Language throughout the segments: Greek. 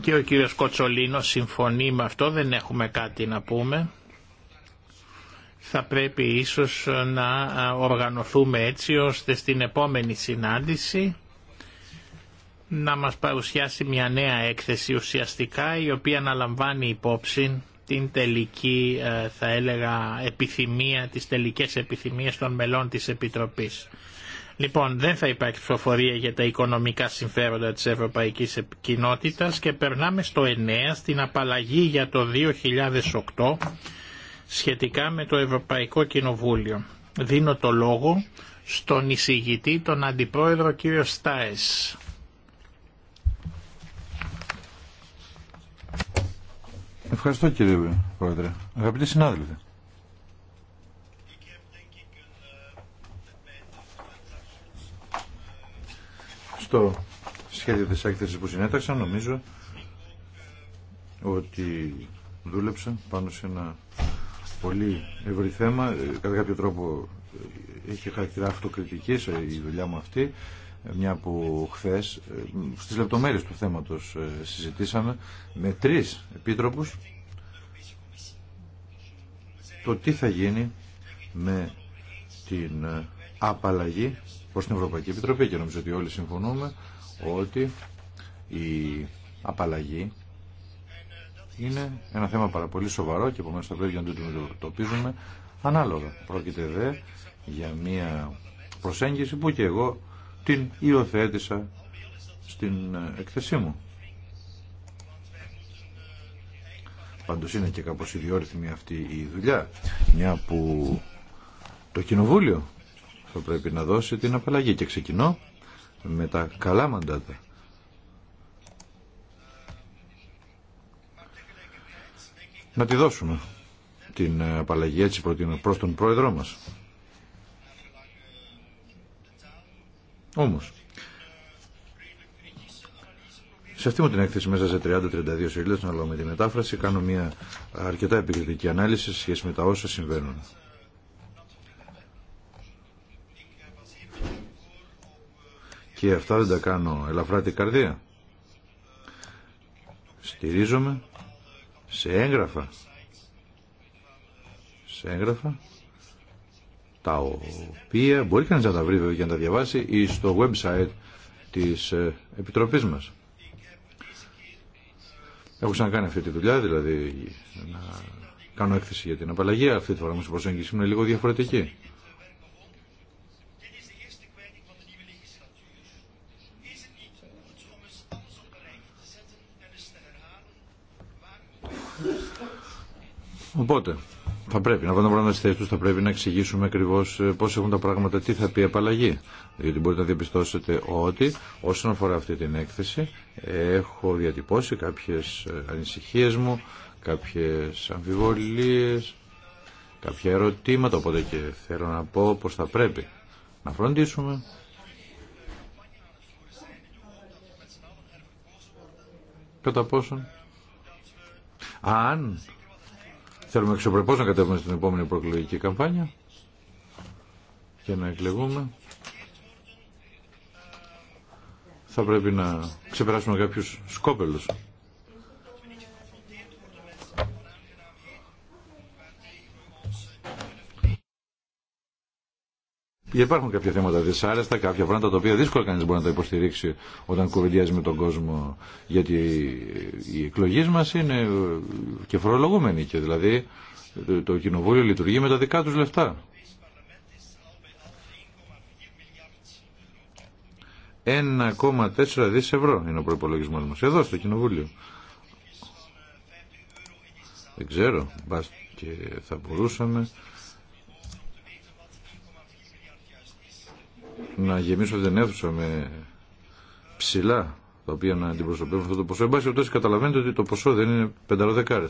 και ο κύριος Κοτσολίνος συμφωνεί με αυτό, δεν έχουμε κάτι να πούμε. Θα πρέπει ίσως να οργανωθούμε έτσι ώστε στην επόμενη συνάντηση να μας παρουσιάσει μια νέα έκθεση ουσιαστικά η οποία να λαμβάνει υπόψη την τελική ε, θα έλεγα επιθυμία, τις τελικές επιθυμίες των μελών της Επιτροπής. Λοιπόν, δεν θα υπάρχει ψηφοφορία για τα οικονομικά συμφέροντα της Ευρωπαϊκής Κοινότητας και περνάμε στο 9 στην απαλλαγή για το 2008 σχετικά με το Ευρωπαϊκό Κοινοβούλιο. Δίνω το λόγο στον εισηγητή, τον Αντιπρόεδρο κύριο Στάες. Ευχαριστώ κύριε Πρόεδρε. Αγαπητοί συνάδελφοι. στο σχέδιο της έκθεσης που συνέταξα νομίζω ότι δούλεψα πάνω σε ένα πολύ ευρύ θέμα. Ε, κατά κάποιο τρόπο είχε χαρακτηρά αυτοκριτικής ε, η δουλειά μου αυτή ε, μια που χθες στις λεπτομέρειες του θέματος συζητήσαμε με τρεις επίτροπους το τι θα γίνει με την απαλλαγή προ την Ευρωπαϊκή Επιτροπή και νομίζω ότι όλοι συμφωνούμε ότι η απαλλαγή είναι ένα θέμα πάρα πολύ σοβαρό και επομένω θα πρέπει να το αντιμετωπίζουμε ανάλογα. Πρόκειται δε για μια προσέγγιση που και εγώ την υιοθέτησα στην εκθεσή μου. Πάντως είναι και κάπως ιδιόρυθμη αυτή η δουλειά, μια που το Κοινοβούλιο θα πρέπει να δώσει την απαλλαγή και ξεκινώ με τα καλά μαντάτα. Να τη δώσουμε την απαλλαγή έτσι προς τον πρόεδρό μας. Όμως, σε αυτή μου την έκθεση μέσα σε 30-32 σελίδες, να με τη μετάφραση, κάνω μια αρκετά επικριτική ανάλυση σε σχέση με τα όσα συμβαίνουν. Και αυτά δεν τα κάνω ελαφρά την καρδία. Στηρίζομαι σε έγγραφα. Σε έγγραφα τα οποία μπορεί κανείς να τα βρει και να τα διαβάσει ή στο website της ε, Επιτροπής μας. Έχω ξανακάνει αυτή τη δουλειά, δηλαδή να κάνω έκθεση για την απαλλαγή. Αυτή τη φορά όμως η προσέγγιση είναι λίγο διαφορετική. Οπότε, θα πρέπει να βάλουμε πράγματα στι θέσει του, θα πρέπει να εξηγήσουμε ακριβώ ε, πώ έχουν τα πράγματα, τι θα πει η απαλλαγή. Διότι μπορείτε να διαπιστώσετε ότι όσον αφορά αυτή την έκθεση, έχω διατυπώσει κάποιε ανησυχίε μου, κάποιε αμφιβολίε, κάποια ερωτήματα. Οπότε και θέλω να πω πώ θα πρέπει να φροντίσουμε. Κατά πόσον. Αν Θέλουμε εξωπρεπώ να κατέβουμε στην επόμενη προεκλογική καμπάνια και να εκλεγούμε. Θα πρέπει να ξεπεράσουμε κάποιους σκόπελους. Υπάρχουν κάποια θέματα δυσάρεστα, κάποια πράγματα τα οποία δύσκολα κανεί μπορεί να τα υποστηρίξει όταν κουβεντιάζει με τον κόσμο. Γιατί οι εκλογέ μα είναι και φορολογούμενοι και δηλαδή το κοινοβούλιο λειτουργεί με τα δικά του λεφτά. 1,4 δις ευρώ είναι ο προϋπολογισμός μας εδώ στο Κοινοβούλιο. Δεν ξέρω, και θα μπορούσαμε να γεμίσω την αίθουσα με ψηλά τα οποία να αντιπροσωπεύουν αυτό το ποσό. Εν πάση περιπτώσει καταλαβαίνετε ότι το ποσό δεν είναι πενταροδεκάρε.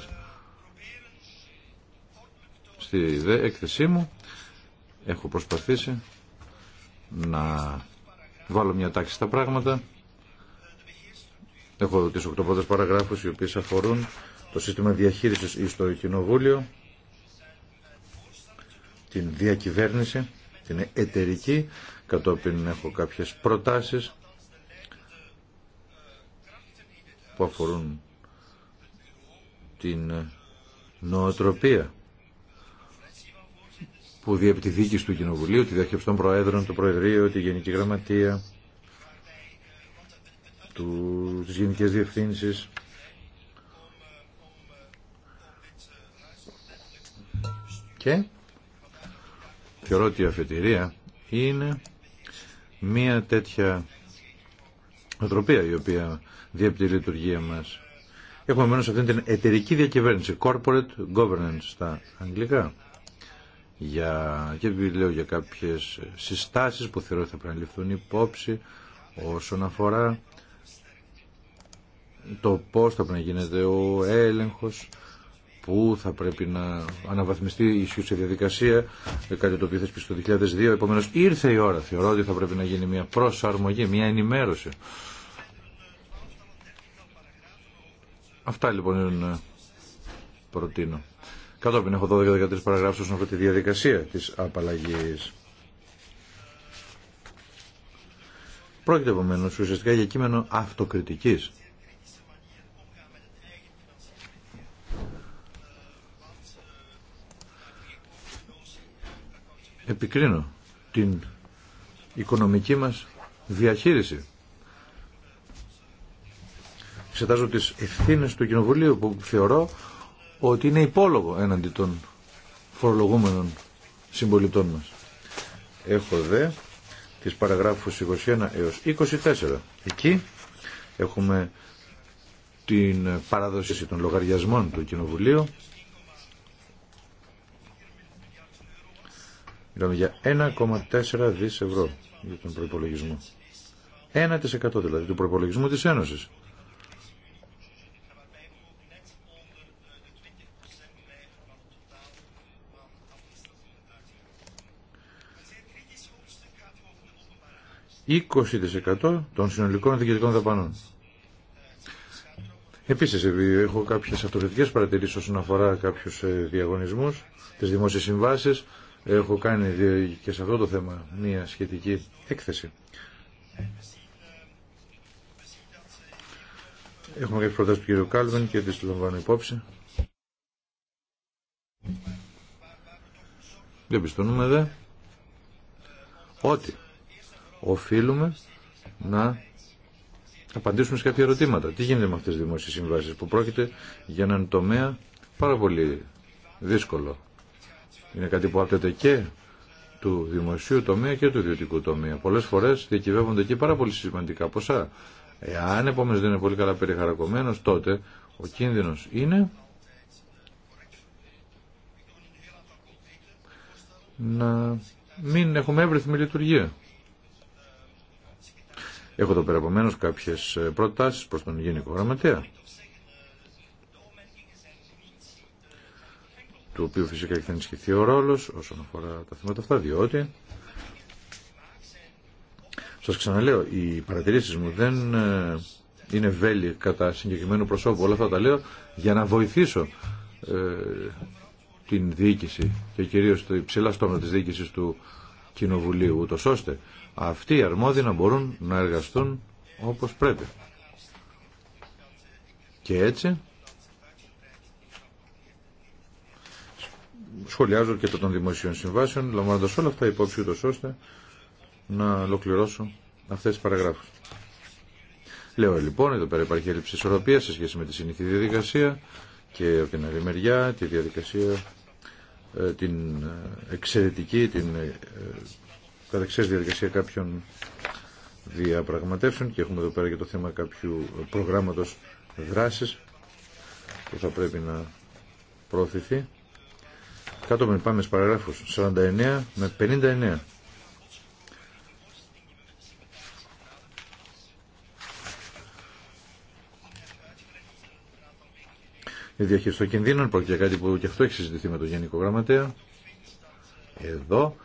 Στη δε έκθεσή μου έχω προσπαθήσει να βάλω μια τάξη στα πράγματα. Έχω τι οκτώ πρώτε παραγράφους οι οποίε αφορούν το σύστημα διαχείρισης στο Κοινοβούλιο, την διακυβέρνηση, την εταιρική Κατόπιν έχω κάποιες προτάσεις που αφορούν την νοοτροπία που διέπει του Κοινοβουλίου, τη διαχείριση των Προέδρων, το Προεδρείο, τη Γενική Γραμματεία, του, τις Γενικές Διευθύνσεις. Και θεωρώ ότι η αφετηρία είναι μία τέτοια οτροπία η οποία διέπτει η λειτουργία μας. Έχουμε μένω σε αυτήν την εταιρική διακυβέρνηση, corporate governance στα αγγλικά. Για, και λέω για κάποιες συστάσεις που θεωρώ θα πρέπει να ληφθούν υπόψη όσον αφορά το πώς θα πρέπει να γίνεται ο έλεγχος που θα πρέπει να αναβαθμιστεί η ισχύουσα διαδικασία, ε, κάτι το οποίο θέσπισε το 2002. Επομένω, ήρθε η ώρα, θεωρώ ότι θα πρέπει να γίνει μια προσαρμογή, μια ενημέρωση. Αυτά λοιπόν ε, προτείνω. Κατόπιν έχω 12-13 παραγράφους όσον αφορά τη διαδικασία της απαλλαγής. Πρόκειται επομένω ουσιαστικά για κείμενο αυτοκριτικής επικρίνω την οικονομική μας διαχείριση. Σετάζω τις ευθύνες του Κοινοβουλίου που θεωρώ ότι είναι υπόλογο έναντι των φορολογούμενων συμπολιτών μας. Έχω δε τις παραγράφους 21 έως 24. Εκεί έχουμε την παράδοση των λογαριασμών του Κοινοβουλίου Μιλάμε για 1,4 δις ευρώ για τον προϋπολογισμό. 1% δηλαδή του προϋπολογισμού της Ένωσης. ...20% των συνολικών διοικητικών δαπανών. Επίσης, έχω κάποιες αυτοκριτικές παρατηρήσεις όσον αφορά κάποιους ε, διαγωνισμούς, τις δημόσιες συμβάσεις έχω κάνει και σε αυτό το θέμα μία σχετική έκθεση. Έχουμε κάποιες προτάσεις του κ. Κάλβεν και τις λαμβάνω υπόψη. πιστώνουμε δε ότι οφείλουμε να απαντήσουμε σε κάποια ερωτήματα. Τι γίνεται με αυτές τις δημόσιες συμβάσεις που πρόκειται για έναν τομέα πάρα πολύ δύσκολο. Είναι κάτι που άπτεται και του δημοσίου τομέα και του ιδιωτικού τομέα. Πολλέ φορέ διακυβεύονται και πάρα πολύ σημαντικά ποσά. Εάν επομένω δεν είναι πολύ καλά περιχαρακωμένο, τότε ο κίνδυνο είναι να μην έχουμε εύρυθμη λειτουργία. Έχω εδώ πέρα επομένω κάποιε προτάσει προ τον Γενικό Γραμματέα. του οποίου φυσικά έχει ενισχυθεί ο ρόλος όσον αφορά τα θέματα αυτά, διότι σας ξαναλέω, οι παρατηρήσεις μου δεν ε, είναι βέλη κατά συγκεκριμένου προσώπου. Όλα αυτά τα λέω για να βοηθήσω ε, την διοίκηση και κυρίως το υψηλά στόμα της διοίκησης του Κοινοβουλίου, ούτως ώστε αυτοί οι αρμόδιοι να μπορούν να εργαστούν όπως πρέπει. Και έτσι σχολιάζω και το των δημοσίων συμβάσεων, λαμβάνοντα όλα αυτά υπόψη ούτω ώστε να ολοκληρώσω αυτέ τι παραγράφου. Λέω λοιπόν, εδώ πέρα υπάρχει έλλειψη ισορροπία σε σχέση με τη συνήθη διαδικασία και από την άλλη μεριά τη διαδικασία ε, την ε, εξαιρετική, την ε, καταξιές διαδικασία κάποιων διαπραγματεύσεων και έχουμε εδώ πέρα και το θέμα κάποιου προγράμματος δράσης που θα πρέπει να προωθηθεί κάτω πάμε στους παραγράφους 49 με 59. Η διαχείριση των κινδύνων πρόκειται για κάτι που και αυτό έχει συζητηθεί με τον Γενικό Γραμματέα. Εδώ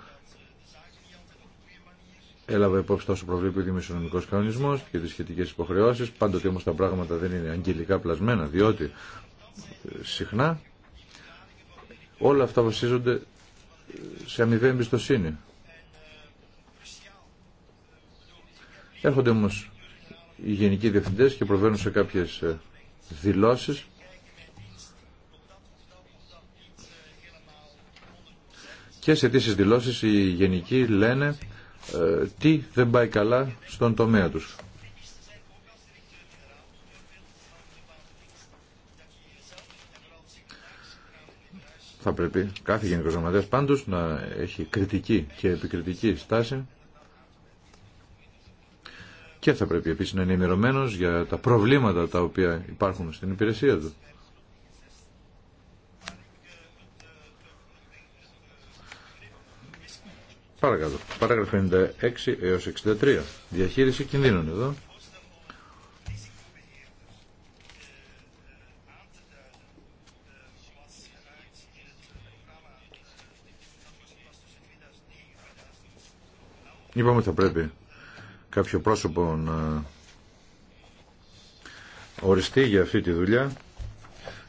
έλαβε υπόψη τόσο προβλέπει ο δημοσιονομικό κανονισμό και τι σχετικέ υποχρεώσει. Πάντοτε όμω τα πράγματα δεν είναι αγγελικά πλασμένα, διότι ε, συχνά Όλα αυτά βασίζονται σε αμοιβή εμπιστοσύνη. Έρχονται όμω οι γενικοί διευθυντέ και προβαίνουν σε κάποιες ε, δηλώσεις Και σε τέτοιες δηλώσεις οι γενικοί λένε ε, τι δεν πάει καλά στον τομέα τους. θα πρέπει κάθε Γενικός Γραμματέα πάντως να έχει κριτική και επικριτική στάση και θα πρέπει επίσης να είναι ενημερωμένο για τα προβλήματα τα οποία υπάρχουν στην υπηρεσία του. Παρακαλώ. Παράγραφο 56 έως 63. Διαχείριση κινδύνων εδώ. Είπαμε ότι θα πρέπει κάποιο πρόσωπο να οριστεί για αυτή τη δουλειά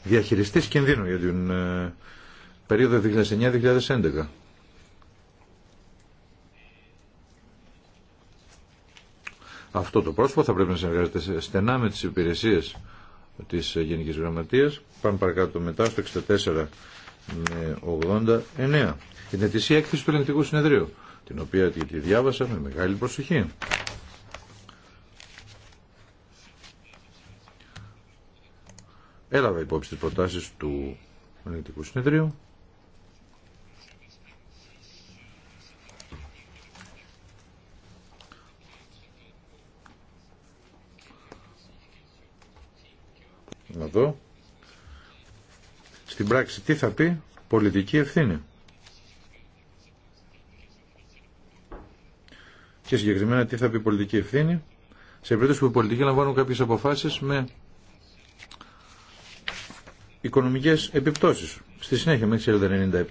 διαχειριστής κινδύνου για την ε, περίοδο 2009-2011. Αυτό το πρόσωπο θα πρέπει να συνεργάζεται στενά με τις υπηρεσίες της Γενικής Γραμματείας. Πάμε παρακάτω μετά στο 64 με 89. Είναι τη έκθεση του Ελληνικού συνεδρίου την οποία τη διάβασα με μεγάλη προσοχή. Έλαβα υπόψη τις προτάσεις του Πολιτικού Συνεδρίου. Να δω. Στην πράξη τι θα πει πολιτική ευθύνη. και συγκεκριμένα τι θα πει πολιτική ευθύνη σε περίπτωση που οι πολιτικοί λαμβάνουν κάποιες αποφάσεις με οικονομικές επιπτώσεις. Στη συνέχεια μέχρι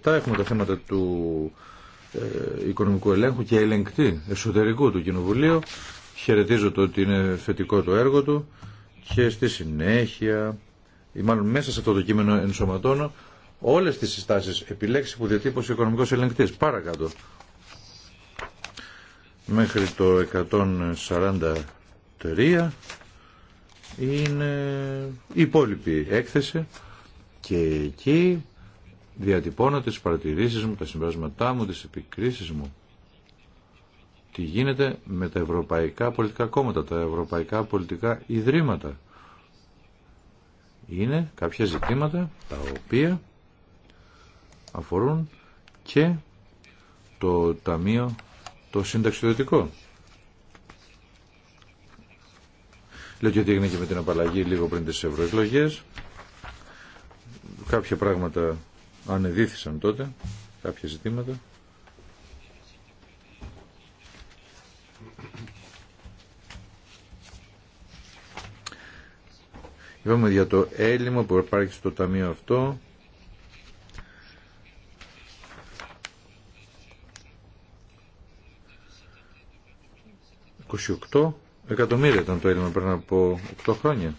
1997 έχουμε τα θέματα του ε, οικονομικού ελέγχου και ελεγκτή εσωτερικού του Κοινοβουλίου. Χαιρετίζω το ότι είναι θετικό το έργο του και στη συνέχεια, ή μάλλον μέσα σε αυτό το κείμενο ενσωματώνω, όλες τις συστάσεις επιλέξει που διατύπωσε ο οικονομικός ελεγκτής. Παρακάτω, μέχρι το 143 είναι η υπόλοιπη έκθεση και εκεί διατυπώνω τις παρατηρήσεις μου, τα συμπράσματά μου, τις επικρίσεις μου. Τι γίνεται με τα ευρωπαϊκά πολιτικά κόμματα, τα ευρωπαϊκά πολιτικά ιδρύματα. Είναι κάποια ζητήματα τα οποία αφορούν και το Ταμείο το συνταξιδοτικό. Λέω και ότι έγινε και με την απαλλαγή λίγο πριν τις ευρωεκλογέ. Κάποια πράγματα ανεδίθησαν τότε, κάποια ζητήματα. Είπαμε για το έλλειμμα που υπάρχει στο ταμείο αυτό 28 εκατομμύρια ήταν το έλλειμμα πριν από 8 χρόνια.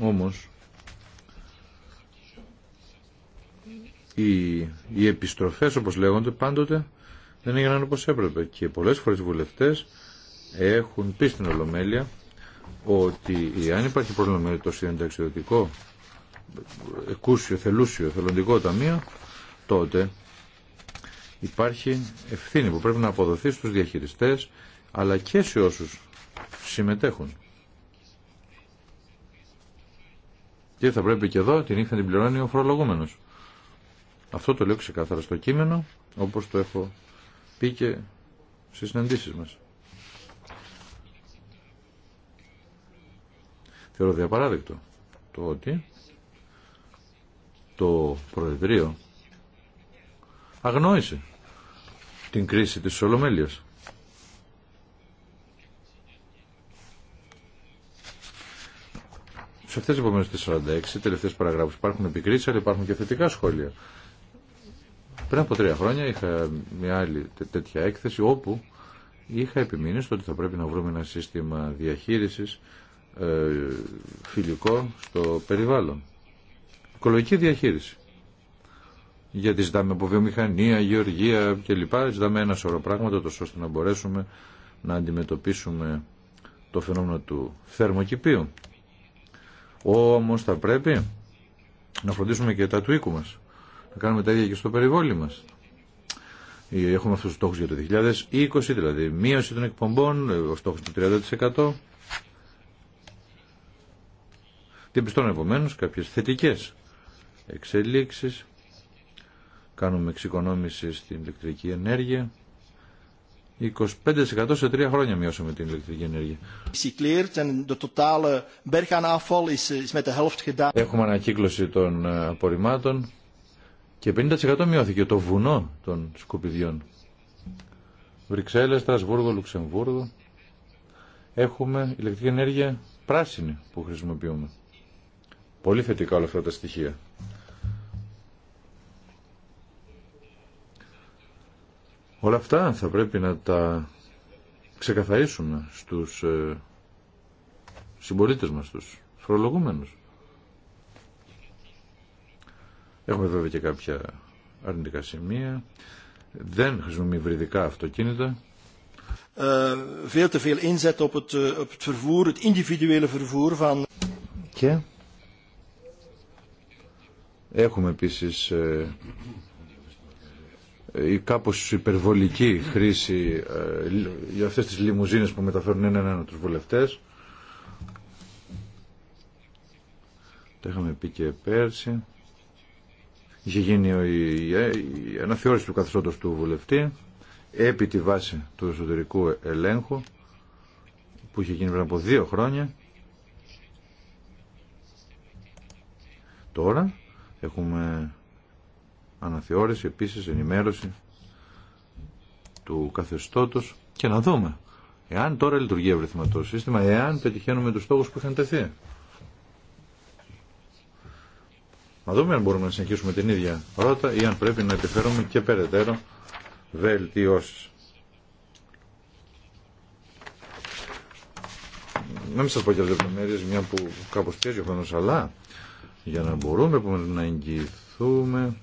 Όμως οι, οι επιστροφές όπως λέγονται πάντοτε δεν έγιναν όπως έπρεπε και πολλές φορές οι βουλευτές έχουν πει στην Ολομέλεια ότι αν υπάρχει πρόβλημα με το συνταξιδοτικό εκούσιο, θελούσιο, θελοντικό ταμείο, τότε υπάρχει ευθύνη που πρέπει να αποδοθεί στους διαχειριστές αλλά και σε όσους συμμετέχουν. Και θα πρέπει και εδώ την είχα την πληρώνει ο φορολογούμενος. Αυτό το λέω ξεκάθαρα στο κείμενο όπως το έχω πει και στις συναντήσεις μας. Θεωρώ διαπαράδεκτο το ότι το Προεδρείο αγνόησε την κρίση της Ολομέλειας. Σε αυτές τις επόμενες 46 τελευταίες παραγράφους υπάρχουν επικρίσεις αλλά υπάρχουν και θετικά σχόλια. Πριν από τρία χρόνια είχα μια άλλη τέτοια έκθεση όπου είχα επιμείνει στο ότι θα πρέπει να βρούμε ένα σύστημα διαχείρισης ε, φιλικό στο περιβάλλον. Οικολογική διαχείριση. Γιατί ζητάμε από βιομηχανία, γεωργία κλπ. Ζητάμε ένα σωρό πράγματα τόσο ώστε να μπορέσουμε να αντιμετωπίσουμε το φαινόμενο του θερμοκηπίου. Όμως θα πρέπει να φροντίσουμε και τα του οίκου μας. Να κάνουμε τα ίδια και στο περιβόλι μας. Ε, έχουμε αυτούς τους στόχους για το 2020, δηλαδή μείωση των εκπομπών, ε, ο στόχος του 30%. Διαπιστώνω επομένω κάποιες θετικέ εξελίξεις. Κάνουμε εξοικονόμηση στην ηλεκτρική ενέργεια. 25% σε τρία χρόνια μειώσαμε την ηλεκτρική ενέργεια. Έχουμε ανακύκλωση των ε, απορριμμάτων και 50% μειώθηκε το βουνό των σκουπιδιών. Βρυξέλλες, Στρασβούργο, Λουξεμβούργο. Έχουμε ηλεκτρική ενέργεια πράσινη που χρησιμοποιούμε. Πολύ θετικά όλα αυτά τα στοιχεία. Όλα αυτά θα πρέπει να τα ξεκαθαρίσουμε στους ε, συμπολίτες μας, τους φορολογούμενους. Έχουμε βέβαια και κάποια αρνητικά σημεία. Δεν χρησιμοποιούμε υβριδικά αυτοκίνητα. Ε, inzet op het, ε, op het vervoer, het individuele vervoer van... Και Έχουμε επίσης ε, ε, η κάπως υπερβολική χρήση ε, για αυτές τις λιμουζίνες που μεταφέρουν έναν έναν τους βουλευτές. Τα είχαμε πει και πέρσι. Είχε γίνει η αναθεώρηση του καθεστώτος του βουλευτή επί τη βάση του εσωτερικού ελέγχου που είχε γίνει πριν από δύο χρόνια. Τώρα Έχουμε αναθεώρηση, επίσης ενημέρωση του καθεστώτος και να δούμε εάν τώρα λειτουργεί ευρυθματό σύστημα, εάν πετυχαίνουμε τους στόχους που είχαν τεθεί. Να δούμε αν μπορούμε να συνεχίσουμε την ίδια ρότα ή αν πρέπει να επιφέρουμε και περαιτέρω βελτιώσεις. Να μην σας πω και λεπτομέρειες, μια που κάπως πιέζει ο χρόνος, αλλά για να μπορούμε να εγγυηθούμε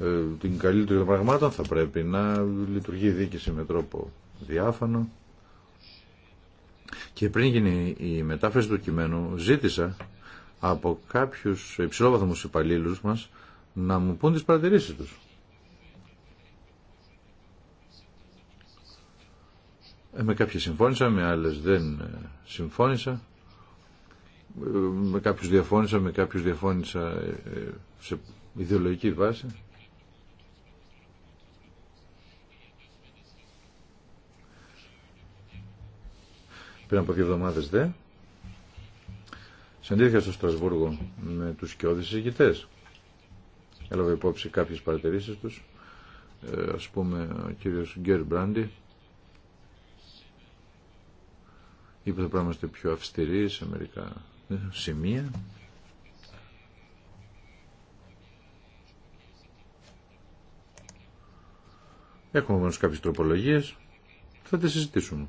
ε, την καλύτερη των πραγμάτων θα πρέπει να λειτουργεί η δίκηση με τρόπο διάφανο και πριν γίνει η μετάφραση του κειμένου ζήτησα από κάποιους υψηλόβαθμους υπαλλήλους μας να μου πούν τις παρατηρήσεις τους. Ε, με κάποιες συμφώνησα, με άλλες δεν ε, συμφώνησα με κάποιους διαφώνησα, με κάποιους διαφώνησα ε, σε ιδεολογική βάση. Πριν από δύο εβδομάδες δε, συνδύθηκα στο Στρασβούργο με τους σκιώδεις συζητητές. Έλαβε υπόψη κάποιες παρατηρήσεις τους, ε, ας πούμε ο κύριος Γκέρ Μπράντι, είπε ότι πρέπει να είμαστε πιο αυστηροί σε μερικά σημεία Έχουμε όμως κάποιες τροπολογίες θα τις συζητήσουμε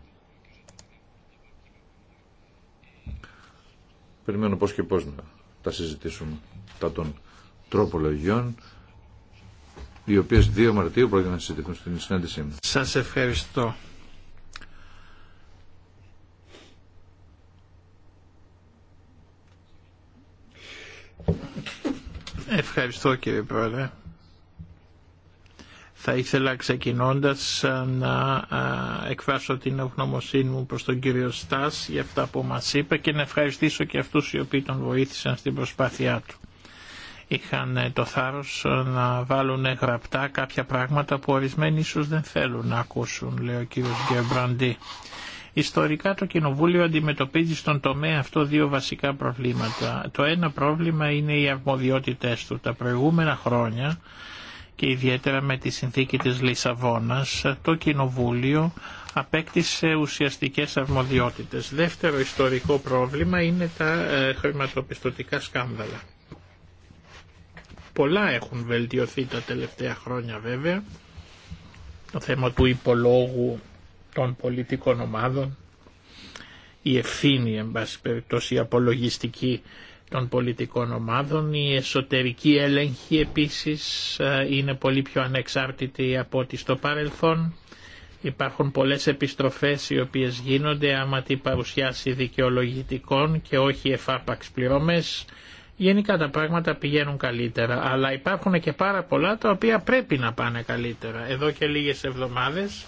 Περιμένω πώς και πώς να τα συζητήσουμε τα των τροπολογιών οι οποίες 2 Μαρτίου πρόκειται να συζητηθούν στην συνάντησή μου. Σας ευχαριστώ. Ευχαριστώ κύριε Πρόεδρε. Θα ήθελα ξεκινώντας ε, να ε, εκφράσω την ευγνωμοσύνη μου προς τον κύριο Στάς για αυτά που μας είπε και να ευχαριστήσω και αυτούς οι οποίοι τον βοήθησαν στην προσπάθειά του. Είχαν ε, το θάρρος να βάλουν γραπτά κάποια πράγματα που ορισμένοι ίσως δεν θέλουν να ακούσουν, λέει ο κύριος Γκεμπραντή. Ιστορικά το Κοινοβούλιο αντιμετωπίζει στον τομέα αυτό δύο βασικά προβλήματα. Το ένα πρόβλημα είναι οι αρμοδιότητές του. Τα προηγούμενα χρόνια και ιδιαίτερα με τη συνθήκη της Λισαβόνας το Κοινοβούλιο απέκτησε ουσιαστικές αρμοδιότητες. Δεύτερο ιστορικό πρόβλημα είναι τα ε, χρηματοπιστωτικά σκάνδαλα. Πολλά έχουν βελτιωθεί τα τελευταία χρόνια βέβαια. Το θέμα του υπολόγου των πολιτικών ομάδων, η ευθύνη, εν πάση περιπτώσει, η απολογιστική των πολιτικών ομάδων. Η εσωτερική έλεγχη επίσης ε, είναι πολύ πιο ανεξάρτητη από ό,τι στο παρελθόν. Υπάρχουν πολλές επιστροφές οι οποίες γίνονται άμα την παρουσιάση δικαιολογητικών και όχι εφάπαξ πληρωμές. Γενικά τα πράγματα πηγαίνουν καλύτερα, αλλά υπάρχουν και πάρα πολλά τα οποία πρέπει να πάνε καλύτερα. Εδώ και λίγες εβδομάδες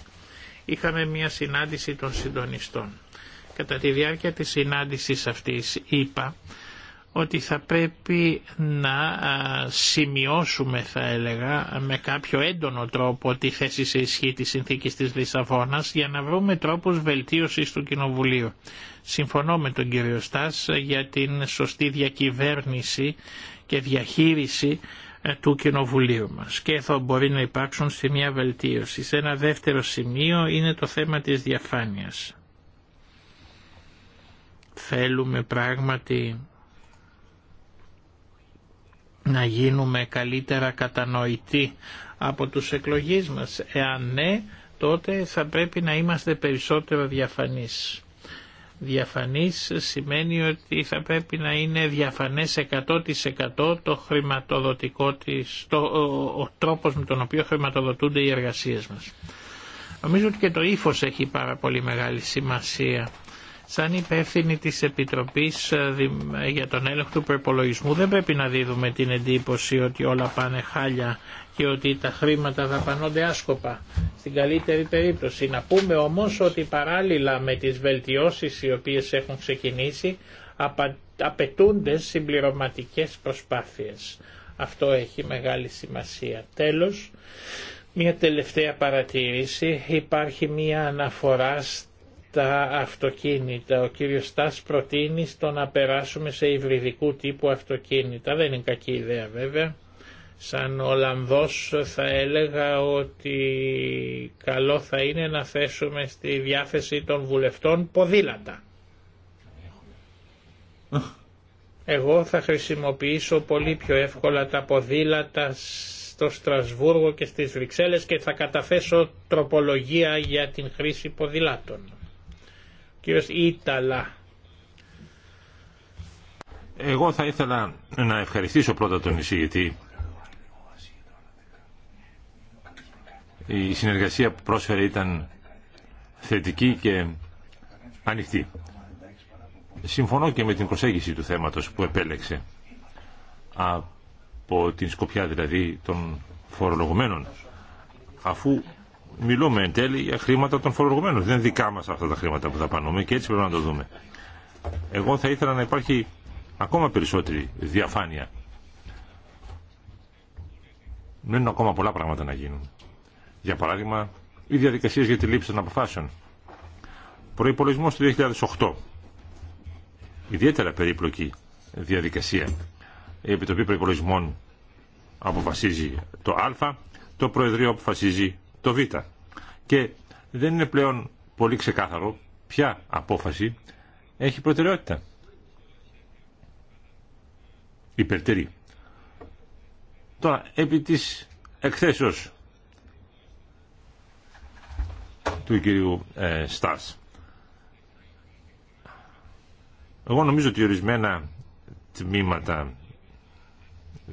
είχαμε μια συνάντηση των συντονιστών. Κατά τη διάρκεια της συνάντησης αυτής είπα ότι θα πρέπει να σημειώσουμε θα έλεγα με κάποιο έντονο τρόπο τη θέση σε ισχύ της συνθήκης της Λισαβόνας για να βρούμε τρόπους βελτίωσης του Κοινοβουλίου. Συμφωνώ με τον κύριο Στάς για την σωστή διακυβέρνηση και διαχείριση ε, του Κοινοβουλίου μας και θα μπορεί να υπάρξουν σημεία βελτίωση. Σε ένα δεύτερο σημείο είναι το θέμα της διαφάνειας. Θέλουμε πράγματι να γίνουμε καλύτερα κατανοητοί από τους εκλογείς μας. Εάν ναι, τότε θα πρέπει να είμαστε περισσότερο διαφανείς. Διαφανής σημαίνει ότι θα πρέπει να είναι διαφανές 100% το χρηματοδοτικό της, το, ο, ο τρόπος με τον οποίο χρηματοδοτούνται οι εργασίες μας. Νομίζω ότι και το ύφο έχει πάρα πολύ μεγάλη σημασία σαν υπεύθυνοι της Επιτροπής ε, ε, για τον έλεγχο του προπολογισμού δεν πρέπει να δίδουμε την εντύπωση ότι όλα πάνε χάλια και ότι τα χρήματα δαπανώνται άσκοπα. Στην καλύτερη περίπτωση. Να πούμε όμως ότι παράλληλα με τις βελτιώσεις οι οποίες έχουν ξεκινήσει απαιτούνται συμπληρωματικές προσπάθειες. Αυτό έχει μεγάλη σημασία. Τέλος, μια τελευταία παρατήρηση. Υπάρχει μια αναφορά τα αυτοκίνητα. Ο κύριος Στάς προτείνει στο να περάσουμε σε υβριδικού τύπου αυτοκίνητα. Δεν είναι κακή ιδέα βέβαια. Σαν Ολλανδός θα έλεγα ότι καλό θα είναι να θέσουμε στη διάθεση των βουλευτών ποδήλατα. Εγώ θα χρησιμοποιήσω πολύ πιο εύκολα τα ποδήλατα στο Στρασβούργο και στις Βρυξέλλες και θα καταθέσω τροπολογία για την χρήση ποδηλάτων. κύριος Ήταλα. Εγώ θα ήθελα να ευχαριστήσω πρώτα τον εισηγητή η συνεργασία που πρόσφερε ήταν θετική και ανοιχτή. Συμφωνώ και με την προσέγγιση του θέματος που επέλεξε από την σκοπιά δηλαδή των φορολογουμένων αφού μιλούμε εν τέλει για χρήματα των φορολογουμένων δεν δικά μας αυτά τα χρήματα που θα πανούμε και έτσι πρέπει να το δούμε εγώ θα ήθελα να υπάρχει ακόμα περισσότερη διαφάνεια μένουν ακόμα πολλά πράγματα να γίνουν για παράδειγμα, οι διαδικασίε για τη λήψη των αποφάσεων. Προπολογισμό του 2008. Ιδιαίτερα περίπλοκη διαδικασία. Η Επιτροπή Προπολογισμών αποφασίζει το Α, το Προεδρείο αποφασίζει το Β. Και δεν είναι πλέον πολύ ξεκάθαρο ποια απόφαση έχει προτεραιότητα. Υπερτερή. Τώρα, επί της εκθέσεως του κυρίου ε, Στάς. Εγώ νομίζω ότι ορισμένα τμήματα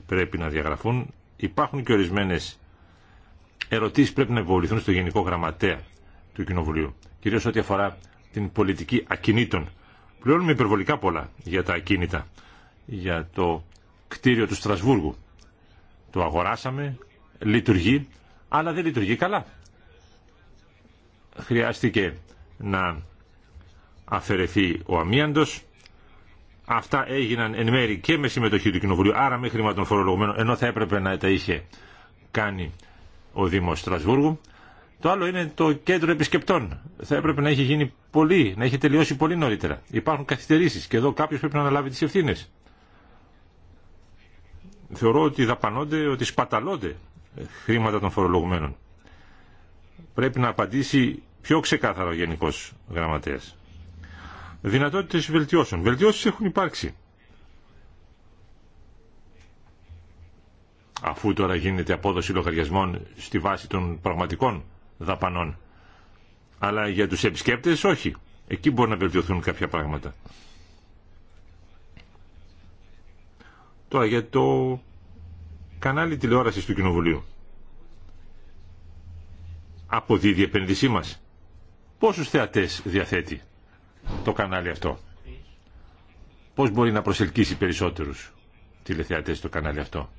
πρέπει να διαγραφούν. Υπάρχουν και ορισμένες ερωτήσεις πρέπει να υποβληθούν στο Γενικό Γραμματέα του Κοινοβουλίου. Κυρίως ό,τι αφορά την πολιτική ακινήτων. Πληρώνουμε υπερβολικά πολλά για τα ακίνητα. Για το κτίριο του Στρασβούργου. Το αγοράσαμε, λειτουργεί, αλλά δεν λειτουργεί καλά χρειάστηκε να αφαιρεθεί ο αμίαντος. Αυτά έγιναν εν μέρη και με συμμετοχή του Κοινοβουλίου, άρα με χρήματα των φορολογουμένων, ενώ θα έπρεπε να τα είχε κάνει ο Δήμος Στρασβούργου. Το άλλο είναι το κέντρο επισκεπτών. Θα έπρεπε να έχει γίνει πολύ, να έχει τελειώσει πολύ νωρίτερα. Υπάρχουν καθυστερήσει και εδώ κάποιο πρέπει να αναλάβει τι ευθύνε. Θεωρώ ότι δαπανώνται, ότι σπαταλώνται χρήματα των φορολογουμένων πρέπει να απαντήσει πιο ξεκάθαρα ο Γενικός Γραμματέας. Δυνατότητες βελτιώσεων. Βελτιώσει έχουν υπάρξει. Αφού τώρα γίνεται απόδοση λογαριασμών στη βάση των πραγματικών δαπανών. Αλλά για τους επισκέπτες όχι. Εκεί μπορεί να βελτιωθούν κάποια πράγματα. Τώρα για το κανάλι τηλεόρασης του Κοινοβουλίου αποδίδει η επένδυσή μας. Πόσους θεατές διαθέτει το κανάλι αυτό. Πώς μπορεί να προσελκύσει περισσότερους τηλεθεατές το κανάλι αυτό.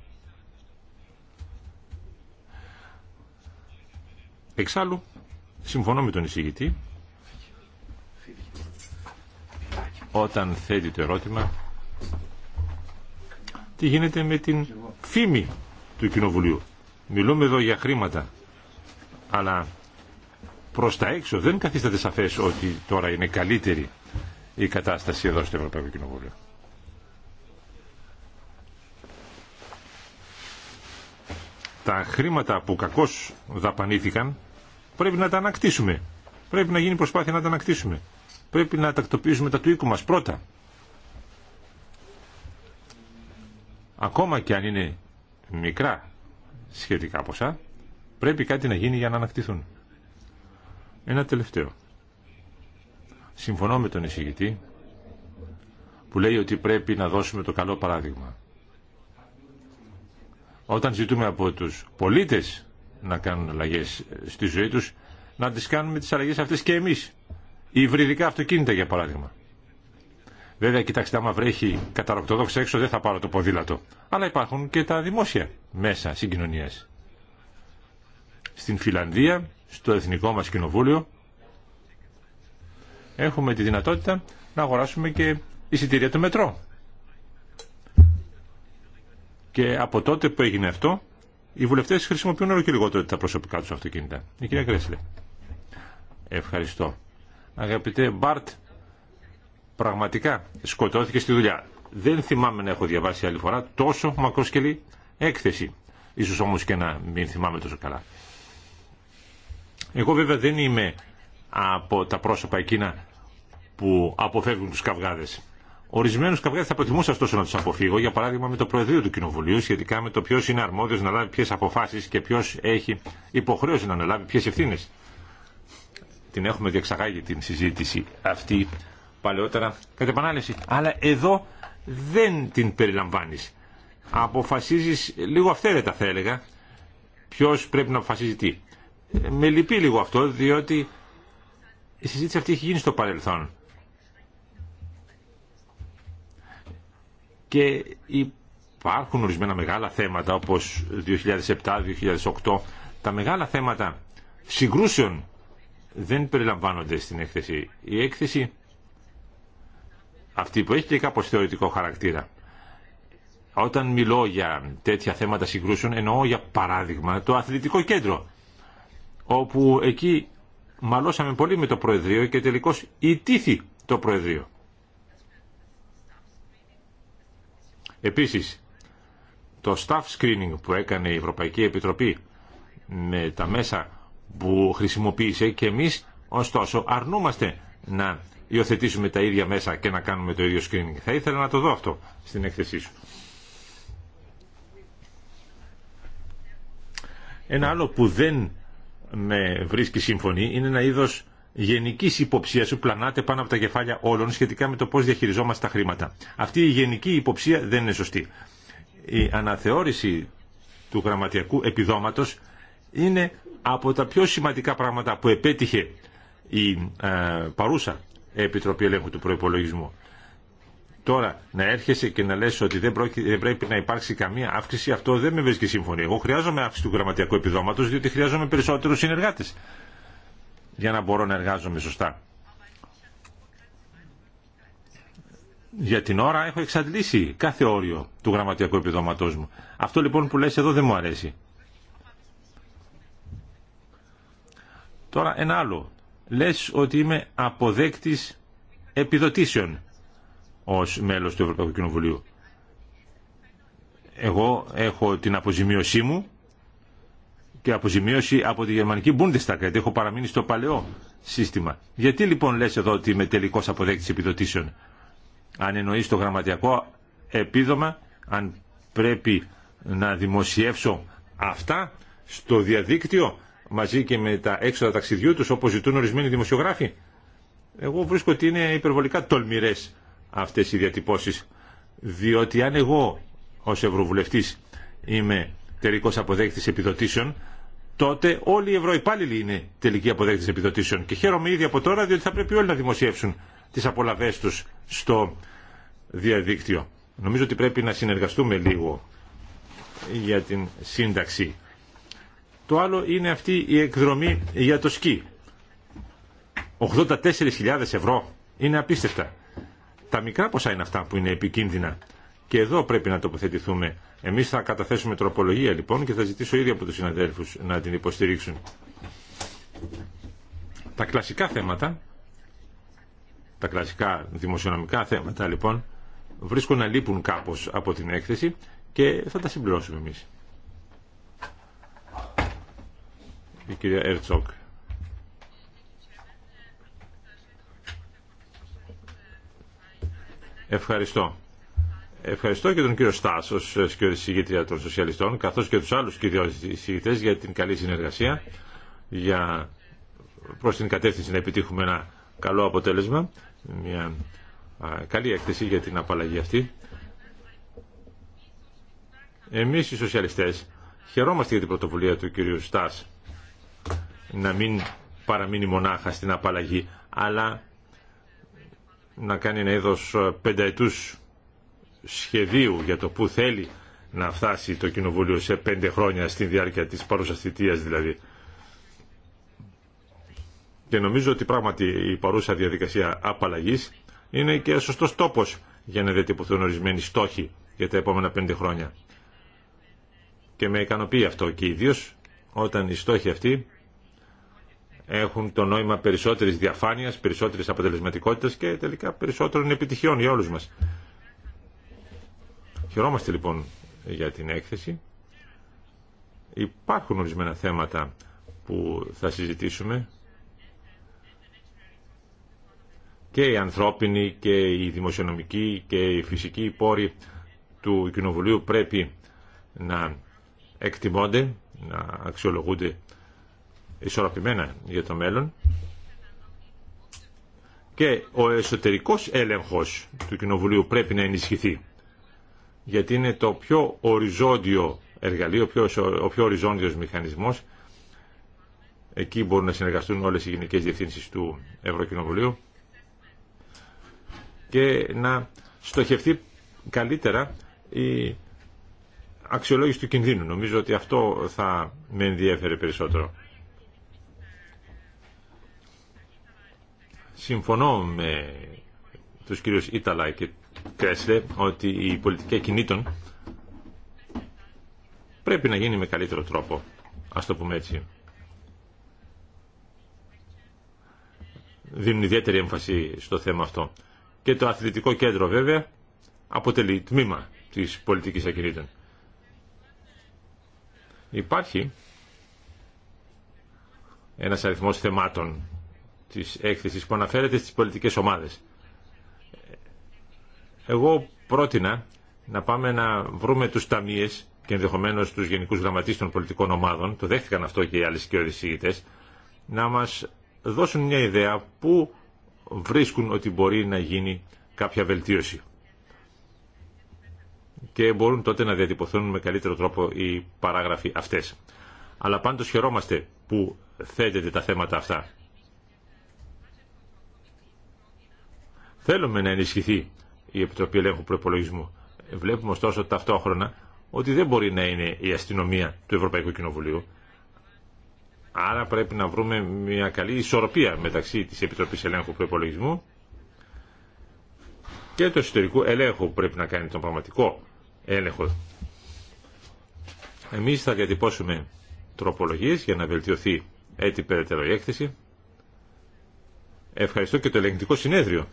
Εξάλλου, συμφωνώ με τον εισηγητή όταν θέτει το ερώτημα τι γίνεται με την φήμη του Κοινοβουλίου. Μιλούμε εδώ για χρήματα αλλά προς τα έξω δεν καθίσταται σαφές ότι τώρα είναι καλύτερη η κατάσταση εδώ στο Ευρωπαϊκό Κοινοβούλιο. Τα χρήματα που κακώς δαπανήθηκαν πρέπει να τα ανακτήσουμε. Πρέπει να γίνει προσπάθεια να τα ανακτήσουμε. Πρέπει να τακτοποιήσουμε τα του οίκου μας πρώτα. Ακόμα και αν είναι μικρά σχετικά ποσά, Πρέπει κάτι να γίνει για να ανακτηθούν. Ένα τελευταίο. Συμφωνώ με τον εισηγητή που λέει ότι πρέπει να δώσουμε το καλό παράδειγμα. Όταν ζητούμε από τους πολίτες να κάνουν αλλαγές ε, στη ζωή τους, να τις κάνουμε τις αλλαγές αυτές και εμείς. Η υβριδικά αυτοκίνητα για παράδειγμα. Βέβαια, κοιτάξτε, άμα βρέχει καταροκτόδοξα έξω δεν θα πάρω το ποδήλατο. Αλλά υπάρχουν και τα δημόσια μέσα συγκοινωνίας. Στην Φιλανδία, στο Εθνικό μας Κοινοβούλιο, έχουμε τη δυνατότητα να αγοράσουμε και εισιτήρια του μετρό. Και από τότε που έγινε αυτό, οι βουλευτές χρησιμοποιούν όλο και λιγότερο τα προσωπικά τους αυτοκίνητα. Η κυρία Κρέσλε. Ευχαριστώ. Αγαπητέ Μπάρτ, πραγματικά σκοτώθηκε στη δουλειά. Δεν θυμάμαι να έχω διαβάσει άλλη φορά τόσο μακροσκελή έκθεση. Ίσως όμως και να μην θυμάμαι τόσο καλά. Εγώ βέβαια δεν είμαι από τα πρόσωπα εκείνα που αποφεύγουν τους καυγάδες. Ορισμένου καυγάδε θα προτιμούσα ωστόσο να του αποφύγω, για παράδειγμα με το Προεδρείο του Κοινοβουλίου, σχετικά με το ποιο είναι αρμόδιο να λάβει ποιε αποφάσει και ποιο έχει υποχρέωση να αναλάβει ποιε ευθύνε. Την έχουμε διεξαγάγει την συζήτηση αυτή παλαιότερα κατά επανάληψη. Αλλά εδώ δεν την περιλαμβάνει. Αποφασίζει λίγο αυθαίρετα, θα έλεγα, ποιο πρέπει να αποφασίζει τι. Με λυπεί λίγο αυτό, διότι η συζήτηση αυτή έχει γίνει στο παρελθόν. Και υπάρχουν ορισμένα μεγάλα θέματα όπως 2007-2008. Τα μεγάλα θέματα συγκρούσεων δεν περιλαμβάνονται στην έκθεση. Η έκθεση αυτή που έχει και κάπως θεωρητικό χαρακτήρα. Όταν μιλώ για τέτοια θέματα συγκρούσεων εννοώ για παράδειγμα το αθλητικό κέντρο όπου εκεί μαλώσαμε πολύ με το Προεδρείο και τελικώς ιτήθη το Προεδρείο. Επίσης, το staff screening που έκανε η Ευρωπαϊκή Επιτροπή με τα μέσα που χρησιμοποίησε και εμείς ωστόσο αρνούμαστε να υιοθετήσουμε τα ίδια μέσα και να κάνουμε το ίδιο screening. Θα ήθελα να το δω αυτό στην έκθεσή σου. Ένα άλλο που δεν με ναι, βρίσκει σύμφωνη είναι ένα είδο γενικής υποψίας που πλανάται πάνω από τα κεφάλια όλων σχετικά με το πώς διαχειριζόμαστε τα χρήματα. Αυτή η γενική υποψία δεν είναι σωστή. Η αναθεώρηση του γραμματιακού επιδόματος είναι από τα πιο σημαντικά πράγματα που επέτυχε η ε, παρούσα Επιτροπή Ελέγχου του προπολογισμού. Τώρα να έρχεσαι και να λες ότι δεν, πρέπει να υπάρξει καμία αύξηση, αυτό δεν με βρίσκει σύμφωνη. Εγώ χρειάζομαι αύξηση του γραμματιακού επιδόματο διότι χρειάζομαι περισσότερους συνεργάτες για να μπορώ να εργάζομαι σωστά. Για την ώρα έχω εξαντλήσει κάθε όριο του γραμματιακού επιδόματό μου. Αυτό λοιπόν που λες εδώ δεν μου αρέσει. Τώρα ένα άλλο. Λες ότι είμαι αποδέκτης επιδοτήσεων ως μέλος του Ευρωπαϊκού Κοινοβουλίου. Εγώ έχω την αποζημίωσή μου και αποζημίωση από τη γερμανική Bundestag, γιατί έχω παραμείνει στο παλαιό σύστημα. Γιατί λοιπόν λες εδώ ότι είμαι τελικός αποδέκτης επιδοτήσεων. Αν εννοείς το γραμματιακό επίδομα, αν πρέπει να δημοσιεύσω αυτά στο διαδίκτυο μαζί και με τα έξοδα ταξιδιού τους όπως ζητούν ορισμένοι δημοσιογράφοι. Εγώ βρίσκω ότι είναι υπερβολικά τολμηρές αυτές οι διατυπώσεις διότι αν εγώ ως Ευρωβουλευτής είμαι τελικός αποδέκτης επιδοτήσεων τότε όλοι οι ευρωϊπάλληλοι είναι τελικοί αποδέκτες επιδοτήσεων και χαίρομαι ήδη από τώρα διότι θα πρέπει όλοι να δημοσιεύσουν τις απολαβές τους στο διαδίκτυο. Νομίζω ότι πρέπει να συνεργαστούμε λίγο για την σύνταξη. Το άλλο είναι αυτή η εκδρομή για το σκι. 84.000 ευρώ είναι απίστευτα. Τα μικρά ποσά είναι αυτά που είναι επικίνδυνα. Και εδώ πρέπει να τοποθετηθούμε. Εμεί θα καταθέσουμε τροπολογία λοιπόν και θα ζητήσω ήδη από του συναδέλφου να την υποστηρίξουν. Τα κλασικά θέματα, τα κλασικά δημοσιονομικά θέματα λοιπόν, βρίσκουν να λείπουν κάπως από την έκθεση και θα τα συμπληρώσουμε εμεί. Η κυρία Ερτσόκ. Ευχαριστώ. Ευχαριστώ και τον κύριο Στάσο, κύριο συγγήτρια των Σοσιαλιστών, καθώ και του άλλου κυρίω συγγητέ για την καλή συνεργασία, για προ την κατεύθυνση να επιτύχουμε ένα καλό αποτέλεσμα, μια καλή έκθεση για την απαλλαγή αυτή. Εμεί οι Σοσιαλιστέ χαιρόμαστε για την πρωτοβουλία του κύριου Στά να μην παραμείνει μονάχα στην απαλλαγή, αλλά να κάνει ένα είδος ε, πενταετούς σχεδίου για το που θέλει να φτάσει το Κοινοβούλιο σε πέντε χρόνια στη διάρκεια της παρούσας θητείας δηλαδή. Και νομίζω ότι πράγματι η παρούσα διαδικασία απαλλαγή είναι και σωστός τόπος για να διατυπωθούν ορισμένοι στόχοι για τα επόμενα πέντε χρόνια. Και με ικανοποιεί αυτό και ιδίω όταν οι στόχοι αυτοί έχουν το νόημα περισσότερης διαφάνειας, περισσότερης αποτελεσματικότητας και τελικά περισσότερων επιτυχιών για όλου μας. Χαιρόμαστε λοιπόν για την έκθεση. Υπάρχουν ορισμένα θέματα που θα συζητήσουμε και οι ανθρώπινοι και οι δημοσιονομικοί και οι φυσικοί πόροι του Κοινοβουλίου πρέπει να εκτιμώνται, να αξιολογούνται ισορροπημένα για το μέλλον και ο εσωτερικός έλεγχος του Κοινοβουλίου πρέπει να ενισχυθεί γιατί είναι το πιο οριζόντιο εργαλείο, ο πιο, ο πιο οριζόντιος μηχανισμός εκεί μπορούν να συνεργαστούν όλες οι γενικές διευθύνσεις του Ευρωκοινοβουλίου και να στοχευτεί καλύτερα η αξιολόγηση του κινδύνου. Νομίζω ότι αυτό θα με ενδιέφερε περισσότερο. Συμφωνώ με τους κυρίους Ιταλά και Κρέσλε ότι η πολιτική κινήτων πρέπει να γίνει με καλύτερο τρόπο. Ας το πούμε έτσι. Δίνουν ιδιαίτερη έμφαση στο θέμα αυτό. Και το αθλητικό κέντρο βέβαια αποτελεί τμήμα της πολιτικής ακινήτων. Υπάρχει ένας αριθμός θεμάτων της έκθεσης που αναφέρεται στις πολιτικές ομάδες. Εγώ πρότεινα να πάμε να βρούμε τους ταμείες και ενδεχομένω τους γενικούς γραμματείς των πολιτικών ομάδων, το δέχτηκαν αυτό και οι οι να μας δώσουν μια ιδέα πού βρίσκουν ότι μπορεί να γίνει κάποια βελτίωση. Και μπορούν τότε να διατυπωθούν με καλύτερο τρόπο οι παράγραφοι αυτές. Αλλά πάντως χαιρόμαστε που θέτεται τα θέματα αυτά. Θέλουμε να ενισχυθεί η Επιτροπή Ελέγχου Προπολογισμού. Βλέπουμε ωστόσο ταυτόχρονα ότι δεν μπορεί να είναι η αστυνομία του Ευρωπαϊκού Κοινοβουλίου. Άρα πρέπει να βρούμε μια καλή ισορροπία μεταξύ της Επιτροπής Ελέγχου Προπολογισμού και του εσωτερικού ελέγχου που πρέπει να κάνει τον πραγματικό έλεγχο. Εμείς θα διατυπώσουμε τροπολογίες για να βελτιωθεί έτσι περαιτέρω η έκθεση. Ευχαριστώ και το ελεγκτικό συνέδριο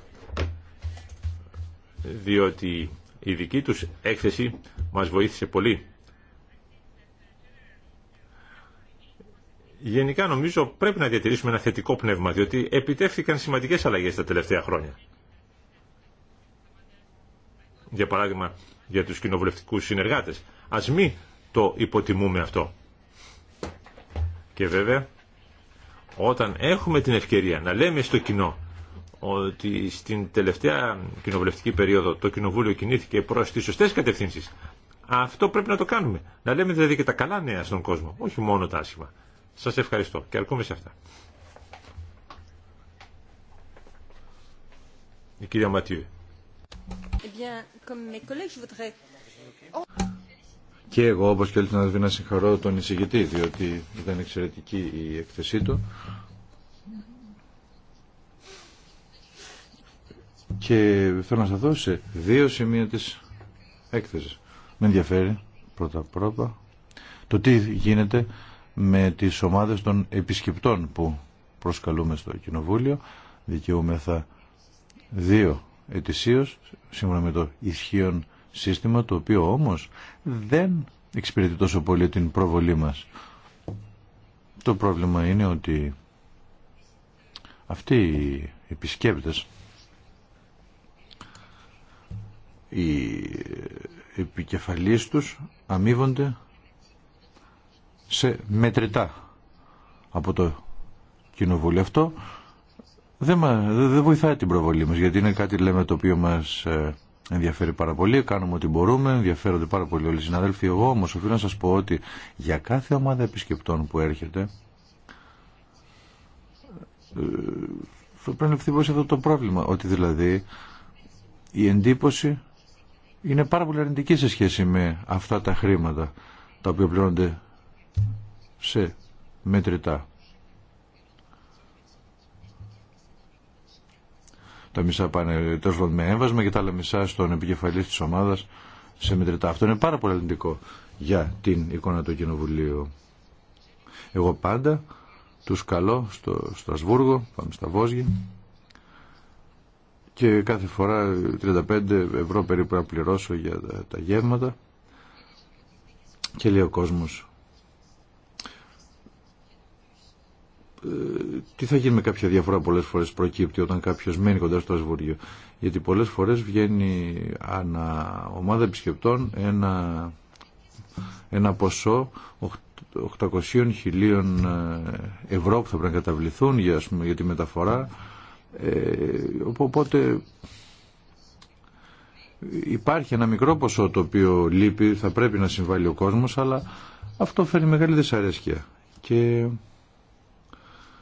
διότι η δική τους έκθεση μας βοήθησε πολύ. Γενικά νομίζω πρέπει να διατηρήσουμε ένα θετικό πνεύμα, διότι επιτεύχθηκαν σημαντικές αλλαγές τα τελευταία χρόνια. Για παράδειγμα, για τους κοινοβουλευτικούς συνεργάτες. Ας μην το υποτιμούμε αυτό. Και βέβαια, όταν έχουμε την ευκαιρία να λέμε στο κοινό ότι στην τελευταία κοινοβουλευτική περίοδο το Κοινοβούλιο κινήθηκε προ τι σωστέ κατευθύνσεις. Αυτό πρέπει να το κάνουμε. Να λέμε δηλαδή και τα καλά νέα στον κόσμο, όχι μόνο τα άσχημα. Σας ευχαριστώ και αρκούμε σε αυτά. Η κυρία Ματιού. Ε, και εγώ, όπω και όλοι συναδελφοί, να συγχαρώ τον εισηγητή, διότι ήταν εξαιρετική η έκθεσή του Και θέλω να σταθώ σε δύο σημεία της έκθεσης. Με ενδιαφέρει πρώτα πρώτα το τι γίνεται με τις ομάδες των επισκεπτών που προσκαλούμε στο Κοινοβούλιο. Δικαιούμεθα δύο ετησίως σύμφωνα με το ισχύον σύστημα το οποίο όμως δεν εξυπηρετεί τόσο πολύ την προβολή μας. Το πρόβλημα είναι ότι αυτοί οι επισκέπτες οι επικεφαλής τους αμείβονται σε μετρητά από το κοινοβούλιο αυτό δεν, δεν βοηθάει την προβολή μας γιατί είναι κάτι λέμε το οποίο μας ε, ενδιαφέρει πάρα πολύ, κάνουμε ό,τι μπορούμε, ενδιαφέρονται πάρα πολύ όλοι οι συναδέλφοι. Εγώ όμως οφείλω να σας πω ότι για κάθε ομάδα επισκεπτών που έρχεται ε, θα πρέπει να αυτό το πρόβλημα, ότι δηλαδή η εντύπωση είναι πάρα πολύ αρνητική σε σχέση με αυτά τα χρήματα τα οποία πληρώνονται σε μετρητά. Τα μισά πάνε τόσο με έμβασμα και τα άλλα μισά στον επικεφαλής της ομάδας σε μετρητά. Αυτό είναι πάρα πολύ αρνητικό για την εικόνα του Κοινοβουλίου. Εγώ πάντα τους καλώ στο Στρασβούργο, πάμε στα Βόσγια και κάθε φορά 35 ευρώ περίπου να πληρώσω για τα γεύματα και λέει ο κόσμος «Ε, τι θα γίνει με κάποια διαφορά πολλές φορές προκύπτει όταν κάποιος μένει κοντά στο ασβουργείο γιατί πολλές φορές βγαίνει ανά ομάδα επισκεπτών ένα, ένα ποσό 800.000 ε, ευρώ που θα πρέπει να καταβληθούν για, για τη μεταφορά ε, οπότε υπάρχει ένα μικρό ποσό το οποίο λείπει, θα πρέπει να συμβάλλει ο κόσμος, αλλά αυτό φέρνει μεγάλη δυσαρέσκεια. Και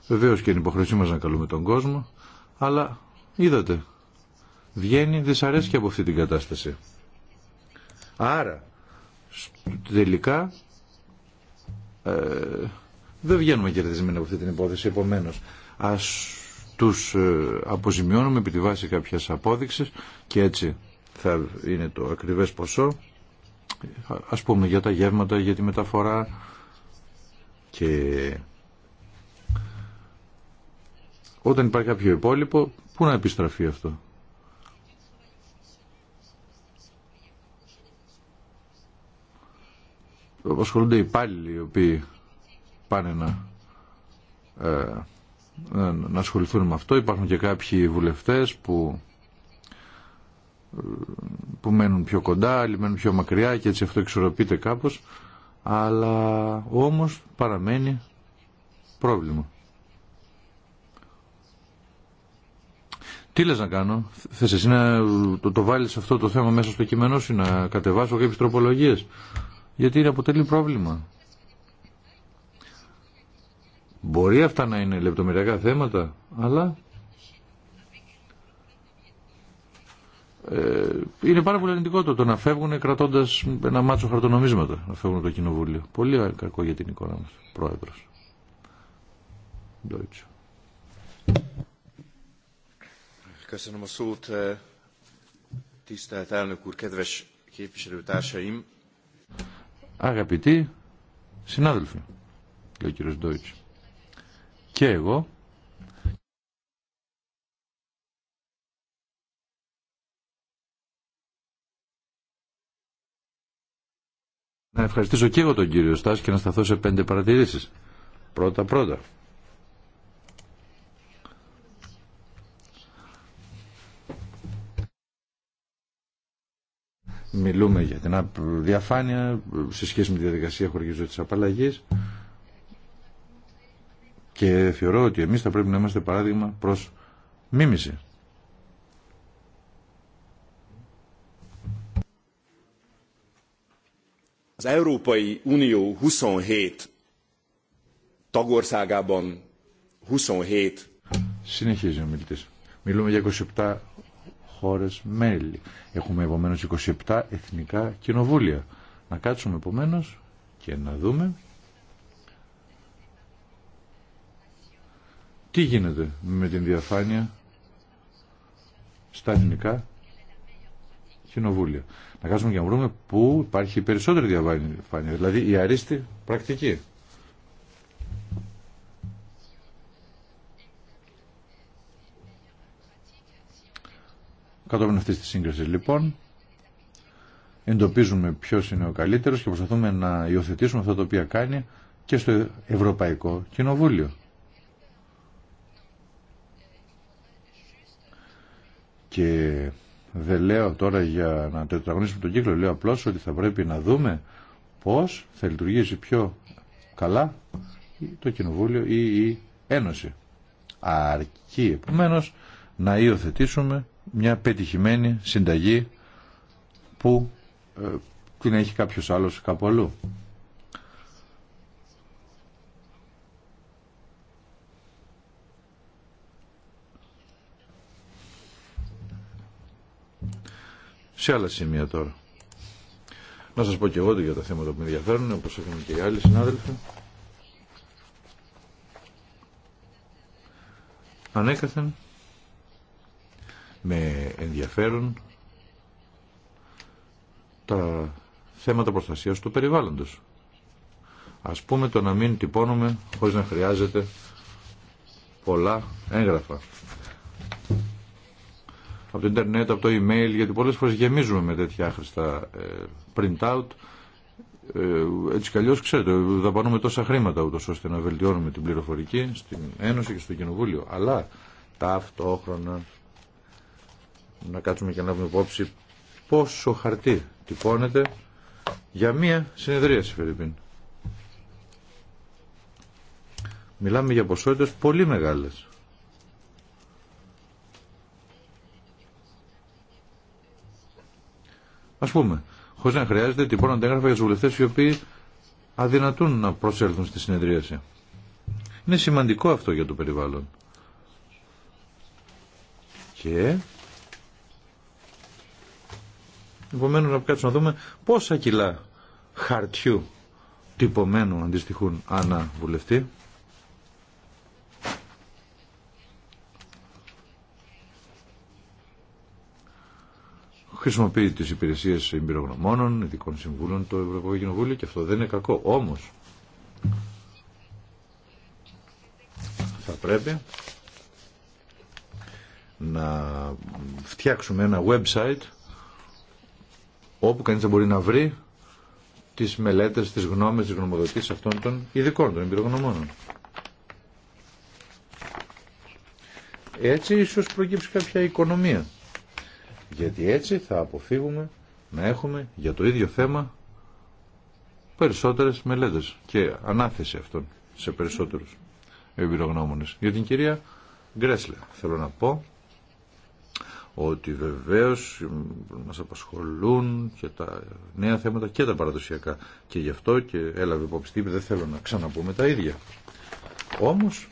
βεβαίω και είναι υποχρεωσή μας να καλούμε τον κόσμο, αλλά είδατε, βγαίνει δυσαρέσκεια από αυτή την κατάσταση. Άρα, τελικά, ε, δεν βγαίνουμε κερδισμένοι από αυτή την υπόθεση, επομένως, ας τους ε, αποζημιώνουμε επί τη βάση κάποιες απόδειξες και έτσι θα είναι το ακριβές ποσό ας πούμε για τα γεύματα, για τη μεταφορά και όταν υπάρχει κάποιο υπόλοιπο πού να επιστραφεί αυτό ασχολούνται οι υπάλληλοι οι οποίοι πάνε να ε, να ασχοληθούν με αυτό. Υπάρχουν και κάποιοι βουλευτές που, που μένουν πιο κοντά, άλλοι μένουν πιο μακριά και έτσι αυτό εξορροπείται κάπως. Αλλά όμως παραμένει πρόβλημα. Τι λες να κάνω, θες εσύ να το, το βάλεις αυτό το θέμα μέσα στο κείμενό σου, να κατεβάσω κάποιες τροπολογίες. Γιατί είναι αποτελεί πρόβλημα. Μπορεί αυτά να είναι λεπτομεριακά θέματα, αλλά ε, είναι πάρα πολύ αρνητικό το, να φεύγουν κρατώντα ένα μάτσο χαρτονομίσματα, να φεύγουν το κοινοβούλιο. Πολύ κακό για την εικόνα μα, πρόεδρο. Eh, Αγαπητοί συνάδελφοι, λέει ο κύριο Ντόιτς και εγώ να ευχαριστήσω και εγώ τον κύριο Στάς και να σταθώ σε πέντε παρατηρήσεις. Πρώτα πρώτα. Μιλούμε για την διαφάνεια σε σχέση με τη διαδικασία ζώη της απαλλαγής. Και θεωρώ ότι εμείς θα πρέπει να είμαστε παράδειγμα προς μίμηση. Az Európai Unió 27 tagországában 27 Συνεχίζει ο μιλητής. Μιλούμε για 27 χώρες μέλη. Έχουμε επομένως 27 εθνικά κοινοβούλια. Να κάτσουμε επομένως και να δούμε Τι γίνεται με την διαφάνεια στα ελληνικά κοινοβούλια. Να κάτσουμε και να βρούμε πού υπάρχει περισσότερη διαφάνεια, δηλαδή η αρίστη πρακτική. Κατόπιν αυτή τη σύγκριση, λοιπόν, εντοπίζουμε ποιος είναι ο καλύτερος και προσπαθούμε να υιοθετήσουμε αυτό τα οποία κάνει και στο Ευρωπαϊκό Κοινοβούλιο. Και δεν λέω τώρα για να τετραγωνίσουμε τον κύκλο, λέω απλώς ότι θα πρέπει να δούμε πώς θα λειτουργήσει πιο καλά το Κοινοβούλιο ή η Ένωση. Αρκεί επομένως να υιοθετήσουμε μια πετυχημένη συνταγή που ε, την έχει κάποιος άλλος κάπου αλλού. σε άλλα σημεία τώρα. Να σας πω και εγώ για τα θέματα που με ενδιαφέρουν, όπως έχουν και οι άλλοι συνάδελφοι. Ανέκαθεν, με ενδιαφέρουν τα θέματα προστασίας του περιβάλλοντος. Ας πούμε το να μην τυπώνουμε χωρίς να χρειάζεται πολλά έγγραφα από το ίντερνετ, από το email, γιατί πολλές φορές γεμίζουμε με τέτοια άχρηστα ε, print-out. Ε, έτσι καλώ ξέρετε, δαπανούμε τόσα χρήματα ούτως ώστε να βελτιώνουμε την πληροφορική στην Ένωση και στο Κοινοβούλιο. Αλλά ταυτόχρονα να κάτσουμε και να έχουμε υπόψη πόσο χαρτί τυπώνεται για μία συνεδρίαση, Φερρυπίν. Μιλάμε για ποσότητες πολύ μεγάλες. Α πούμε, χωρί να χρειάζεται τυπών αντέγραφα για του βουλευτέ οι οποίοι αδυνατούν να προσέλθουν στη συνεδρίαση. Είναι σημαντικό αυτό για το περιβάλλον. Και. Επομένω, να κάτσουμε να δούμε πόσα κιλά χαρτιού τυπωμένου αντιστοιχούν ανά βουλευτή. χρησιμοποιεί τις υπηρεσίες εμπειρογνωμόνων, ειδικών συμβούλων, το Ευρωπαϊκό Κοινοβούλιο και αυτό δεν είναι κακό. Όμως, θα πρέπει να φτιάξουμε ένα website όπου κανείς θα μπορεί να βρει τις μελέτες, τις γνώμες, τις γνωμοδοτήσεις αυτών των ειδικών, των εμπειρογνωμόνων. Έτσι ίσως προκύψει κάποια οικονομία γιατί έτσι θα αποφύγουμε να έχουμε για το ίδιο θέμα περισσότερες μελέτες και ανάθεση αυτών σε περισσότερους εμπειρογνώμονες. Για την κυρία Γκρέσλε θέλω να πω ότι βεβαίως μας απασχολούν και τα νέα θέματα και τα παραδοσιακά και γι' αυτό και έλαβε υπόψη δεν θέλω να ξαναπούμε τα ίδια. Όμως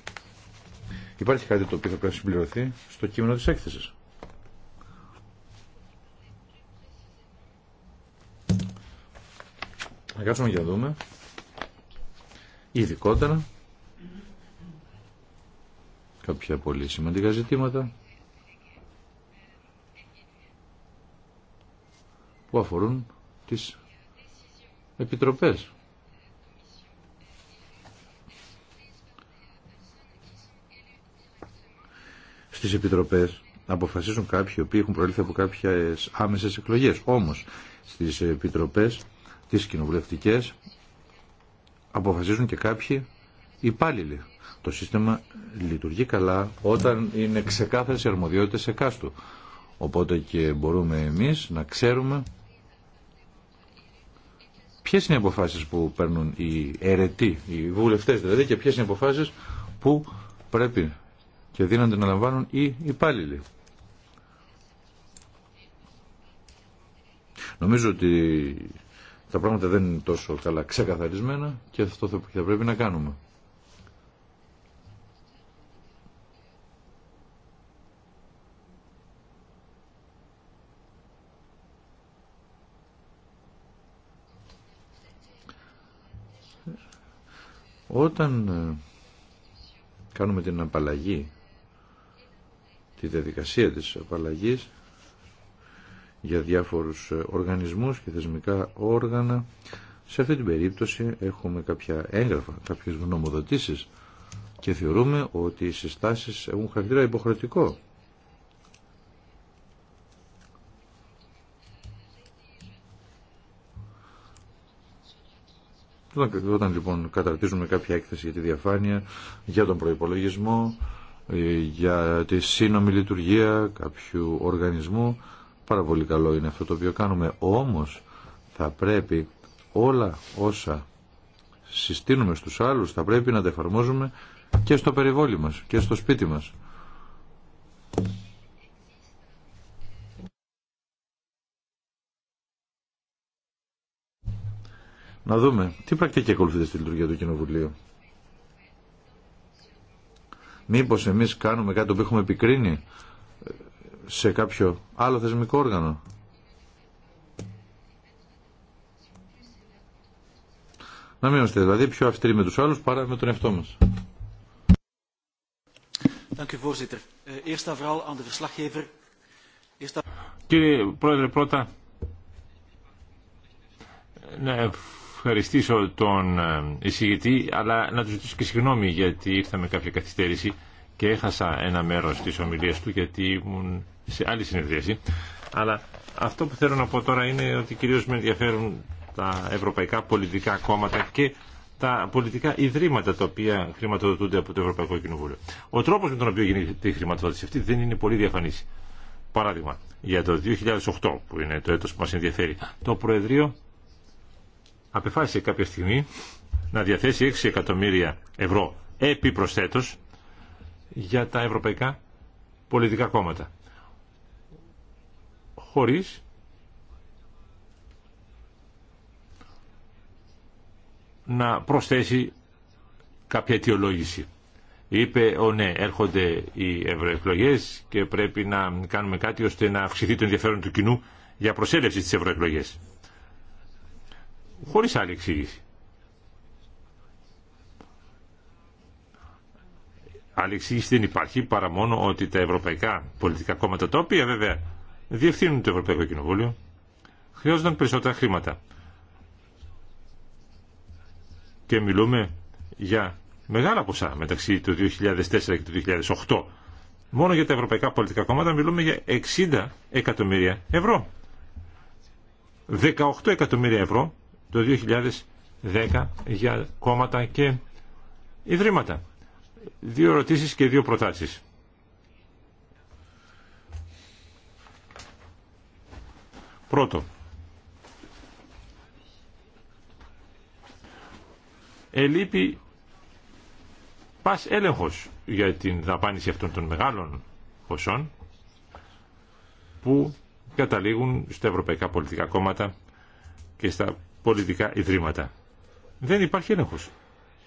υπάρχει κάτι το οποίο θα πρέπει να συμπληρωθεί στο κείμενο της έκθεσης. Να κάτσουμε για να δούμε ειδικότερα κάποια πολύ σημαντικά ζητήματα που αφορούν τις επιτροπές. Στις επιτροπές αποφασίζουν κάποιοι οι οποίοι έχουν προέλθει από κάποιες άμεσες εκλογές. Όμως στις επιτροπές τις κοινοβουλευτικές αποφασίζουν και κάποιοι υπάλληλοι. Το σύστημα λειτουργεί καλά όταν είναι ξεκάθαρες οι αρμοδιότητες εκάστου. Οπότε και μπορούμε εμείς να ξέρουμε ποιες είναι οι αποφάσεις που παίρνουν οι αιρετοί, οι βουλευτές δηλαδή, και ποιες είναι οι αποφάσεις που πρέπει και δίνονται να λαμβάνουν οι υπάλληλοι. Νομίζω ότι τα πράγματα δεν είναι τόσο καλά ξεκαθαρισμένα και αυτό θα, θα πρέπει να κάνουμε. Όταν ε, κάνουμε την απαλλαγή, τη διαδικασία της απαλλαγής, για διάφορους ε, οργανισμούς και θεσμικά όργανα. Σε αυτή την περίπτωση έχουμε κάποια έγγραφα, κάποιες γνωμοδοτήσεις και θεωρούμε ότι οι συστάσεις έχουν χαρακτήρα υποχρεωτικό. Όταν λοιπόν καταρτίζουμε κάποια έκθεση για τη διαφάνεια, για τον προϋπολογισμό, ε, για τη σύνομη λειτουργία κάποιου οργανισμού, Πάρα πολύ καλό είναι αυτό το οποίο κάνουμε. Όμως θα πρέπει όλα όσα συστήνουμε στους άλλους θα πρέπει να τα εφαρμόζουμε και στο περιβόλι μας και στο σπίτι μας. Να δούμε τι πρακτική ακολουθείται στη λειτουργία του Κοινοβουλίου. Μήπως εμείς κάνουμε κάτι που έχουμε επικρίνει σε κάποιο άλλο θεσμικό όργανο. Να μην είμαστε δηλαδή πιο αυστηροί με τους άλλους παρά με τον εαυτό μας. Κύριε Πρόεδρε, πρώτα να ευχαριστήσω τον ε, εισηγητή, αλλά να του ζητήσω και συγγνώμη γιατί ήρθα με κάποια καθυστέρηση και έχασα ένα μέρος της ομιλίας του γιατί ήμουν σε άλλη συνεδρίαση. Αλλά αυτό που θέλω να πω τώρα είναι ότι κυρίως με ενδιαφέρουν τα ευρωπαϊκά πολιτικά κόμματα και τα πολιτικά ιδρύματα τα οποία χρηματοδοτούνται από το Ευρωπαϊκό Κοινοβούλιο. Ο τρόπο με τον οποίο γίνεται η χρηματοδότηση αυτή δεν είναι πολύ διαφανής. Παράδειγμα, για το 2008 που είναι το έτος που μας ενδιαφέρει, το Προεδρείο απεφάσισε κάποια στιγμή να διαθέσει 6 εκατομμύρια ευρώ επί για τα ευρωπαϊκά πολιτικά κόμματα χωρίς να προσθέσει κάποια αιτιολόγηση. Είπε, ο ναι, έρχονται οι ευρωεκλογέ και πρέπει να κάνουμε κάτι ώστε να αυξηθεί το ενδιαφέρον του κοινού για προσέλευση στις ευρωεκλογέ. Χωρίς άλλη εξήγηση. Άλλη εξήγηση δεν υπάρχει παρά μόνο ότι τα ευρωπαϊκά πολιτικά κόμματα, τα οποία βέβαια διευθύνουν το Ευρωπαϊκό Κοινοβούλιο, χρειάζονταν περισσότερα χρήματα. Και μιλούμε για μεγάλα ποσά μεταξύ του 2004 και του 2008. Μόνο για τα ευρωπαϊκά πολιτικά κόμματα μιλούμε για 60 εκατομμύρια ευρώ. 18 εκατομμύρια ευρώ το 2010 για κόμματα και ιδρύματα. Δύο ερωτήσεις και δύο προτάσεις. Πρώτο, ελείπει πας έλεγχος για την δαπάνηση αυτών των μεγάλων ποσών που καταλήγουν στα ευρωπαϊκά πολιτικά κόμματα και στα πολιτικά ιδρύματα. Δεν υπάρχει έλεγχος.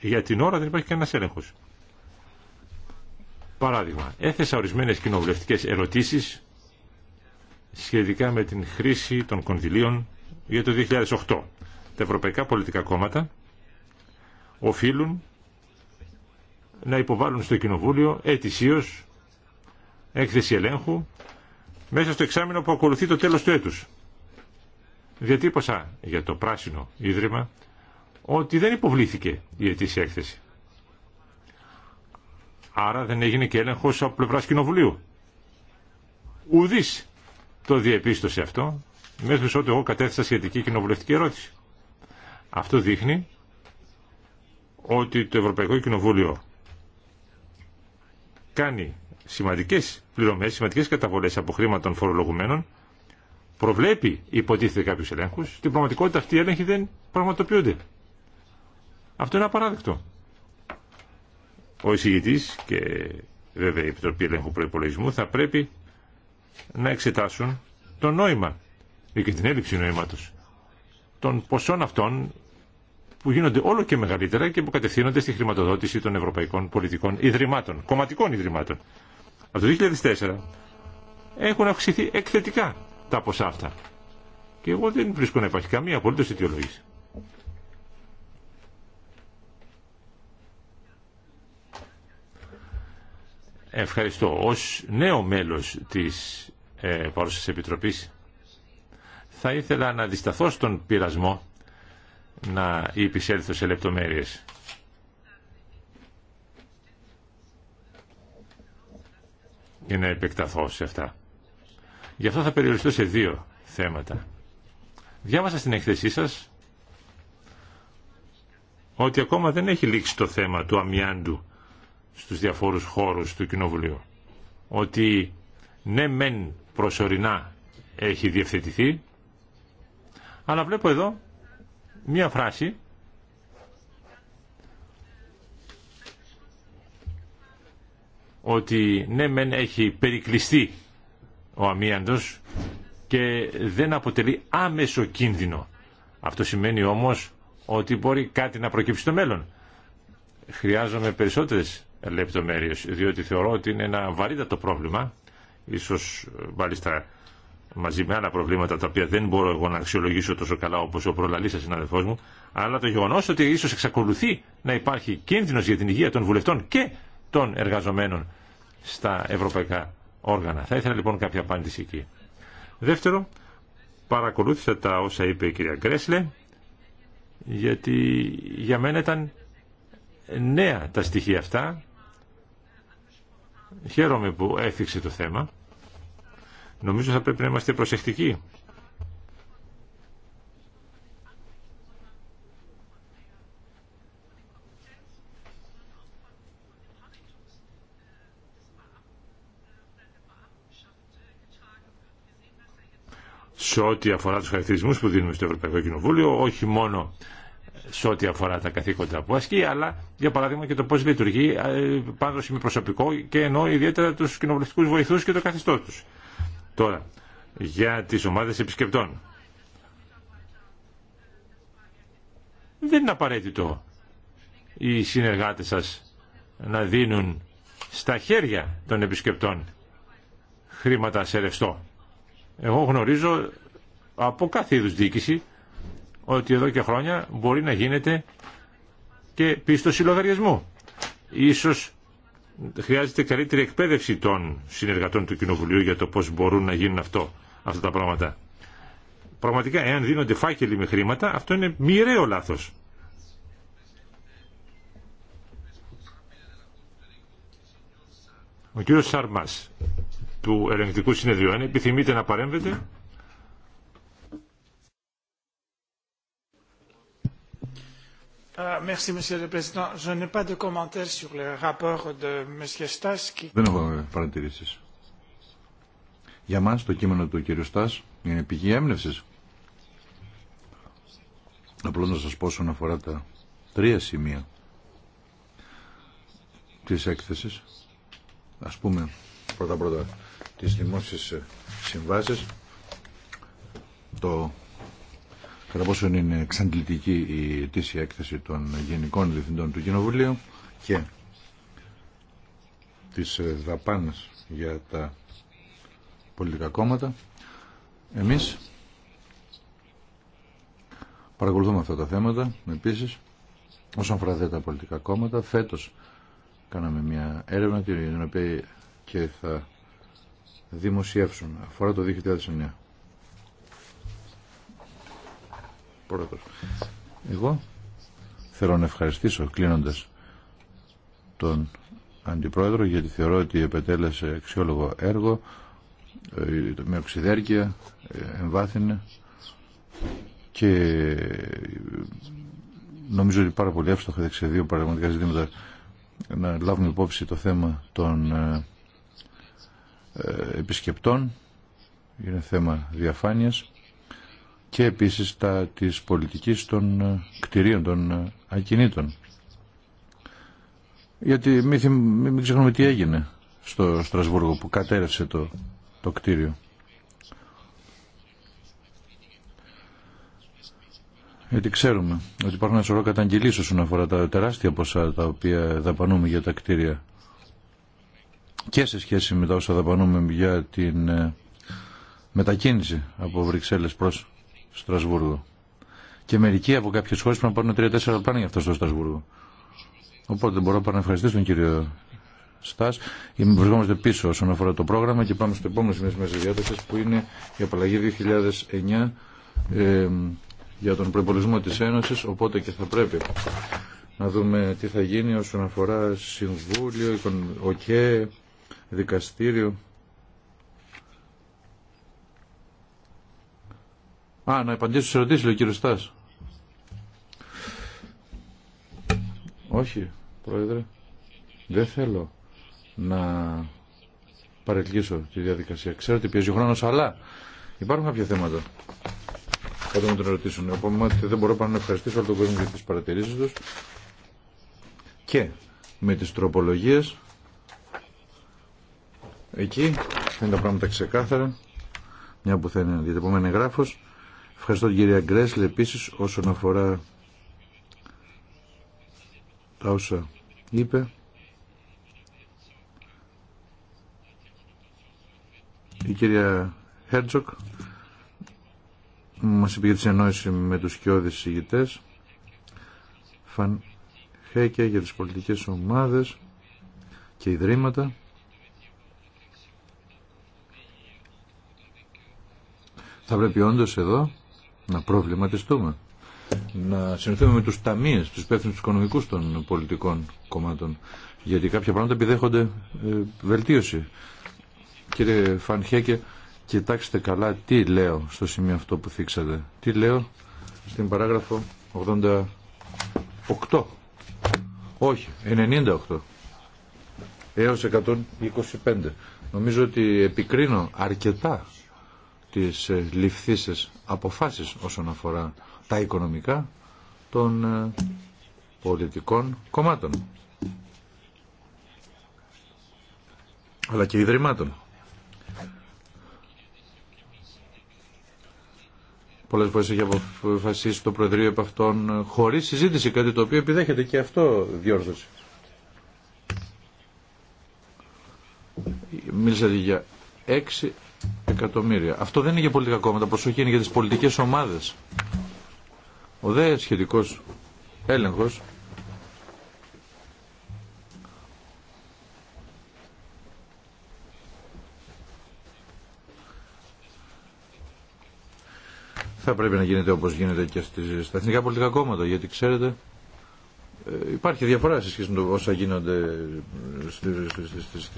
Για την ώρα δεν υπάρχει κανένας έλεγχος. Παράδειγμα, έθεσα ορισμένες κοινοβουλευτικές ερωτήσεις σχετικά με την χρήση των κονδυλίων για το 2008. Τα ευρωπαϊκά πολιτικά κόμματα οφείλουν να υποβάλουν στο Κοινοβούλιο ετησίως έκθεση ελέγχου μέσα στο εξάμεινο που ακολουθεί το τέλος του έτους. Διατύπωσα για το Πράσινο Ίδρυμα ότι δεν υποβλήθηκε η ετήσια έκθεση. Άρα δεν έγινε και έλεγχος από πλευράς Κοινοβουλίου. Ουδής το διεπίστωσε αυτό μέχρι ό,τι εγώ κατέθεσα σχετική κοινοβουλευτική ερώτηση. Αυτό δείχνει ότι το Ευρωπαϊκό Κοινοβούλιο κάνει σημαντικές πληρωμές, σημαντικές καταβολές από χρήματα των φορολογουμένων, προβλέπει υποτίθεται κάποιους ελέγχους, στην πραγματικότητα αυτοί οι έλεγχοι δεν πραγματοποιούνται. Αυτό είναι απαράδεκτο. Ο εισηγητής και βέβαια η Επιτροπή Ελέγχου Προϋπολογισμού θα πρέπει να εξετάσουν το νόημα ή και την έλλειψη νοήματος των ποσών αυτών που γίνονται όλο και μεγαλύτερα και που κατευθύνονται στη χρηματοδότηση των ευρωπαϊκών πολιτικών ιδρυμάτων, κομματικών ιδρυμάτων. Από το 2004 έχουν αυξηθεί εκθετικά τα ποσά αυτά. Και εγώ δεν βρίσκω να υπάρχει καμία απολύτως αιτιολόγηση. Ευχαριστώ. Ως νέο μέλος της ε, Επιτροπής θα ήθελα να αντισταθώ στον πειρασμό να υπησέλθω σε λεπτομέρειες. και να επεκταθώ σε αυτά. Γι' αυτό θα περιοριστώ σε δύο θέματα. Διάβασα στην εκθεσή σας ότι ακόμα δεν έχει λήξει το θέμα του αμοιάντου στους διαφόρους χώρους του Κοινοβουλίου ότι ναι μεν προσωρινά έχει διευθετηθεί αλλά βλέπω εδώ μία φράση ότι ναι μεν έχει περικλειστεί ο αμίαντος και δεν αποτελεί άμεσο κίνδυνο. Αυτό σημαίνει όμως ότι μπορεί κάτι να προκύψει στο μέλλον. Χρειάζομαι περισσότερες Λεπτομέρειε, διότι θεωρώ ότι είναι ένα βαρύτατο πρόβλημα, ίσω ε, μάλιστα μαζί με άλλα προβλήματα τα οποία δεν μπορώ εγώ να αξιολογήσω τόσο καλά όπω ο προλαλή σα συναδελφό μου, αλλά το γεγονό ότι ίσω εξακολουθεί να υπάρχει κίνδυνος για την υγεία των βουλευτών και των εργαζομένων στα ευρωπαϊκά όργανα. Θα ήθελα λοιπόν κάποια απάντηση εκεί. Δεύτερο, παρακολούθησα τα όσα είπε η κυρία Γκρέσλε, γιατί για μένα ήταν νέα τα στοιχεία αυτά Χαίρομαι που έφυξε το θέμα. Νομίζω θα πρέπει να είμαστε προσεκτικοί. σε ό,τι αφορά τους χαρακτηρισμούς που δίνουμε στο Ευρωπαϊκό Κοινοβούλιο, όχι μόνο σε ό,τι αφορά τα καθήκοντα που ασκεί, αλλά για παράδειγμα και το πώ λειτουργεί ε, πάνω σε προσωπικό και ενώ ιδιαίτερα του κοινοβουλευτικού βοηθού και το καθεστώ του. Τώρα, για τι ομάδε επισκεπτών. Δεν είναι απαραίτητο οι συνεργάτες σας να δίνουν στα χέρια των επισκεπτών χρήματα σε ρευστό. Εγώ γνωρίζω από κάθε είδους διοίκηση ότι εδώ και χρόνια μπορεί να γίνεται και πίστοση λογαριασμού. Ίσως χρειάζεται καλύτερη εκπαίδευση των συνεργατών του Κοινοβουλίου για το πώς μπορούν να γίνουν αυτό, αυτά τα πράγματα. Πραγματικά, εάν δίνονται φάκελοι με χρήματα, αυτό είναι μοιραίο λάθος. Ο κύριος Σάρμας του Ελεγκτικού Συνεδρίου, αν επιθυμείτε να παρέμβετε... Δεν έχω παρατηρήσει. Για μα το κείμενο του κ. Στάς είναι πηγή έμπνευση. Απλώ να σα πω όσον αφορά τα τρία σημεία τη έκθεση. Α πούμε πρώτα-πρώτα τι δημόσιε συμβάσει. Το κατά πόσο είναι εξαντλητική η αιτήσια έκθεση των Γενικών Διευθυντών του Κοινοβουλίου και τις ε, δαπάνες για τα πολιτικά κόμματα. Εμείς παρακολουθούμε αυτά τα θέματα επίσης όσον αφορά τα πολιτικά κόμματα. Φέτος κάναμε μια έρευνα την οποία και θα δημοσιεύσουν αφορά το 2009. Πρόεδρος. Εγώ θέλω να ευχαριστήσω κλείνοντας τον Αντιπρόεδρο γιατί θεωρώ ότι επετέλεσε αξιόλογο έργο ε, με οξυδέρκεια, ε, εμβάθυνε και ε, νομίζω ότι πάρα πολύ εύστοχα δεξιά δύο πραγματικά ζητήματα να λάβουμε υπόψη το θέμα των επισκεπτών είναι θέμα διαφάνειας και επίσης τα της πολιτικής των ε, κτηρίων, των ε, ακινήτων. Γιατί μην, μην ξεχνούμε τι έγινε στο Στρασβούργο που κατέρευσε το, το κτίριο. Γιατί ξέρουμε ότι υπάρχουν ένα σωρό καταγγελίες όσον αφορά τα τεράστια ποσά τα οποία δαπανούμε για τα κτίρια και σε σχέση με τα όσα δαπανούμε για την ε, μετακίνηση από Βρυξέλλες προς Στρασβούργο. Και μερικοί από κάποιε χώρε πρέπει να πάρουν τρία-τέσσερα πάνε για αυτό στο Στρασβούργο. Οπότε μπορώ να ευχαριστήσω τον κύριο Στά. Βρισκόμαστε πίσω όσον αφορά το πρόγραμμα και πάμε στο επόμενο σημείο τη μέσα διάταξη που είναι η απαλλαγή 2009 ε, για τον προπολογισμό τη Ένωση οπότε και θα πρέπει να δούμε τι θα γίνει όσον αφορά συμβούλιο, οκέ, δικαστήριο. Α, να απαντήσω στις ερωτήσεις, λέει ο κύριος Στάς. Όχι, πρόεδρε. Δεν θέλω να παρελκύσω τη διαδικασία. Ξέρω ότι πιέζει ο χρόνος, αλλά υπάρχουν κάποια θέματα. Όταν μου τον ερωτήσουν. Οπότε δεν μπορώ παρά να ευχαριστήσω όλο τον κόσμο για τις παρατηρήσεις τους. Και με τις τροπολογίες εκεί θα είναι τα πράγματα ξεκάθαρα μια που θα είναι διατεπόμενη γράφος Ευχαριστώ την κυρία Γκρέσλε επίσης όσον αφορά τα όσα είπε. Η κυρία Χέρτσοκ μας είπε για τη συνεννόηση με τους σκιώδεις ηγητές. Φαν Χέκια για τις πολιτικές ομάδες και ιδρύματα. Θα πρέπει όντως εδώ να προβληματιστούμε, να συνοηθούμε με τους ταμείες, τους υπεύθυνους οικονομικούς των πολιτικών κομμάτων, γιατί κάποια πράγματα επιδέχονται ε, βελτίωση. Κύριε Φανχέκε, κοιτάξτε καλά τι λέω στο σημείο αυτό που θίξατε. Τι λέω στην παράγραφο 88. Όχι, 98 έως 125. Νομίζω ότι επικρίνω αρκετά τις ε, ληφθήσεις αποφάσεις όσον αφορά τα οικονομικά των ε, πολιτικών κομμάτων αλλά και ιδρυμάτων. Πολλές φορές έχει αποφασίσει το Προεδρείο επ' αυτών ε, χωρίς συζήτηση, κάτι το οποίο επιδέχεται και αυτό διόρθωση. Μίλησατε για έξι εκατομμύρια. Αυτό δεν είναι για πολιτικά κόμματα, προσοχή είναι για τι πολιτικές ομάδες. Ο δε σχετικός έλεγχος θα πρέπει να γίνεται όπως γίνεται και στα εθνικά πολιτικά κόμματα, γιατί ξέρετε ε, υπάρχει διαφορά σε σχέση με όσα γίνονται ε,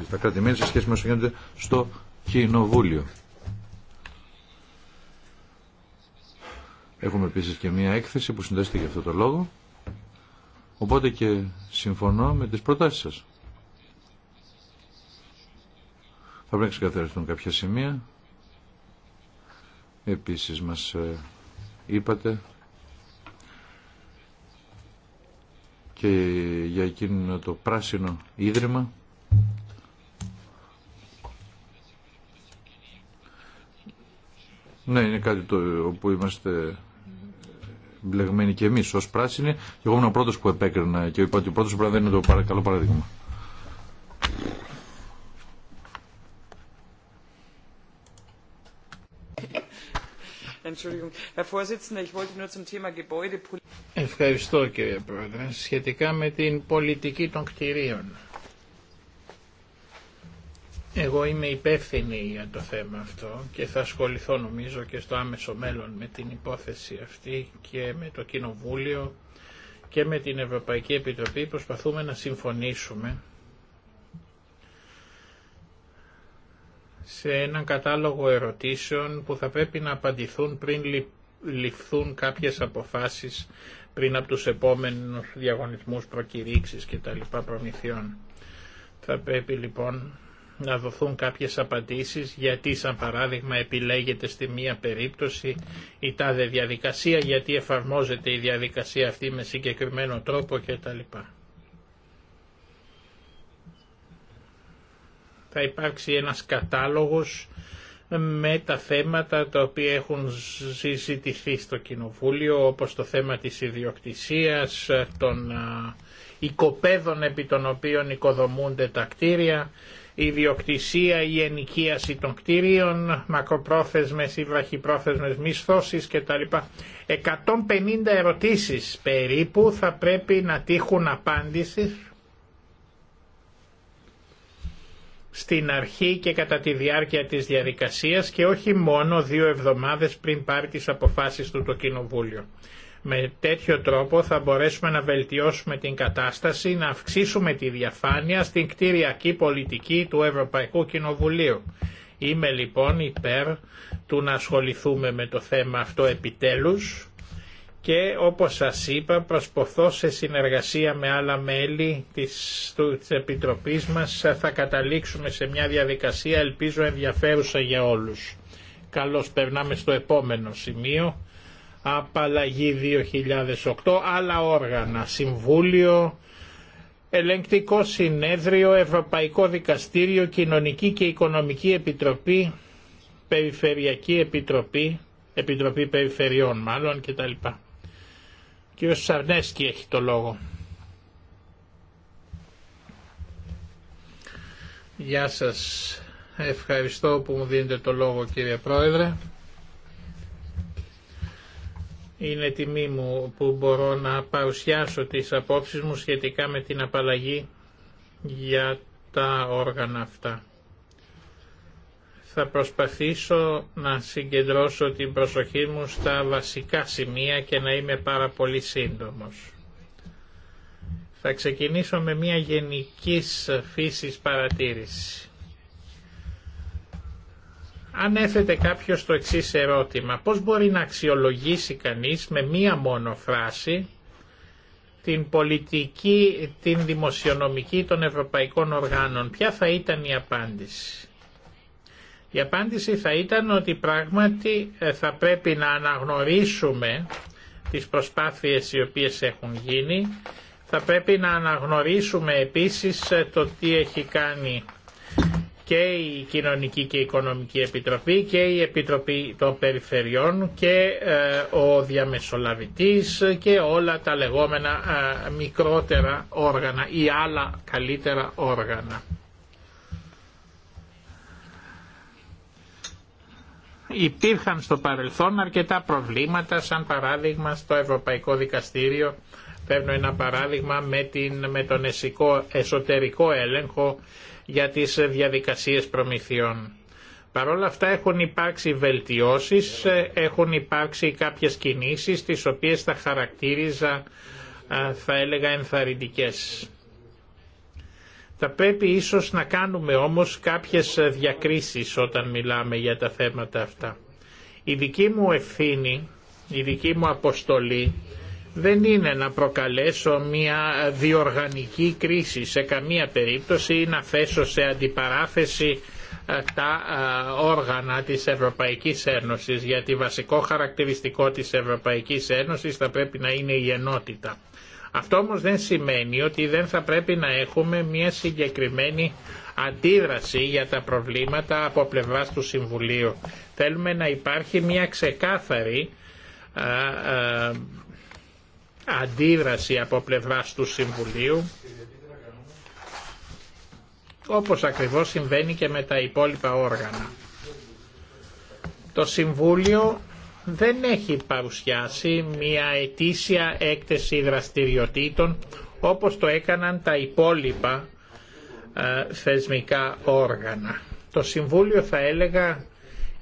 στα κράτη-μέλη σε σχέση με όσα γίνονται στο κοινοβούλιο. Έχουμε επίση και μία έκθεση που συνδέεται για αυτό το λόγο. Οπότε και συμφωνώ με τις προτάσεις σας. Θα πρέπει να ξεκαθαριστούν κάποια σημεία. Επίσης μας ε, είπατε και για εκείνο το πράσινο ίδρυμα Ναι, είναι κάτι το, όπου είμαστε μπλεγμένοι και εμεί, ω πράσινοι και εγώ ήμουν ο πρώτο που επέκρινα και είπα ότι ο πρώτο πρέπει δεν είναι το καλό παράδειγμα. Ευχαριστώ κύριε Πρόεδρε. Σχετικά με την πολιτική των κτηρίων. Εγώ είμαι υπεύθυνη για το θέμα αυτό και θα ασχοληθώ νομίζω και στο άμεσο μέλλον με την υπόθεση αυτή και με το Κοινοβούλιο και με την Ευρωπαϊκή Επιτροπή προσπαθούμε να συμφωνήσουμε σε έναν κατάλογο ερωτήσεων που θα πρέπει να απαντηθούν πριν ληφθούν κάποιες αποφάσεις πριν από τους επόμενους διαγωνισμούς προκηρύξεις και τα λοιπά προμηθειών. Θα πρέπει λοιπόν να δοθούν κάποιες απαντήσεις γιατί σαν παράδειγμα επιλέγεται στη μία περίπτωση η τάδε διαδικασία, γιατί εφαρμόζεται η διαδικασία αυτή με συγκεκριμένο τρόπο κτλ. Θα υπάρξει ένας κατάλογος με τα θέματα τα οποία έχουν συζητηθεί στο Κοινοβούλιο όπως το θέμα της ιδιοκτησίας, των οικοπαίδων επί των οποίων οικοδομούνται τα κτίρια, η ιδιοκτησία, η ενοικίαση των κτίριων, μακροπρόθεσμες ή βραχυπρόθεσμες μισθώσεις κτλ. 150 ερωτήσεις περίπου θα πρέπει να τύχουν απάντησης στην αρχή και κατά τη διάρκεια της διαδικασίας και όχι μόνο δύο εβδομάδες πριν πάρει τις αποφάσεις του το Κοινοβούλιο. Με τέτοιο τρόπο θα μπορέσουμε να βελτιώσουμε την κατάσταση, να αυξήσουμε τη διαφάνεια στην κτηριακή πολιτική του Ευρωπαϊκού Κοινοβουλίου. Είμαι λοιπόν υπέρ του να ασχοληθούμε με το θέμα αυτό επιτέλους και όπως σας είπα προσποθώ σε συνεργασία με άλλα μέλη της, της Επιτροπής μας θα καταλήξουμε σε μια διαδικασία ελπίζω ενδιαφέρουσα για όλους. Καλώς περνάμε στο επόμενο σημείο απαλλαγή 2008, άλλα όργανα, Συμβούλιο, Ελεγκτικό Συνέδριο, Ευρωπαϊκό Δικαστήριο, Κοινωνική και Οικονομική Επιτροπή, Περιφερειακή Επιτροπή, Επιτροπή Περιφερειών μάλλον κτλ. Κύριος Σαρνέσκι έχει το λόγο. Γεια σας. Ευχαριστώ που μου δίνετε το λόγο κύριε Πρόεδρε. Είναι τιμή μου που μπορώ να παρουσιάσω τις απόψεις μου σχετικά με την απαλλαγή για τα όργανα αυτά. Θα προσπαθήσω να συγκεντρώσω την προσοχή μου στα βασικά σημεία και να είμαι πάρα πολύ σύντομος. Θα ξεκινήσω με μια γενικής φύσης παρατήρηση. Αν έθετε κάποιος το εξής ερώτημα, πώς μπορεί να αξιολογήσει κανείς με μία μόνο φράση την πολιτική, την δημοσιονομική των ευρωπαϊκών οργάνων. Ποια θα ήταν η απάντηση. Η απάντηση θα ήταν ότι πράγματι ε, θα πρέπει να αναγνωρίσουμε τις προσπάθειες οι οποίες έχουν γίνει, θα πρέπει να αναγνωρίσουμε επίσης ε, το τι έχει κάνει και η Κοινωνική και Οικονομική Επιτροπή και η Επιτροπή των Περιφερειών και ε, ο Διαμεσολαβητής και όλα τα λεγόμενα ε, μικρότερα όργανα ή άλλα καλύτερα όργανα. Υπήρχαν στο παρελθόν αρκετά προβλήματα σαν παράδειγμα στο Ευρωπαϊκό Δικαστήριο Παίρνω ένα παράδειγμα με, την, με τον εσικό, εσωτερικό έλεγχο για τις ε, διαδικασίες προμηθειών. Παρ' όλα αυτά έχουν υπάρξει βελτιώσεις, ε, έχουν υπάρξει κάποιες κινήσεις τις οποίες θα χαρακτήριζα ε, θα έλεγα ενθαρρυντικές. Θα πρέπει ίσως να κάνουμε όμως κάποιες διακρίσεις όταν μιλάμε για τα θέματα αυτά. Η δική μου ευθύνη, η δική μου αποστολή δεν είναι να προκαλέσω μια διοργανική κρίση σε καμία περίπτωση ή να θέσω σε αντιπαράθεση ε, τα ε, όργανα της Ευρωπαϊκής Ένωσης γιατί βασικό χαρακτηριστικό της Ευρωπαϊκής Ένωσης θα πρέπει να είναι η ενότητα. Αυτό όμως δεν σημαίνει ότι δεν θα πρέπει να έχουμε μια συγκεκριμένη αντίδραση για τα προβλήματα από πλευράς του Συμβουλίου. Θέλουμε να υπάρχει μια ξεκάθαρη ε, αντίδραση από πλευράς του Συμβουλίου όπως ακριβώς συμβαίνει και με τα υπόλοιπα όργανα. Το Συμβούλιο δεν έχει παρουσιάσει μια ετήσια έκθεση δραστηριοτήτων όπως το έκαναν τα υπόλοιπα ε, θεσμικά όργανα. Το Συμβούλιο θα έλεγα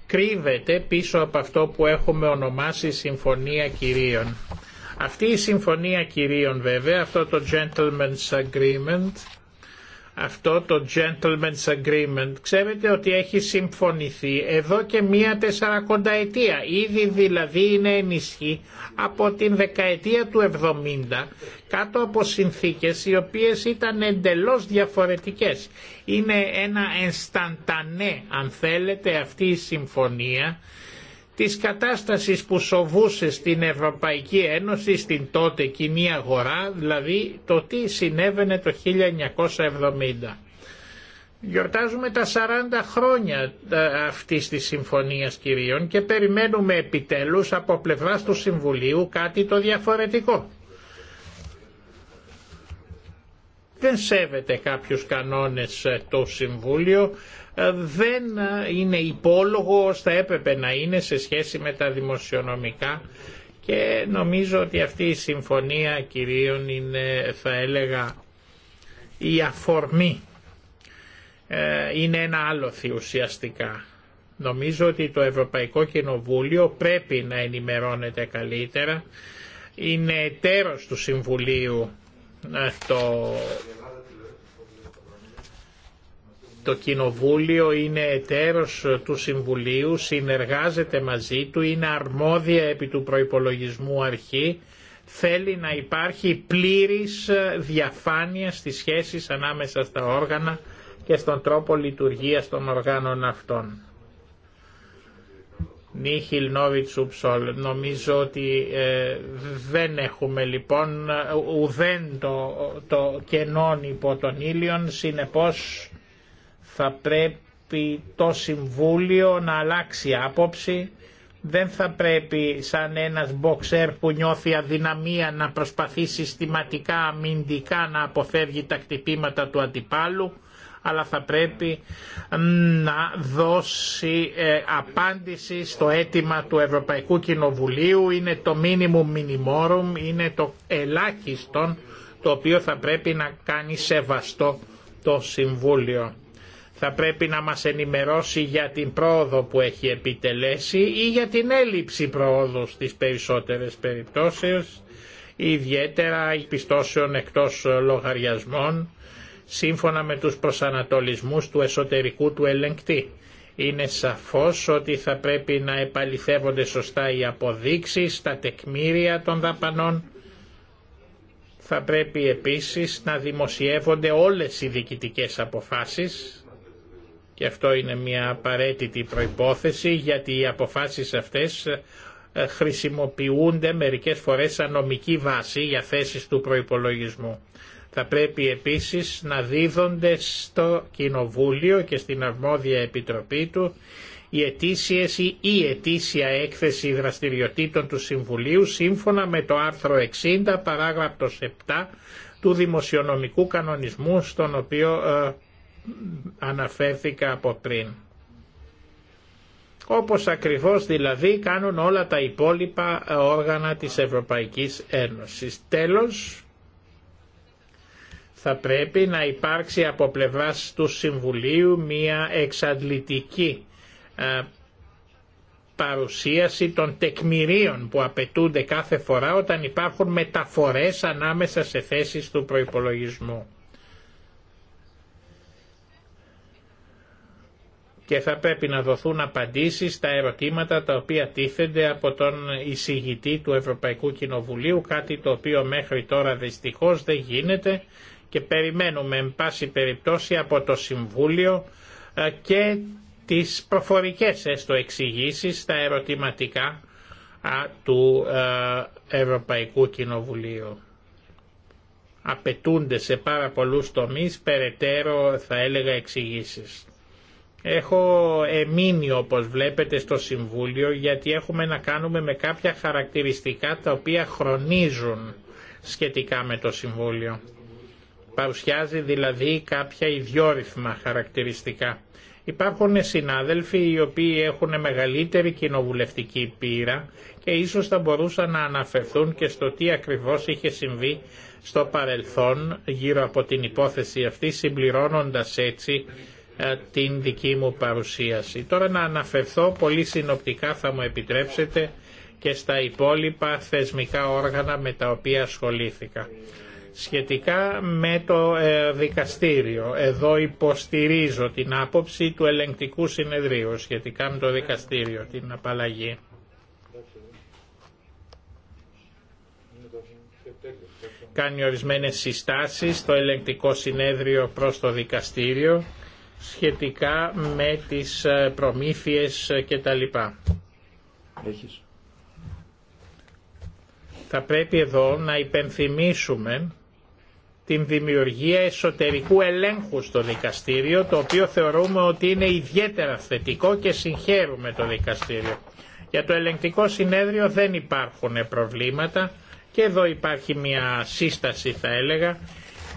κρύβεται πίσω από αυτό που έχουμε ονομάσει Συμφωνία Κυρίων. Αυτή η συμφωνία κυρίων βέβαια, αυτό το Gentleman's Agreement, αυτό το Gentleman's Agreement, ξέρετε ότι έχει συμφωνηθεί εδώ και μία τεσσαρακονταετία. Ήδη δηλαδή είναι ενισχύ από την δεκαετία του 70 κάτω από συνθήκες οι οποίες ήταν εντελώς διαφορετικές. Είναι ένα ενσταντανέ αν θέλετε αυτή η συμφωνία της κατάστασης που σοβούσε στην Ευρωπαϊκή Ένωση, στην τότε κοινή αγορά, δηλαδή το τι συνέβαινε το 1970. Γιορτάζουμε τα 40 χρόνια ε, αυτής της συμφωνίας κυρίων και περιμένουμε επιτέλους από πλευράς του Συμβουλίου κάτι το διαφορετικό. δεν σέβεται κάποιους κανόνες ε, το Συμβούλιο, ε, δεν ε, είναι υπόλογο θα έπρεπε να είναι σε σχέση με τα δημοσιονομικά και νομίζω ότι αυτή η συμφωνία κυρίων είναι θα έλεγα η αφορμή είναι ένα άλοθη ουσιαστικά. Νομίζω ότι το Ευρωπαϊκό Κοινοβούλιο πρέπει να ενημερώνεται καλύτερα, είναι τέρος του Συμβουλίου ναι, το, το Κοινοβούλιο είναι εταίρος του Συμβουλίου, συνεργάζεται μαζί του, είναι αρμόδια επί του προϋπολογισμού αρχή, θέλει να υπάρχει πλήρης διαφάνεια στις σχέσεις ανάμεσα στα όργανα και στον τρόπο λειτουργίας των οργάνων αυτών. Νίχιλ Νόβιτσουψολ, Νομίζω ότι ε, δεν έχουμε λοιπόν ουδέν το, το κενόν υπό τον ήλιον, συνεπώς θα πρέπει το Συμβούλιο να αλλάξει άποψη. Δεν θα πρέπει σαν ένας μποξέρ που νιώθει αδυναμία να προσπαθεί συστηματικά αμυντικά να αποφεύγει τα χτυπήματα του αντιπάλου αλλά θα πρέπει να δώσει ε, απάντηση στο αίτημα του Ευρωπαϊκού Κοινοβουλίου. Είναι το minimum minimorum, είναι το ελάχιστον το οποίο θα πρέπει να κάνει σεβαστό το Συμβούλιο. Θα πρέπει να μας ενημερώσει για την πρόοδο που έχει επιτελέσει ή για την έλλειψη πρόοδου στις περισσότερες περιπτώσεις, ιδιαίτερα πιστώσεων εκτός λογαριασμών σύμφωνα με τους προσανατολισμούς του εσωτερικού του ελεγκτή. Είναι σαφώς ότι θα πρέπει να επαληθεύονται σωστά οι αποδείξεις, τα τεκμήρια των δαπανών. Θα πρέπει επίσης να δημοσιεύονται όλες οι διοικητικές αποφάσεις και αυτό είναι μια απαραίτητη προϋπόθεση γιατί οι αποφάσεις αυτές ε, χρησιμοποιούνται μερικές φορές σαν νομική βάση για θέσεις του προϋπολογισμού. Θα πρέπει επίσης να δίδονται στο Κοινοβούλιο και στην αρμόδια επιτροπή του οι ετήσιε ή η ετήσια έκθεση δραστηριοτήτων του Συμβουλίου σύμφωνα με το άρθρο 60 παράγραφος 7 του δημοσιονομικού κανονισμού στον οποίο ε, αναφέρθηκα από πριν. Όπως ακριβώς δηλαδή κάνουν όλα τα υπόλοιπα όργανα της Ευρωπαϊκής Ένωσης. Τέλος, θα πρέπει να υπάρξει από πλευράς του Συμβουλίου μία εξαντλητική ε, παρουσίαση των τεκμηρίων που απαιτούνται κάθε φορά όταν υπάρχουν μεταφορές ανάμεσα σε θέσεις του προϋπολογισμού. Και θα πρέπει να δοθούν απαντήσεις στα ερωτήματα τα οποία τίθενται από τον εισηγητή του Ευρωπαϊκού Κοινοβουλίου, κάτι το οποίο μέχρι τώρα δυστυχώς δεν γίνεται και περιμένουμε εν πάση περιπτώσει από το Συμβούλιο ε, και τις προφορικές έστω εξηγήσεις στα ερωτηματικά του ε, Ευρωπαϊκού Κοινοβουλίου. Απαιτούνται σε πάρα πολλούς τομείς περαιτέρω θα έλεγα εξηγήσεις. Έχω εμείνει όπως βλέπετε στο Συμβούλιο γιατί έχουμε να κάνουμε με κάποια χαρακτηριστικά τα οποία χρονίζουν σχετικά με το Συμβούλιο. Παρουσιάζει δηλαδή κάποια ιδιόρυθμα χαρακτηριστικά. Υπάρχουν συνάδελφοι οι οποίοι έχουν μεγαλύτερη κοινοβουλευτική πείρα και ίσως θα μπορούσαν να αναφερθούν και στο τι ακριβώς είχε συμβεί στο παρελθόν γύρω από την υπόθεση αυτή συμπληρώνοντας έτσι ε, την δική μου παρουσίαση. Τώρα να αναφερθώ πολύ συνοπτικά θα μου επιτρέψετε και στα υπόλοιπα θεσμικά όργανα με τα οποία ασχολήθηκα. Σχετικά με το ε, δικαστήριο, εδώ υποστηρίζω την άποψη του ελεγκτικού συνεδρίου σχετικά με το δικαστήριο, την απαλλαγή. Κάνει ορισμένες συστάσεις στο ελεγκτικό συνέδριο προς το δικαστήριο σχετικά με τις ε, προμήθειες ε, κτλ. Έχεις. Θα πρέπει εδώ να υπενθυμίσουμε την δημιουργία εσωτερικού ελέγχου στο δικαστήριο, το οποίο θεωρούμε ότι είναι ιδιαίτερα θετικό και συγχαίρουμε το δικαστήριο. Για το ελεγκτικό συνέδριο δεν υπάρχουν προβλήματα και εδώ υπάρχει μια σύσταση θα έλεγα.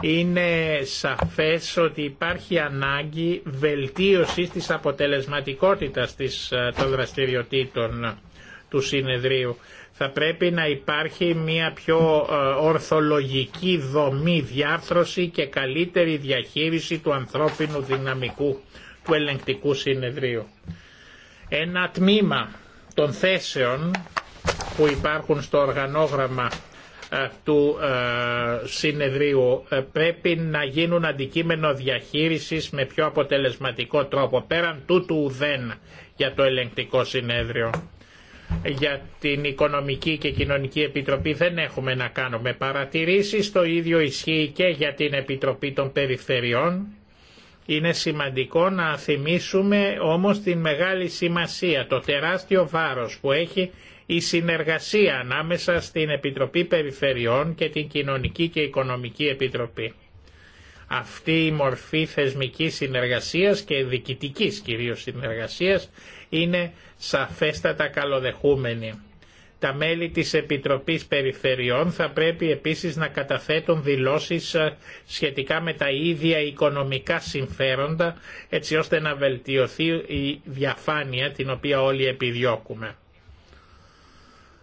Είναι σαφές ότι υπάρχει ανάγκη βελτίωσης της αποτελεσματικότητας ε, των δραστηριοτήτων του συνεδρίου θα πρέπει να υπάρχει μια πιο ε, ορθολογική δομή, διάρθρωση και καλύτερη διαχείριση του ανθρώπινου δυναμικού του ελεγκτικού συνεδρίου. Ένα τμήμα των θέσεων που υπάρχουν στο οργανόγραμμα ε, του ε, συνεδρίου πρέπει να γίνουν αντικείμενο διαχείρισης με πιο αποτελεσματικό τρόπο πέραν τούτου ουδέν για το ελεγκτικό συνέδριο για την Οικονομική και Κοινωνική Επιτροπή δεν έχουμε να κάνουμε παρατηρήσεις. Το ίδιο ισχύει και για την Επιτροπή των Περιφερειών. Είναι σημαντικό να θυμίσουμε όμως την μεγάλη σημασία, το τεράστιο βάρος που έχει η συνεργασία ανάμεσα στην Επιτροπή Περιφερειών και την Κοινωνική και Οικονομική Επιτροπή. Αυτή η μορφή θεσμικής συνεργασίας και διοικητικής κυρίως συνεργασίας είναι σαφέστατα καλοδεχούμενοι. Τα μέλη της Επιτροπής Περιφερειών θα πρέπει επίσης να καταθέτουν δηλώσεις ε, σχετικά με τα ίδια οικονομικά συμφέροντα έτσι ώστε να βελτιωθεί η διαφάνεια την οποία όλοι επιδιώκουμε.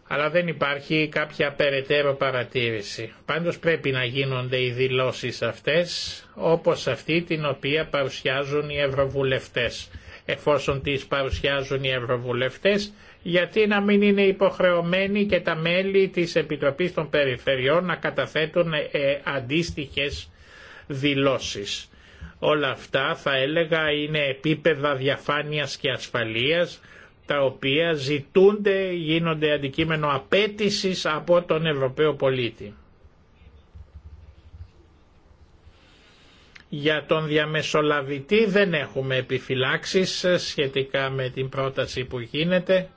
Αλλά δεν υπάρχει κάποια περαιτέρω παρατήρηση. Πάντως πρέπει να γίνονται οι δηλώσεις αυτές όπως αυτή την οποία παρουσιάζουν οι ευρωβουλευτές εφόσον τις παρουσιάζουν οι ευρωβουλευτές, γιατί να μην είναι υποχρεωμένοι και τα μέλη της Επιτροπής των Περιφερειών να καταθέτουν ε, ε, αντίστοιχες δηλώσεις. Όλα αυτά θα έλεγα είναι επίπεδα διαφάνειας και ασφαλείας τα οποία ζητούνται, γίνονται αντικείμενο απέτησης από τον Ευρωπαίο πολίτη. Για τον διαμεσολαβητή δεν έχουμε επιφυλάξεις ε, σχετικά με την πρόταση που γίνεται.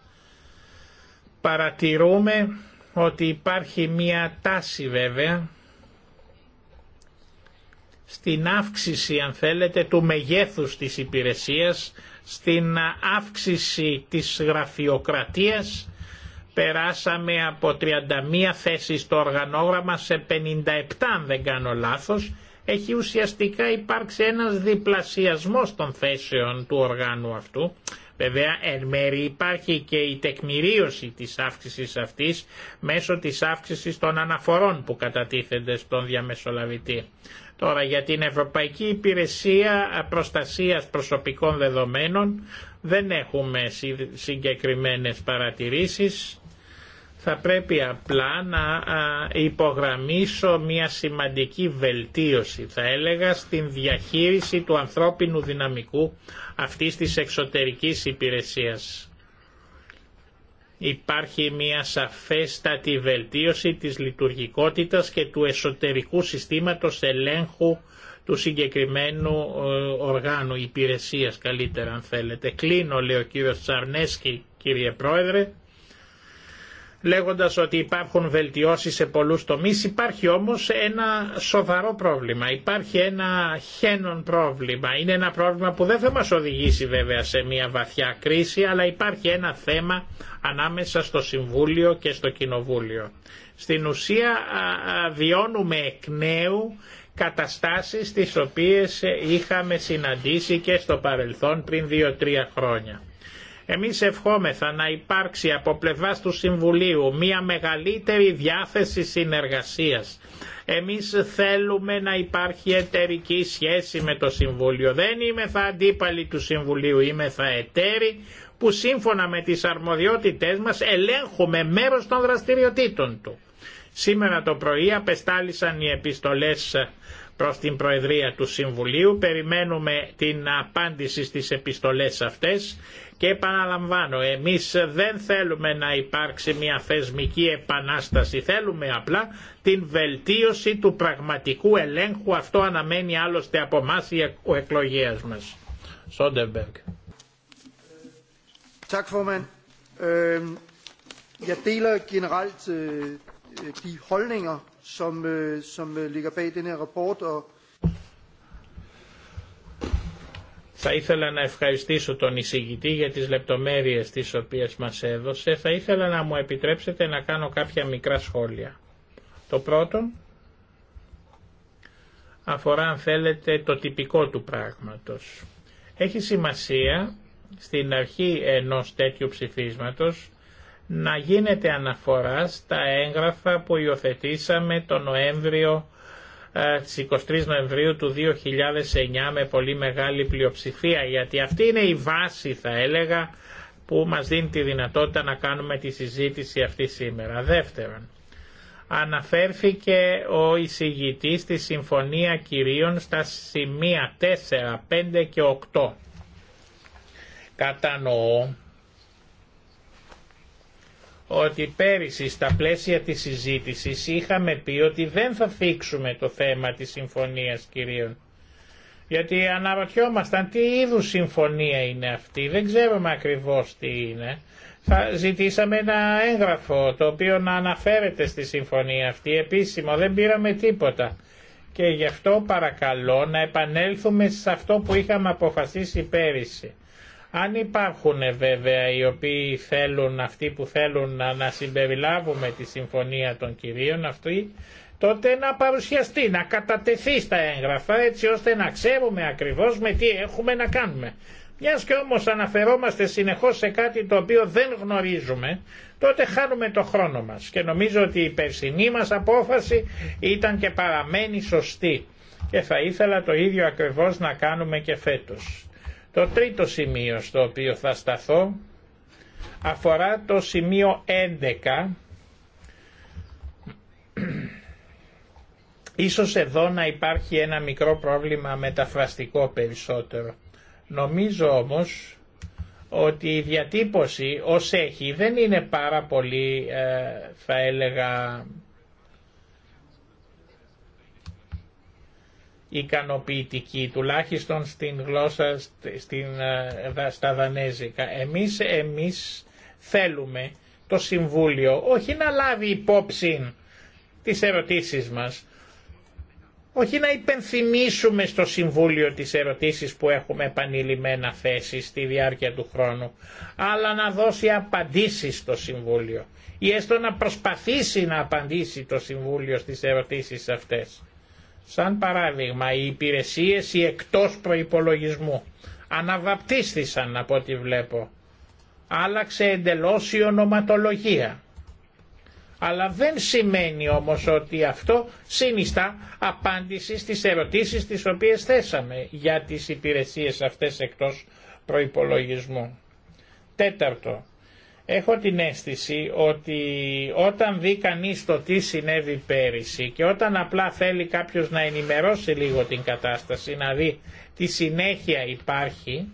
Παρατηρούμε ότι υπάρχει μία τάση βέβαια στην αύξηση αν θέλετε του μεγέθους της υπηρεσίας, στην αύξηση της γραφειοκρατίας. Περάσαμε από 31 θέσεις στο οργανόγραμμα σε 57 αν δεν κάνω λάθος έχει ουσιαστικά υπάρξει ένας διπλασιασμός των θέσεων του οργάνου αυτού. Βέβαια εν μέρη υπάρχει και η τεκμηρίωση της αύξησης αυτής μέσω της αύξησης των αναφορών που κατατίθενται στον διαμεσολαβητή. Τώρα για την Ευρωπαϊκή Υπηρεσία Προστασίας Προσωπικών Δεδομένων δεν έχουμε συγκεκριμένες παρατηρήσεις θα πρέπει απλά να υπογραμμίσω μια σημαντική βελτίωση, θα έλεγα, στην διαχείριση του ανθρώπινου δυναμικού αυτής της εξωτερικής υπηρεσίας. Υπάρχει μια σαφέστατη βελτίωση της λειτουργικότητας και του εσωτερικού συστήματος ελέγχου του συγκεκριμένου ε, οργάνου, υπηρεσίας καλύτερα αν θέλετε. Κλείνω, λέει ο κύριος Τσαρνέσκι, κύριε Πρόεδρε λέγοντας ότι υπάρχουν βελτιώσεις σε πολλούς τομείς. Υπάρχει όμως ένα σοβαρό πρόβλημα, υπάρχει ένα χένον πρόβλημα. Είναι ένα πρόβλημα που δεν θα μας οδηγήσει βέβαια σε μια βαθιά κρίση, αλλά υπάρχει ένα θέμα ανάμεσα στο Συμβούλιο και στο Κοινοβούλιο. Στην ουσία βιώνουμε εκ νέου καταστάσεις τις οποίες είχαμε συναντήσει και στο παρελθόν πριν 2-3 χρόνια. Εμείς ευχόμεθα να υπάρξει από πλευράς του Συμβουλίου μια μεγαλύτερη διάθεση συνεργασίας. Εμείς θέλουμε να υπάρχει εταιρική σχέση με το Συμβούλιο. Δεν είμαι θα αντίπαλοι του Συμβουλίου, είμαι θα εταίροι που σύμφωνα με τις αρμοδιότητές μας ελέγχουμε μέρος των δραστηριοτήτων του. Σήμερα το πρωί απεστάλησαν οι επιστολές προς την Προεδρία του Συμβουλίου. Περιμένουμε την απάντηση στις επιστολές αυτές. Και επαναλαμβάνω, εμείς δεν θέλουμε να υπάρξει μια θεσμική επανάσταση, θέλουμε απλά την βελτίωση του πραγματικού ελέγχου, αυτό αναμένει άλλωστε από εμά οι εκλογές μας. Σόντεμπεργκ. Tak formand. jeg deler generelt øh, øh de holdninger, som, øh, som øh, ligger Θα ήθελα να ευχαριστήσω τον εισηγητή για τις λεπτομέρειες τις οποίες μας έδωσε. Θα ήθελα να μου επιτρέψετε να κάνω κάποια μικρά σχόλια. Το πρώτο αφορά αν θέλετε το τυπικό του πράγματος. Έχει σημασία στην αρχή ενός τέτοιου ψηφίσματος να γίνεται αναφορά στα έγγραφα που υιοθετήσαμε τον Νοέμβριο ε, στις 23 Νοεμβρίου του 2009 με πολύ μεγάλη πλειοψηφία γιατί αυτή είναι η βάση θα έλεγα που μας δίνει τη δυνατότητα να κάνουμε τη συζήτηση αυτή σήμερα. Δεύτερον, αναφέρθηκε ο εισηγητής στη Συμφωνία Κυρίων στα σημεία 4, 5 και 8. Κατανοώ ότι πέρυσι στα πλαίσια της συζήτησης είχαμε πει ότι δεν θα θίξουμε το θέμα της συμφωνίας κυρίων. Γιατί αναρωτιόμασταν τι είδου συμφωνία είναι αυτή, δεν ξέρουμε ακριβώς τι είναι. Θα ζητήσαμε ένα έγγραφο το οποίο να αναφέρεται στη συμφωνία αυτή, επίσημο, δεν πήραμε τίποτα. Και γι' αυτό παρακαλώ να επανέλθουμε σε αυτό που είχαμε αποφασίσει πέρυσι αν υπάρχουν βέβαια οι οποίοι θέλουν, αυτοί που θέλουν να, συμπεριλάβουμε τη συμφωνία των κυρίων αυτοί, τότε να παρουσιαστεί, να κατατεθεί στα έγγραφα έτσι ώστε να ξέρουμε ακριβώς με τι έχουμε να κάνουμε. Μιας και όμως αναφερόμαστε συνεχώς σε κάτι το οποίο δεν γνωρίζουμε, τότε χάνουμε το χρόνο μας. Και νομίζω ότι η περσινή μας απόφαση ήταν και παραμένει σωστή. Και θα ήθελα το ίδιο ακριβώς να κάνουμε και φέτος. Το τρίτο σημείο στο οποίο θα σταθώ αφορά το σημείο 11. Ίσως εδώ να υπάρχει ένα μικρό πρόβλημα μεταφραστικό περισσότερο. Νομίζω όμως ότι η διατύπωση ως έχει δεν είναι πάρα πολύ ε, θα έλεγα ικανοποιητική, τουλάχιστον στην γλώσσα στην, ε, στα Δανέζικα. Εμείς, εμείς θέλουμε το Συμβούλιο όχι να λάβει υπόψη τις ερωτήσεις μας, όχι να υπενθυμίσουμε στο Συμβούλιο τις ερωτήσεις που έχουμε επανειλημμένα θέσει στη διάρκεια του χρόνου, αλλά να δώσει απαντήσεις στο Συμβούλιο ή έστω να προσπαθήσει να απαντήσει το Συμβούλιο στις ερωτήσεις αυτές. Σαν παράδειγμα, οι υπηρεσίες οι εκτός προϋπολογισμού αναβαπτίστησαν από ό,τι βλέπω. Άλλαξε εντελώς η ονοματολογία. Αλλά δεν σημαίνει όμως ότι αυτό συνιστά απάντηση στις ερωτήσεις τις οποίες θέσαμε για τις υπηρεσίες αυτές εκτός προϋπολογισμού. Τέταρτο, Έχω την αίσθηση ότι όταν δει κανείς το τι συνέβη πέρυσι και όταν απλά θέλει κάποιος να ενημερώσει λίγο την κατάσταση, να δει τι συνέχεια υπάρχει,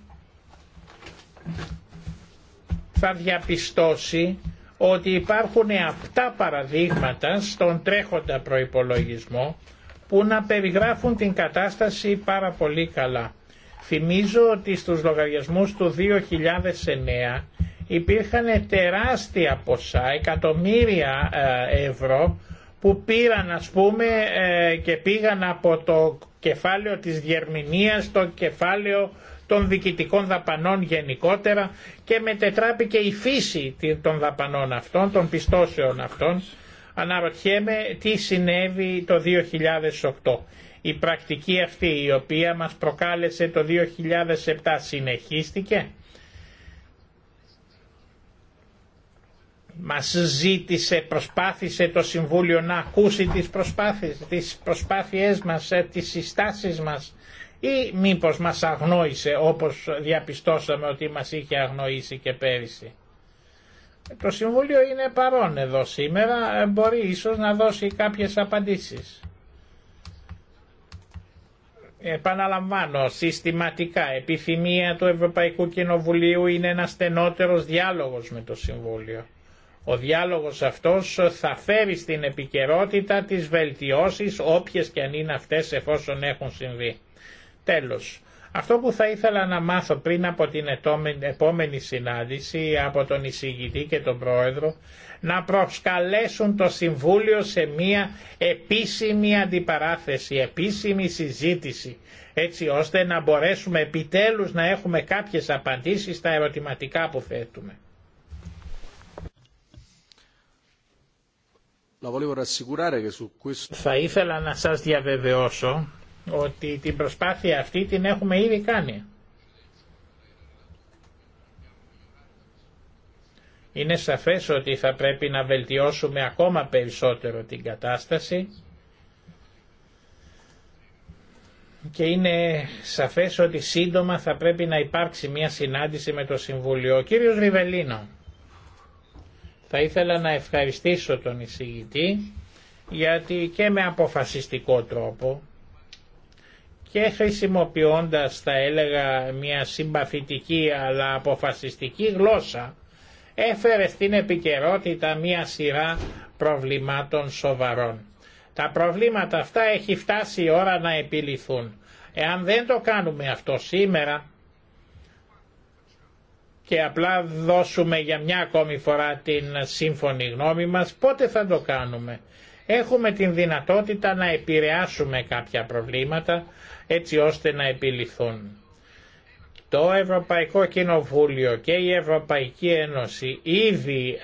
θα διαπιστώσει ότι υπάρχουν αυτά παραδείγματα στον τρέχοντα προϋπολογισμό που να περιγράφουν την κατάσταση πάρα πολύ καλά. Θυμίζω ότι στους λογαριασμούς του 2009 υπήρχαν τεράστια ποσά, εκατομμύρια ε, ευρώ που πήραν ας πούμε ε, και πήγαν από το κεφάλαιο της Γερμηνίας στο κεφάλαιο των διοικητικών δαπανών γενικότερα και μετετράπηκε η φύση των δαπανών αυτών, των πιστώσεων αυτών. Αναρωτιέμαι τι συνέβη το 2008. Η πρακτική αυτή η οποία μας προκάλεσε το 2007 συνεχίστηκε Μας ζήτησε, προσπάθησε το Συμβούλιο να ακούσει τις προσπάθειες, τις προσπάθειές μας, ε, τις συστάσεις μας ή μήπως μας αγνόησε όπως διαπιστώσαμε ότι μας είχε αγνοήσει και πέρυσι. Το Συμβούλιο είναι παρόν εδώ σήμερα, ε, μπορεί ίσως να δώσει κάποιες απαντήσεις. Επαναλαμβάνω, συστηματικά επιθυμία του Ευρωπαϊκού Κοινοβουλίου είναι ένα στενότερος διάλογος με το Συμβούλιο. Ο διάλογος αυτός θα φέρει στην επικαιρότητα τις βελτιώσεις όποιες και αν είναι αυτές εφόσον έχουν συμβεί. Τέλος, αυτό που θα ήθελα να μάθω πριν από την επόμενη συνάντηση από τον εισηγητή και τον πρόεδρο να προσκαλέσουν το Συμβούλιο σε μία επίσημη αντιπαράθεση, επίσημη συζήτηση έτσι ώστε να μπορέσουμε επιτέλους να έχουμε κάποιες απαντήσεις στα ερωτηματικά που θέτουμε. Θα ήθελα να σας διαβεβαιώσω ότι την προσπάθεια αυτή την έχουμε ήδη κάνει. Είναι σαφές ότι θα πρέπει να βελτιώσουμε ακόμα περισσότερο την κατάσταση και είναι σαφές ότι σύντομα θα πρέπει να υπάρξει μια συνάντηση με το Συμβούλιο. Ο κύριος Ριβελίνο. Θα ήθελα να ευχαριστήσω τον εισηγητή γιατί και με αποφασιστικό τρόπο και χρησιμοποιώντας θα έλεγα μια συμπαθητική αλλά αποφασιστική γλώσσα έφερε στην επικαιρότητα μια σειρά προβλημάτων σοβαρών. Τα προβλήματα αυτά έχει φτάσει η ώρα να επιληθούν. Εάν δεν το κάνουμε αυτό σήμερα και απλά δώσουμε για μια ακόμη φορά την σύμφωνη γνώμη μας, πότε θα το κάνουμε. Έχουμε την δυνατότητα να επηρεάσουμε κάποια προβλήματα έτσι ώστε να επιληθούν. Το Ευρωπαϊκό Κοινοβούλιο και η Ευρωπαϊκή Ένωση ήδη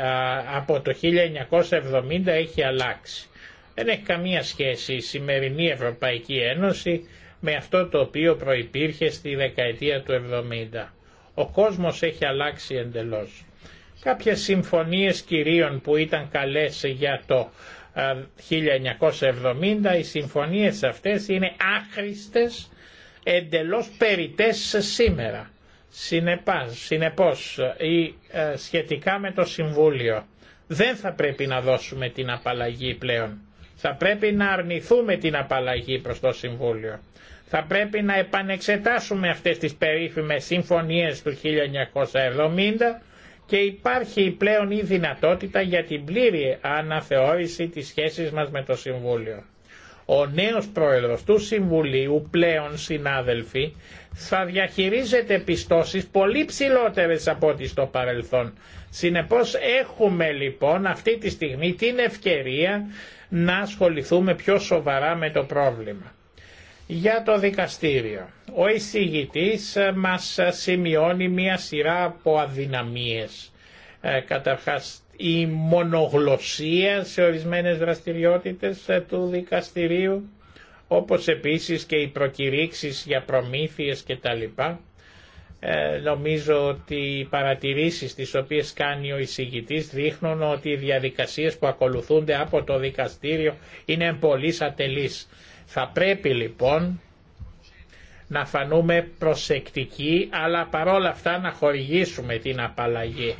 από το 1970 έχει αλλάξει. Δεν έχει καμία σχέση η σημερινή Ευρωπαϊκή Ένωση με αυτό το οποίο προϋπήρχε στη δεκαετία του 70. Ο κόσμος έχει αλλάξει εντελώς. Κάποιες συμφωνίες κυρίων που ήταν καλές για το 1970, ε, οι συμφωνίες αυτές είναι άχρηστες, εντελώς περιτές σήμερα. Συνεπάς, συνεπώς, ή, ε, σχετικά με το Συμβούλιο, δεν θα πρέπει να δώσουμε την απαλλαγή πλέον. Θα πρέπει να αρνηθούμε την απαλλαγή προς το Συμβούλιο. Θα πρέπει να επανεξετάσουμε αυτές τις περίφημες συμφωνίες του 1970 και υπάρχει πλέον η δυνατότητα για την πλήρη αναθεώρηση της σχέσης μας με το Συμβούλιο. Ο νέος πρόεδρος του Συμβουλίου πλέον συνάδελφοι θα διαχειρίζεται πιστώσεις πολύ ψηλότερες από ό,τι στο παρελθόν. Συνεπώς έχουμε λοιπόν αυτή τη στιγμή την ευκαιρία να ασχοληθούμε πιο σοβαρά με το πρόβλημα. Για το δικαστήριο. Ο εισηγητής ε, μας ε, σημειώνει μία σειρά από αδυναμίες. Ε, καταρχάς η μονογλωσία σε ορισμένες δραστηριότητες του δικαστηρίου, όπως επίσης και οι προκηρύξεις για προμήθειες κτλ. Ε, νομίζω ότι οι παρατηρήσεις τις οποίες κάνει ο εισηγητής δείχνουν ότι οι διαδικασίες που ακολουθούνται από το δικαστήριο είναι πολύ ατελείς. Θα πρέπει λοιπόν να φανούμε προσεκτικοί αλλά παρόλα αυτά να χορηγήσουμε την απαλλαγή.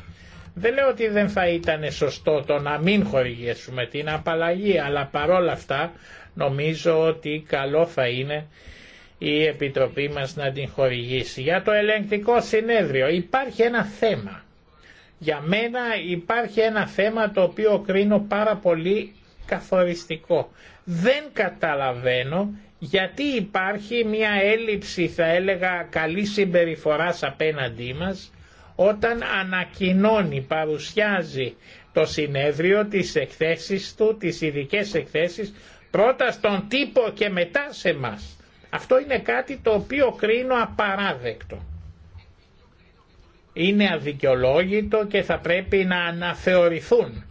Δεν λέω ότι δεν θα ήταν σωστό το να μην χορηγήσουμε την απαλλαγή αλλά παρόλα αυτά νομίζω ότι καλό θα είναι η Επιτροπή μας να την χορηγήσει. Για το ελεγκτικό συνέδριο υπάρχει ένα θέμα. Για μένα υπάρχει ένα θέμα το οποίο κρίνω πάρα πολύ καθοριστικό. Δεν καταλαβαίνω γιατί υπάρχει μια έλλειψη θα έλεγα καλή συμπεριφοράς απέναντί μας όταν ανακοινώνει, παρουσιάζει το συνέδριο τις εκθέσεις του, τις ειδικέ εκθέσεις πρώτα στον τύπο και μετά σε μας. Αυτό είναι κάτι το οποίο κρίνω απαράδεκτο. Είναι αδικαιολόγητο και θα πρέπει να αναθεωρηθούν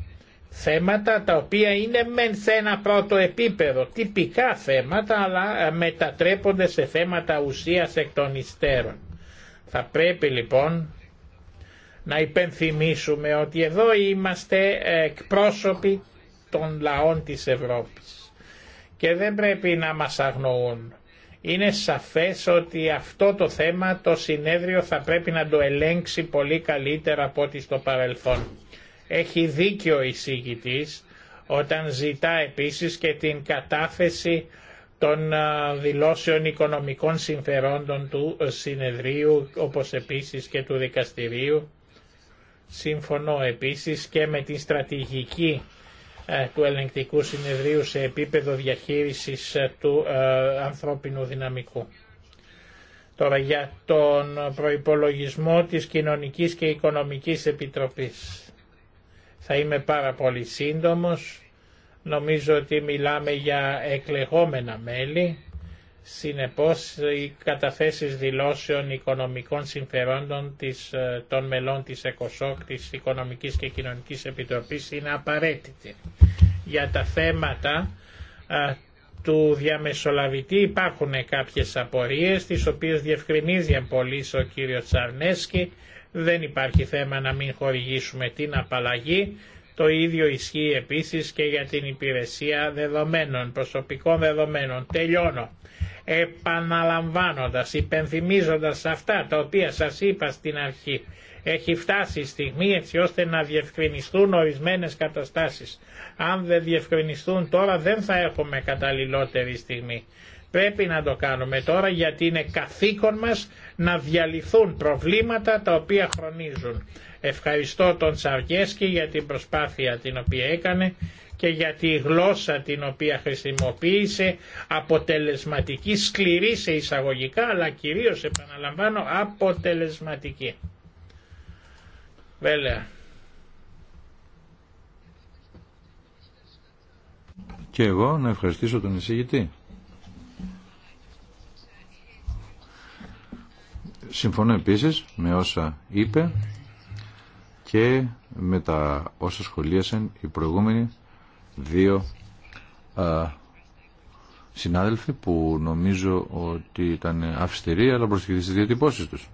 θέματα τα οποία είναι μεν σε ένα πρώτο επίπεδο, τυπικά θέματα αλλά ε, μετατρέπονται σε θέματα ουσίας εκ των υστέρων. Θα πρέπει λοιπόν να υπενθυμίσουμε ότι εδώ είμαστε ε, εκπρόσωποι των λαών της Ευρώπης και δεν πρέπει να μας αγνοούν. Είναι σαφές ότι αυτό το θέμα το συνέδριο θα πρέπει να το ελέγξει πολύ καλύτερα από ό,τι στο παρελθόν. Έχει δίκιο η συγκητής όταν ζητά επίσης και την κατάθεση των δηλώσεων οικονομικών συμφερόντων του ε, συνεδρίου όπως επίσης και του δικαστηρίου. Σύμφωνο επίσης και με την στρατηγική ε, του ελεγκτικού συνεδρίου σε επίπεδο διαχείρισης ε, του ανθρώπινου δυναμικού. Τώρα για τον προϋπολογισμό της Κοινωνικής και Οικονομικής Επιτροπής. Θα είμαι πάρα πολύ σύντομος. Νομίζω ότι μιλάμε για εκλεγόμενα μέλη. Συνεπώς οι καταθέσεις δηλώσεων οικονομικών συμφερόντων της, ε, των μελών της ΕΚΟΣΟΚ, της Οικονομικής και Κοινωνικής Επιτροπής είναι απαραίτητη. Για τα θέματα ε, του διαμεσολαβητή υπάρχουν κάποιες απορίες τις οποίες διευκρινίζει πολύ ο κύριος Τσαρνέσκι δεν υπάρχει θέμα να μην χορηγήσουμε την απαλλαγή. Το ίδιο ισχύει επίσης και για την υπηρεσία δεδομένων, προσωπικών δεδομένων. Τελειώνω. Επαναλαμβάνοντας, υπενθυμίζοντας αυτά τα οποία σας είπα στην αρχή, έχει φτάσει η στιγμή έτσι ώστε να διευκρινιστούν ορισμένες καταστάσεις. Αν δεν διευκρινιστούν τώρα δεν θα έχουμε καταλληλότερη στιγμή. Πρέπει να το κάνουμε τώρα γιατί είναι καθήκον μας να διαλυθούν προβλήματα τα οποία χρονίζουν. Ευχαριστώ τον Σαργέσκη για την προσπάθεια την οποία έκανε και για τη γλώσσα την οποία χρησιμοποίησε αποτελεσματική, σκληρή σε εισαγωγικά, αλλά κυρίως επαναλαμβάνω αποτελεσματική. Βέλεα. Και εγώ να ευχαριστήσω τον εισηγητή. Συμφωνώ επίσης με όσα είπε και με τα όσα σχολίασαν οι προηγούμενοι δύο α, συνάδελφοι που νομίζω ότι ήταν αυστηροί αλλά προσεκτικοί στις διατυπώσεις τους.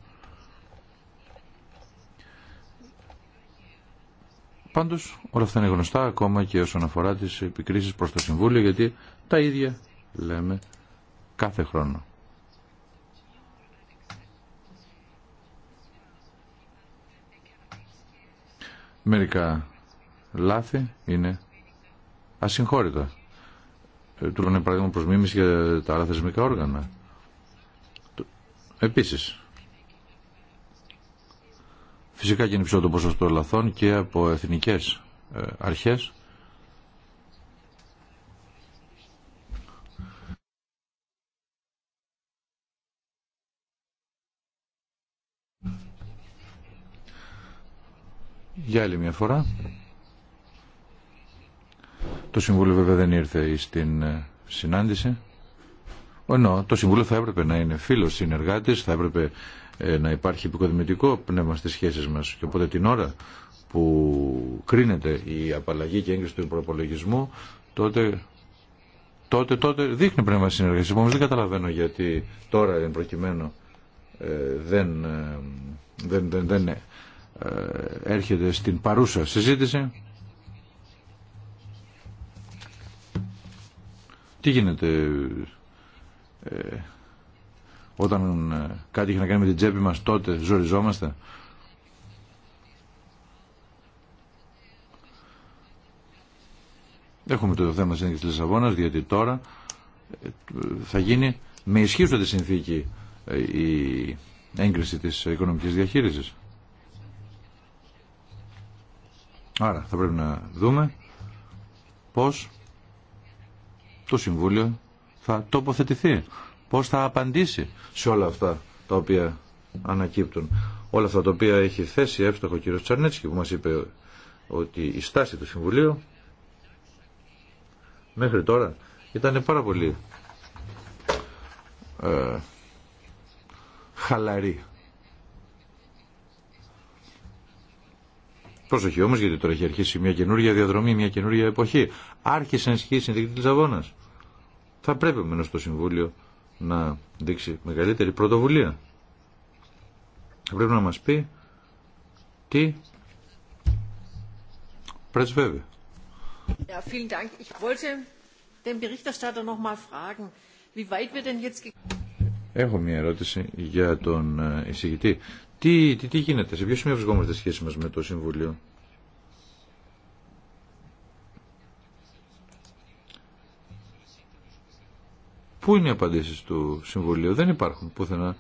Πάντως όλα αυτά είναι γνωστά ακόμα και όσον αφορά τις επικρίσεις προς το Συμβούλιο γιατί τα ίδια λέμε κάθε χρόνο. Μερικά λάθη είναι ασυγχώρητα. Ε, του λένε παράδειγμα προς μίμηση για τα άλλα θεσμικά όργανα. Επίσης, φυσικά και είναι υψηλό το ποσοστό λαθών και από εθνικές ε, αρχές για άλλη μια φορά. Το Συμβούλιο βέβαια δεν ήρθε στην ε, συνάντηση. Ενώ το Συμβούλιο θα έπρεπε να είναι φίλος συνεργάτης, θα έπρεπε ε, να υπάρχει επικοδημητικό πνεύμα στις σχέσεις μας. Και οπότε την ώρα που κρίνεται η απαλλαγή και έγκριση του προπολογισμού, τότε, τότε, τότε δείχνει πνεύμα συνεργασία. Όμως δεν καταλαβαίνω γιατί τώρα εν προκειμένου ε, δεν, δεν, δεν, δεν ε, έρχεται στην παρούσα συζήτηση. Τι γίνεται ε, όταν ε, κάτι έχει να κάνει με την τσέπη μας τότε ζοριζόμαστε. Έχουμε το θέμα της Λισαβόνας, διότι τώρα θα γίνει με ισχύουσα τη συνθήκη η έγκριση της οικονομικής διαχείρισης. Άρα θα πρέπει να δούμε πώς το Συμβούλιο θα τοποθετηθεί, πώς θα απαντήσει σε όλα αυτά τα οποία ανακύπτουν. Όλα αυτά τα οποία έχει θέσει εύστοχο ο κ. Τσαρνέτσκι που μας είπε ότι η στάση του Συμβουλίου μέχρι τώρα ήταν πάρα πολύ ε, χαλαρή. Προσοχή όμως γιατί τώρα έχει αρχίσει μια καινούργια διαδρομή, μια καινούργια εποχή. Άρχισε να ισχύει η συνθήκη τη Λισαβόνα. Θα πρέπει ομένω το Συμβούλιο να δείξει μεγαλύτερη πρωτοβουλία. Θα πρέπει να μα πει τι πρεσβεύει. Έχω μια ερώτηση για τον ε, εισηγητή. Τι, τι, τι γίνεται, σε ποιο σημείο βρισκόμαστε σχέση μας με το Συμβουλίο. Πού είναι οι απαντήσεις του Συμβουλίου, δεν υπάρχουν πουθενά.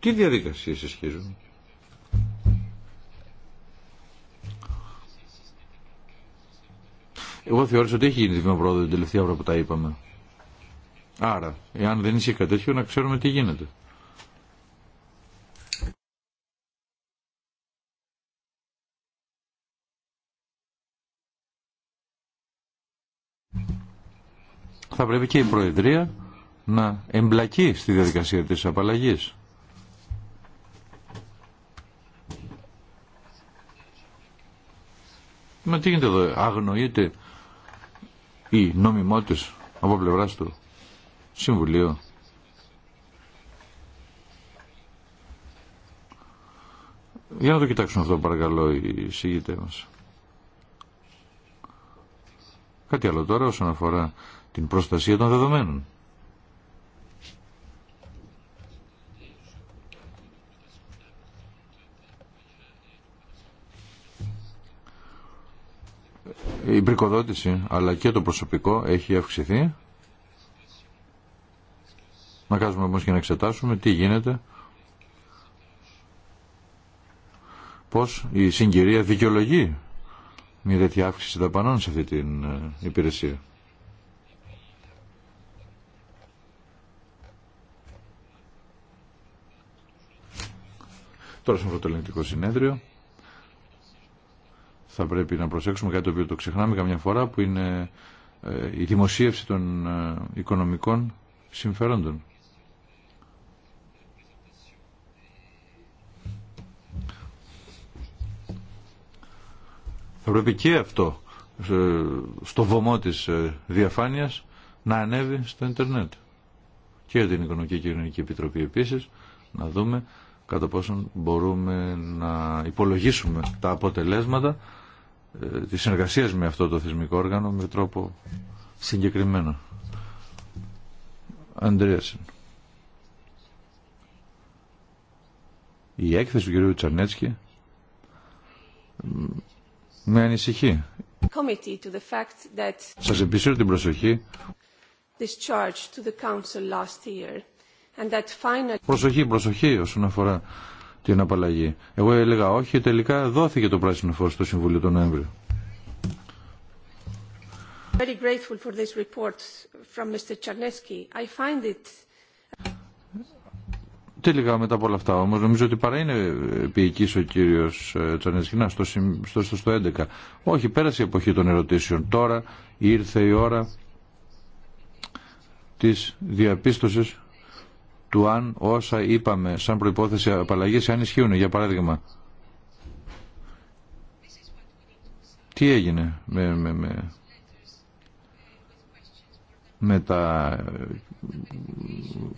Τι διαδικασίες ισχύζουν. Εγώ θεώρησα ότι έχει γίνει βήμα πρόοδο την τελευταία ώρα που τα είπαμε. Άρα, εάν δεν είσαι κάτι να ξέρουμε τι γίνεται. Θα πρέπει και η Προεδρία να εμπλακεί στη διαδικασία της απαλλαγής. Μα τι γίνεται εδώ, αγνοείται η νομιμότητα από πλευράς του Συμβουλίο. Για να το κοιτάξουν αυτό παρακαλώ οι συγγητές μας. Κάτι άλλο τώρα όσον αφορά την προστασία των δεδομένων. Η πρικοδότηση αλλά και το προσωπικό έχει αυξηθεί να κάνουμε όμως και να εξετάσουμε τι γίνεται, πώς η συγκυρία δικαιολογεί μια τέτοια αύξηση δαπανών σε αυτή την ε, υπηρεσία. Τώρα στον αυτό συνέδριο θα πρέπει να προσέξουμε κάτι το οποίο το ξεχνάμε καμιά φορά που είναι ε, η δημοσίευση των ε, οικονομικών συμφερόντων. Θα πρέπει και αυτό ε, στο βωμό της ε, διαφάνειας να ανέβει στο ίντερνετ. Και για την Οικονομική και Κοινωνική Επιτροπή επίσης να δούμε κατά πόσον μπορούμε να υπολογίσουμε τα αποτελέσματα ε, της συνεργασίας με αυτό το θεσμικό όργανο με τρόπο συγκεκριμένο. Αντρέασεν. Η έκθεση του κ με ανησυχεί. Σα επισήρω Σας την προσοχή. Προσοχή, προσοχή όσον αφορά την απαλλαγή. Εγώ έλεγα όχι, τελικά δόθηκε το πράσινο φως στο Συμβούλιο τον Νοέμβριο. Very grateful for this report from Mr. Czarnesky. I find it Τελικά μετά από όλα αυτά όμω, νομίζω ότι παρά είναι ε, ποιητή ο κύριο ε, Τσανεσκινά στο, στο, στο 11. Όχι, πέρασε η εποχή των ερωτήσεων. Τώρα ήρθε η ώρα τη διαπίστωση του αν όσα είπαμε σαν προπόθεση απαλλαγή, αν ισχύουν. Για παράδειγμα, τι έγινε με, με, με, με τα ε,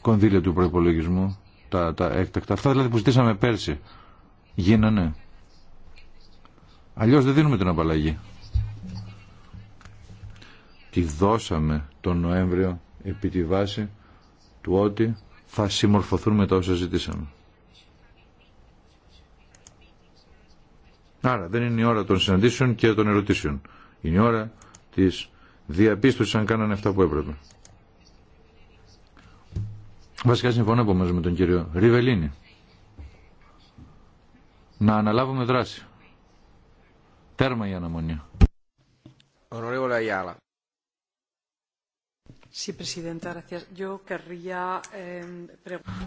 κονδύλια του προπολογισμού τα, τα έκτακτα. Αυτά δηλαδή που ζητήσαμε πέρσι γίνανε. Αλλιώς δεν δίνουμε την απαλλαγή. Τη δώσαμε τον Νοέμβριο επί τη βάση του ότι θα συμμορφωθούν με τα όσα ζητήσαμε. Άρα δεν είναι η ώρα των συναντήσεων και των ερωτήσεων. Είναι η ώρα της διαπίστωσης αν κάνανε αυτά που έπρεπε. Βασικά συμφωνώ από με τον κύριο Ριβελίνη. Να αναλάβουμε δράση. Τέρμα η αναμονία.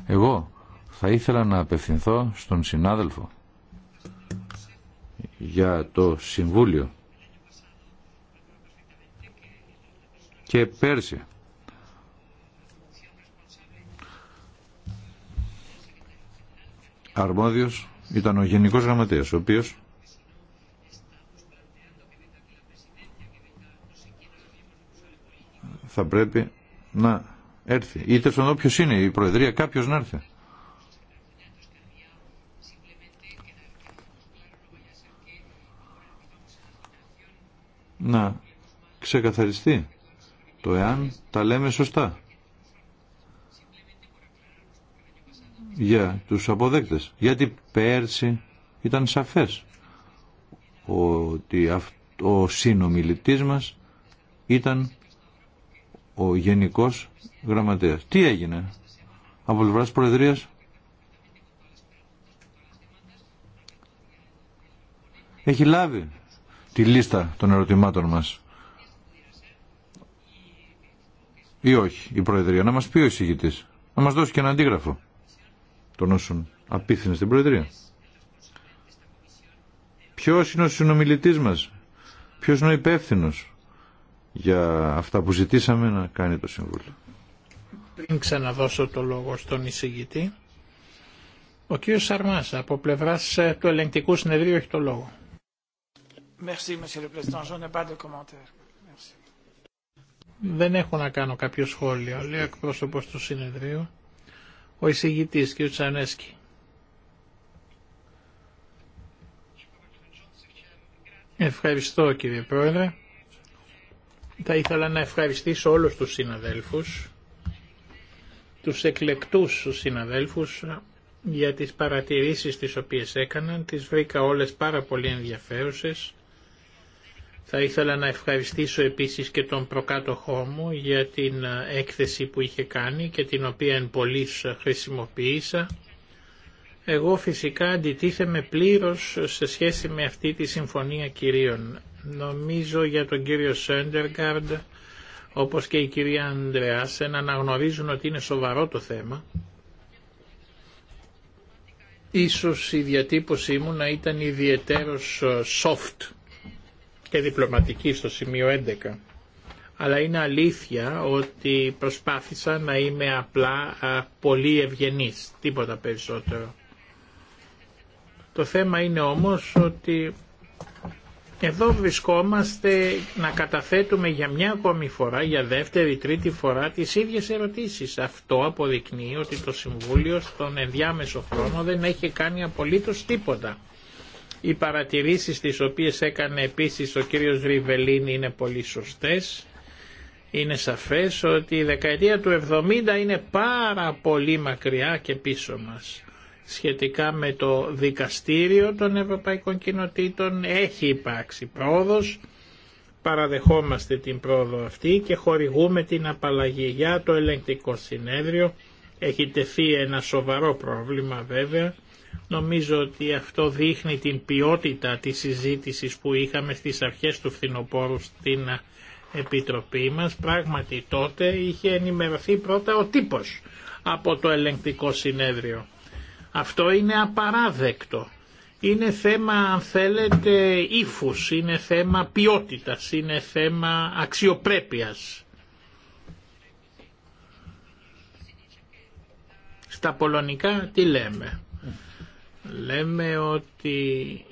Εγώ θα ήθελα να απευθυνθώ στον συνάδελφο για το Συμβούλιο και πέρσι αρμόδιος ήταν ο Γενικός Γραμματέας, ο οποίος θα πρέπει να έρθει. Ή τέλο πάντων όποιο είναι είτε στον ειναι η προεδρια κάποιος να έρθει. Να ξεκαθαριστεί το εάν τα λέμε σωστά. για τους αποδέκτες. Γιατί πέρσι ήταν σαφές ότι ο συνομιλητής μας ήταν ο Γενικός Γραμματέας. Τι έγινε από πλευράς Προεδρίας. Έχει λάβει τη λίστα των ερωτημάτων μας. Ή όχι η Προεδρία. Να μας πει ο εισηγητής. Να μας δώσει και ένα αντίγραφο των όσων απίθυνε στην Προεδρία. Ποιο είναι ο συνομιλητής μα, Ποιο είναι ο υπεύθυνο για αυτά που ζητήσαμε να κάνει το Συμβούλιο. Πριν ξαναδώσω το λόγο στον εισηγητή, ο κύριος Σαρμάς από πλευράς ε, του ελεγκτικού συνεδρίου έχει το λόγο. Δεν έχω να κάνω κάποιο σχόλιο, λέει εκπρόσωπο του συνεδρίου. Ο εισηγητής κ. Τσανέσκι. Ευχαριστώ κύριε Πρόεδρε. Θα ήθελα να ευχαριστήσω όλους τους συναδέλφους, τους εκλεκτούς συναδέλφους για τις παρατηρήσεις τις οποίες έκαναν. Τις βρήκα όλες πάρα πολύ ενδιαφέρουσες θα ήθελα να ευχαριστήσω επίσης και τον προκάτοχό μου για την έκθεση που είχε κάνει και την οποία εν πολλής χρησιμοποίησα. Εγώ φυσικά αντιτίθεμαι πλήρως σε σχέση με αυτή τη συμφωνία κυρίων. Νομίζω για τον κύριο Σέντεργαρντ, όπως και η κυρία να αναγνωρίζουν ότι είναι σοβαρό το θέμα. Ίσως η διατύπωσή μου να ήταν ιδιαίτερος soft και διπλωματική στο σημείο 11. Αλλά είναι αλήθεια ότι προσπάθησα να είμαι απλά πολύ ευγενής, τίποτα περισσότερο. Το θέμα είναι όμως ότι εδώ βρισκόμαστε να καταθέτουμε για μια ακόμη φορά, για δεύτερη, τρίτη φορά, τις ίδιες ερωτήσεις. Αυτό αποδεικνύει ότι το Συμβούλιο στον ενδιάμεσο χρόνο δεν έχει κάνει απολύτως τίποτα. Οι παρατηρήσεις τις οποίες έκανε επίσης ο κύριος Ριβελίνη είναι πολύ σωστές. Είναι σαφές ότι η δεκαετία του 70 είναι πάρα πολύ μακριά και πίσω μας. Σχετικά με το δικαστήριο των Ευρωπαϊκών Κοινοτήτων έχει υπάρξει πρόοδος. Παραδεχόμαστε την πρόοδο αυτή και χορηγούμε την απαλλαγή για το ελεγκτικό συνέδριο. Έχει τεθεί ένα σοβαρό πρόβλημα βέβαια Νομίζω ότι αυτό δείχνει την ποιότητα της συζήτηση που είχαμε στις αρχές του φθινοπόρου στην Επιτροπή μας. Πράγματι τότε είχε ενημερωθεί πρώτα ο τύπος από το ελεγκτικό συνέδριο. Αυτό είναι απαράδεκτο. Είναι θέμα, αν θέλετε, ύφους, είναι θέμα ποιότητας, είναι θέμα αξιοπρέπειας. Στα πολωνικά τι λέμε. Λέμε ότι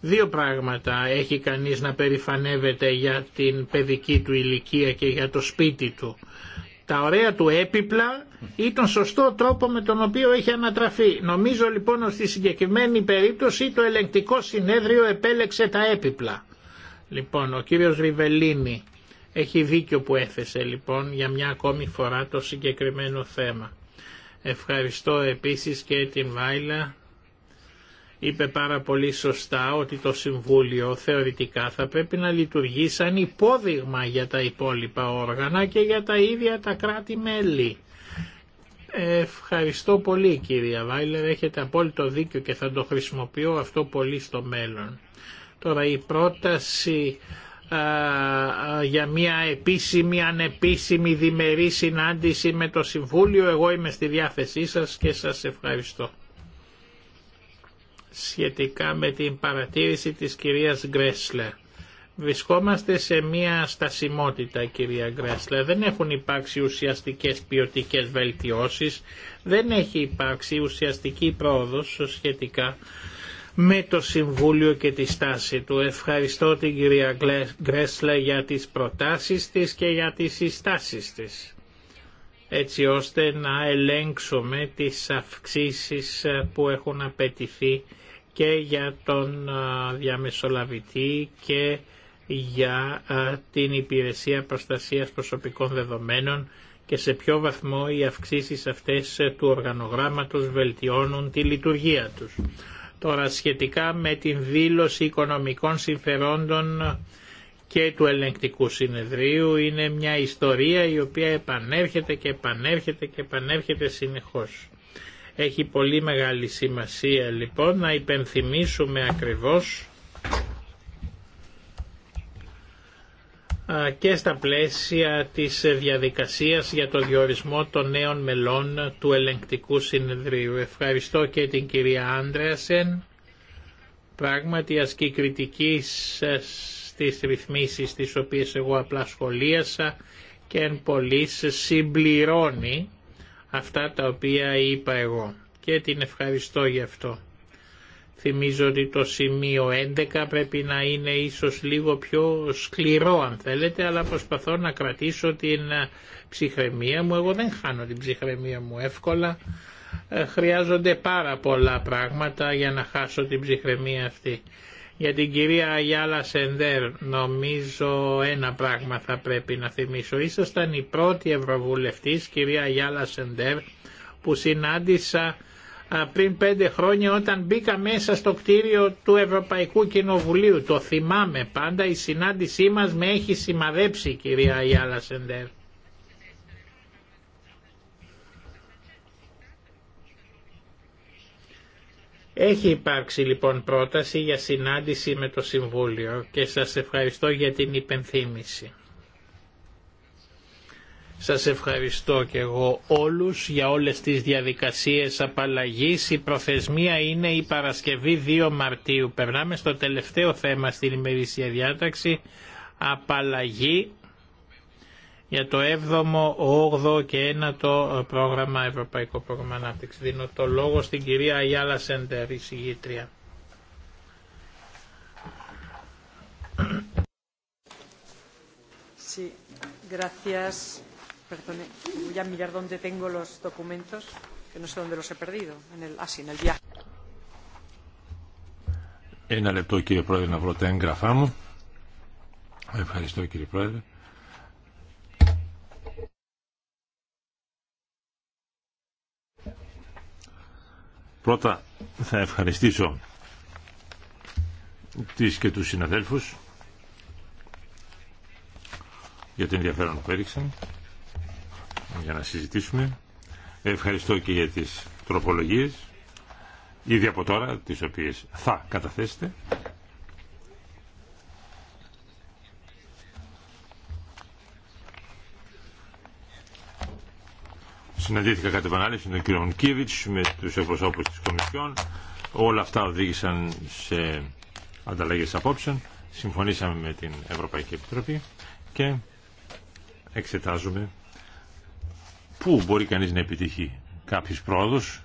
δύο πράγματα έχει κανείς να περηφανεύεται για την παιδική του ηλικία και για το σπίτι του. Τα ωραία του έπιπλα ή τον σωστό τρόπο με τον οποίο έχει ανατραφεί. Νομίζω λοιπόν ότι στη συγκεκριμένη περίπτωση το ελεγκτικό συνέδριο επέλεξε τα έπιπλα. Λοιπόν, ο κύριος Ριβελίνη έχει δίκιο που έθεσε λοιπόν για μια ακόμη φορά το συγκεκριμένο θέμα. Ευχαριστώ επίσης και την Βάιλα. Είπε πάρα πολύ σωστά ότι το Συμβούλιο θεωρητικά θα πρέπει να λειτουργεί σαν υπόδειγμα για τα υπόλοιπα όργανα και για τα ίδια τα κράτη-μέλη. Ευχαριστώ πολύ κυρία Βάιλερ, έχετε απόλυτο δίκιο και θα το χρησιμοποιώ αυτό πολύ στο μέλλον. Τώρα η πρόταση ε, για μια επίσημη, ανεπίσημη, διμερή συνάντηση με το Συμβούλιο. Εγώ είμαι στη διάθεσή σας και σας ευχαριστώ. Σχετικά με την παρατήρηση της κυρίας Γκρέσλερ. Βρισκόμαστε σε μια στασιμότητα κυρία Γκρέσλε. Δεν έχουν υπάρξει ουσιαστικές ποιοτικέ βελτιώσεις, δεν έχει υπάρξει ουσιαστική πρόοδος σχετικά με το Συμβούλιο και τη στάση του. Ευχαριστώ την κυρία Γκρέσλα για τις προτάσεις της και για τις συστάσεις της έτσι ώστε να ελέγξουμε τις αυξήσεις ε, που έχουν απαιτηθεί και για τον ε, διαμεσολαβητή και για ε, την υπηρεσία προστασίας προσωπικών δεδομένων και σε ποιο βαθμό οι αυξήσεις αυτές του οργανογράμματος βελτιώνουν τη λειτουργία τους. Τώρα σχετικά με την δήλωση οικονομικών συμφερόντων και του ελεγκτικού συνεδρίου είναι μια ιστορία η οποία επανέρχεται και επανέρχεται και επανέρχεται συνεχώς. Έχει πολύ μεγάλη σημασία λοιπόν να υπενθυμίσουμε ακριβώς και στα πλαίσια της διαδικασίας για το διορισμό των νέων μελών του ελεγκτικού συνεδρίου. Ευχαριστώ και την κυρία Άντρεασεν. Πράγματι ασκεί κριτική στις ρυθμίσεις τις οποίες εγώ απλά σχολίασα και εν πολλής συμπληρώνει αυτά τα οποία είπα εγώ και την ευχαριστώ γι' αυτό. Θυμίζω ότι το σημείο 11 πρέπει να είναι ίσως λίγο πιο σκληρό αν θέλετε, αλλά προσπαθώ να κρατήσω την ε, ψυχραιμία μου. Εγώ δεν χάνω την ψυχραιμία μου εύκολα. Ε, χρειάζονται πάρα πολλά πράγματα για να χάσω την ψυχραιμία αυτή. Για την κυρία Αγιάλα Σεντέρ νομίζω ένα πράγμα θα πρέπει να θυμίσω. Ήσασταν η πρώτη Ευρωβουλευτής, κυρία Αγιάλα Σεντέρ, που συνάντησα πριν πέντε χρόνια όταν μπήκα μέσα στο κτίριο του Ευρωπαϊκού Κοινοβουλίου. Το θυμάμαι πάντα, η συνάντησή μας με έχει σημαδέψει κυρία Ιάλα Σεντέρ. Έχει υπάρξει λοιπόν πρόταση για συνάντηση με το Συμβούλιο και σας ευχαριστώ για την υπενθύμηση. Σας ευχαριστώ και εγώ όλους για όλες τις διαδικασίες απαλλαγής. Η προθεσμία είναι η Παρασκευή 2 Μαρτίου. Περνάμε στο τελευταίο θέμα στην ημερήσια διάταξη. Απαλλαγή για το 7ο, 8ο και 9ο πρόγραμμα, Ευρωπαϊκό Πρόγραμμα Ανάπτυξη. Δίνω το λόγο στην κυρία Αγιάλα Σέντερ, η συγγήτρια. Sí, gracias. Perdone, voy a mirar dónde tengo los documentos, que no sé dónde los he perdido. En el, ah, sí, en el viaje. Ένα λεπτό κύριε Πρόεδρε να βρω τα έγγραφά μου. Ευχαριστώ κύριε Πρόεδρε. Πρώτα θα ευχαριστήσω τις και τους συναδέλφους για την ενδιαφέρον που έριξαν για να συζητήσουμε. Ευχαριστώ και για τις τροπολογίες, ήδη από τώρα, τις οποίες θα καταθέσετε. Συναντήθηκα κατά επανάληψη με τον κύριο Κίβιτς, με τους εκπροσώπους της Κομισιόν. Όλα αυτά οδήγησαν σε ανταλλαγές απόψεων. Συμφωνήσαμε με την Ευρωπαϊκή Επιτροπή και εξετάζουμε πού μπορεί κανείς να επιτύχει κάποιος πρόοδους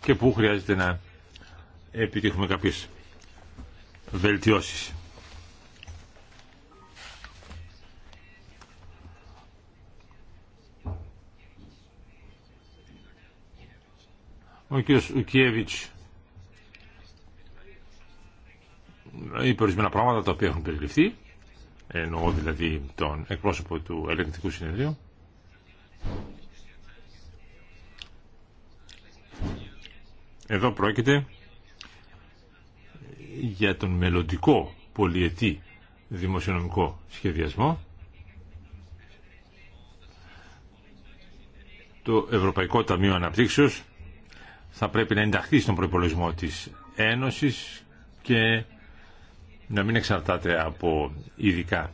και πού χρειάζεται να επιτύχουμε κάποιες βελτιώσεις. Ο κ. Ουκιέβιτς είπε ορισμένα πράγματα τα οποία έχουν περιληφθεί εννοώ δηλαδή τον εκπρόσωπο του ελεγκτικού συνεδρίου, εδώ πρόκειται για τον μελλοντικό πολιετή δημοσιονομικό σχεδιασμό το Ευρωπαϊκό Ταμείο Αναπτύξεως θα πρέπει να ενταχθεί στον προϋπολογισμό της Ένωσης και να μην εξαρτάται από ειδικά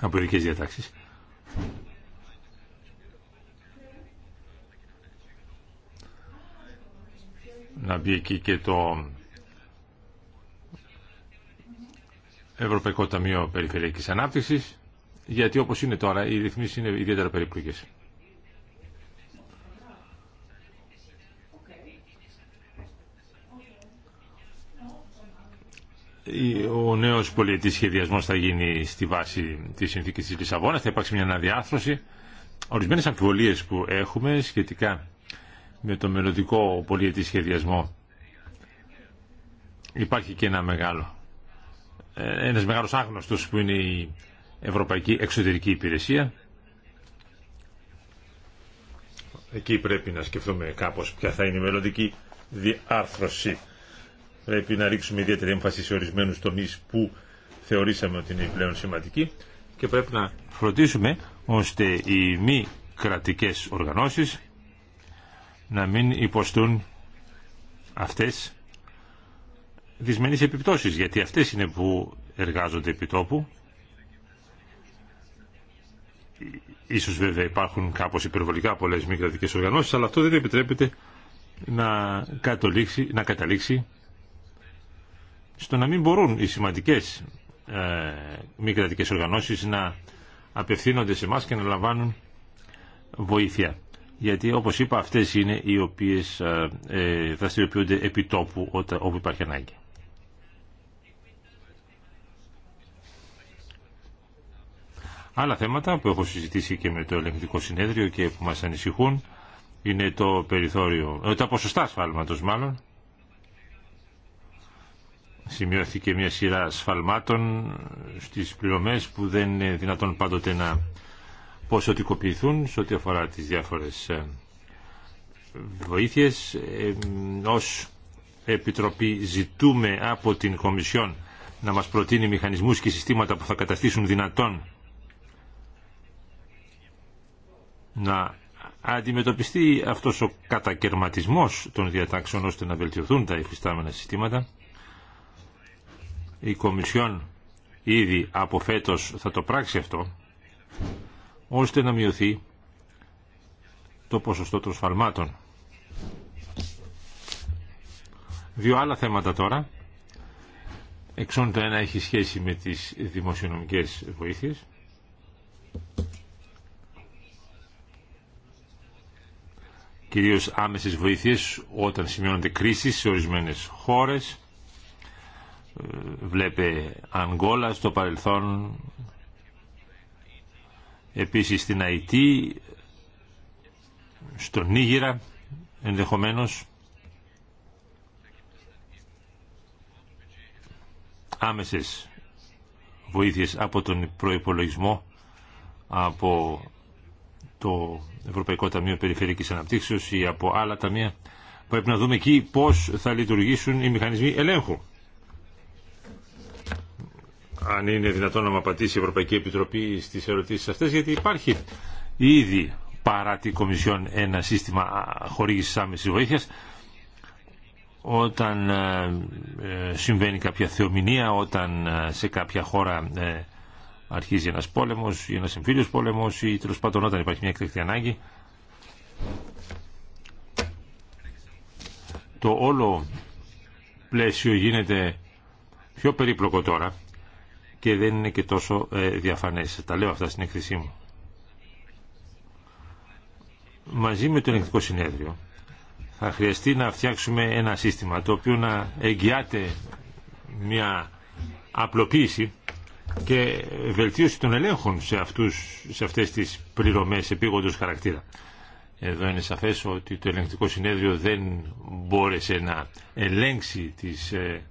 από ειδικέ διατάξεις. Να μπει εκεί και το Ευρωπαϊκό Ταμείο Περιφερειακής Ανάπτυξης, γιατί όπως είναι τώρα οι ρυθμίσεις είναι ιδιαίτερα περίπλοκες. ο νέος πολιετής σχεδιασμός θα γίνει στη βάση της συνθήκης της Λισαβόνας, θα υπάρξει μια αναδιάρθρωση. Ορισμένες αμφιβολίες που έχουμε σχετικά με το μελλοντικό πολιετή σχεδιασμό υπάρχει και ένα μεγάλο ε, ένας μεγάλος άγνωστος που είναι η Ευρωπαϊκή Εξωτερική Υπηρεσία εκεί πρέπει να σκεφτούμε κάπως ποια θα είναι η μελλοντική διάρθρωση πρέπει να ρίξουμε ιδιαίτερη έμφαση σε ορισμένους τομείς που θεωρήσαμε ότι είναι πλέον σημαντικοί και πρέπει να φροντίσουμε ώστε οι μη κρατικές οργανώσεις να μην υποστούν αυτές δυσμενείς επιπτώσεις γιατί αυτές είναι που εργάζονται επί τόπου ίσως βέβαια υπάρχουν κάπως υπερβολικά πολλές μη κρατικές οργανώσεις αλλά αυτό δεν επιτρέπεται να, να καταλήξει στο να μην μπορούν οι σημαντικές ε, μη κρατικέ οργανώσεις να απευθύνονται σε εμά και να λαμβάνουν βοήθεια. Γιατί όπως είπα αυτές είναι οι οποίες ε, ε δραστηριοποιούνται επί τόπου όταν, όπου υπάρχει ανάγκη. Άλλα θέματα που έχω συζητήσει και με το ελεγκτικό συνέδριο και που μας ανησυχούν είναι το περιθώριο, ε, τα ποσοστά ασφάλματος μάλλον, σημειώθηκε μια σειρά σφαλμάτων στις πληρωμές που δεν είναι δυνατόν πάντοτε να ποσοτικοποιηθούν σε ό,τι αφορά τις διάφορες ε, βοήθειες. Ε, ως Επιτροπή ζητούμε από την Κομισιόν να μας προτείνει μηχανισμούς και συστήματα που θα καταστήσουν δυνατόν να αντιμετωπιστεί αυτός ο κατακαιρματισμός των διατάξεων ώστε να βελτιωθούν τα υφιστάμενα συστήματα. Η Κομισιόν ήδη από θα το πράξει αυτό, ώστε να μειωθεί το ποσοστό των σφαλμάτων. Δύο άλλα θέματα τώρα. Εξών το ένα έχει σχέση με τις δημοσιονομικές βοήθειες. Κυρίως άμεσες βοήθειες όταν σημειώνονται κρίσεις σε ορισμένες χώρες βλέπε Αγγόλα στο παρελθόν επίσης στην Αϊτή στον Νίγηρα ενδεχομένως άμεσες βοήθειες από τον προϋπολογισμό από το Ευρωπαϊκό Ταμείο Περιφερειακής Αναπτύξεως ή από άλλα ταμεία πρέπει να δούμε εκεί πώς θα λειτουργήσουν οι μηχανισμοί ελέγχου αν είναι δυνατόν να μου απαντήσει η Ευρωπαϊκή Επιτροπή στις ερωτήσεις αυτές, γιατί υπάρχει ήδη παρά την Κομισιόν ένα σύστημα χορήγησης άμεσης βοήθειας όταν ε, ε, συμβαίνει κάποια θεομηνία, όταν ε, σε κάποια χώρα αρχίζει ένας πόλεμος ή ένας εμφύλιος πόλεμος ή τέλο πάντων όταν υπάρχει μια εκτεκτή ανάγκη. Το όλο πλαίσιο γίνεται πιο περίπλοκο τώρα και δεν είναι και τόσο ε, διαφανές. Τα λέω αυτά στην έκθεσή μου. Μαζί με το ελεγκτικό Συνέδριο θα χρειαστεί να φτιάξουμε ένα σύστημα το οποίο να εγγυάται μια απλοποίηση και βελτίωση των ελέγχων σε, αυτούς, σε αυτές τις πληρωμές επίγοντος χαρακτήρα. Εδώ είναι σαφές ότι το ελεγκτικό συνέδριο δεν μπόρεσε να ελέγξει τις ε,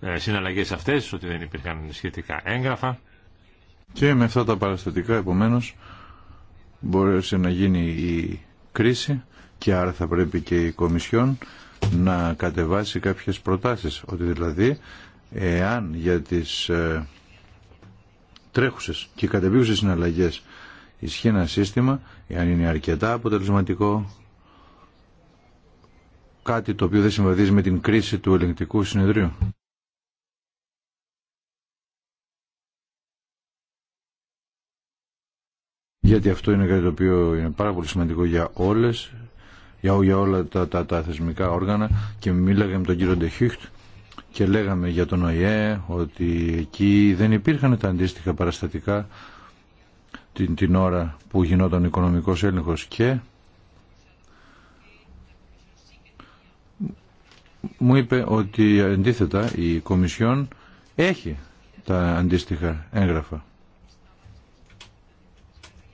ε, Συναλλαγέ αυτές, ότι δεν υπήρχαν σχετικά έγγραφα. Και με αυτά τα παραστατικά επομένως μπορέσε να γίνει η κρίση και άρα θα πρέπει και η Κομισιόν να κατεβάσει κάποιες προτάσεις. Ότι δηλαδή εάν για τις ε, τρέχουσες και κατεβίουσες συναλλαγές ισχύει ένα σύστημα, εάν είναι αρκετά αποτελεσματικό, κάτι το οποίο δεν συμβαδίζει με την κρίση του ελεγκτικού συνεδρίου. γιατί αυτό είναι κάτι το οποίο είναι πάρα πολύ σημαντικό για όλες για, όλα τα, τα, θεσμικά όργανα και μίλαγα με τον κύριο Ντεχίχτ και λέγαμε για τον ΟΗΕ ότι εκεί δεν υπήρχαν τα αντίστοιχα παραστατικά την, την ώρα που γινόταν ο οικονομικός έλεγχος και μου είπε ότι αντίθετα η Κομισιόν έχει τα αντίστοιχα έγγραφα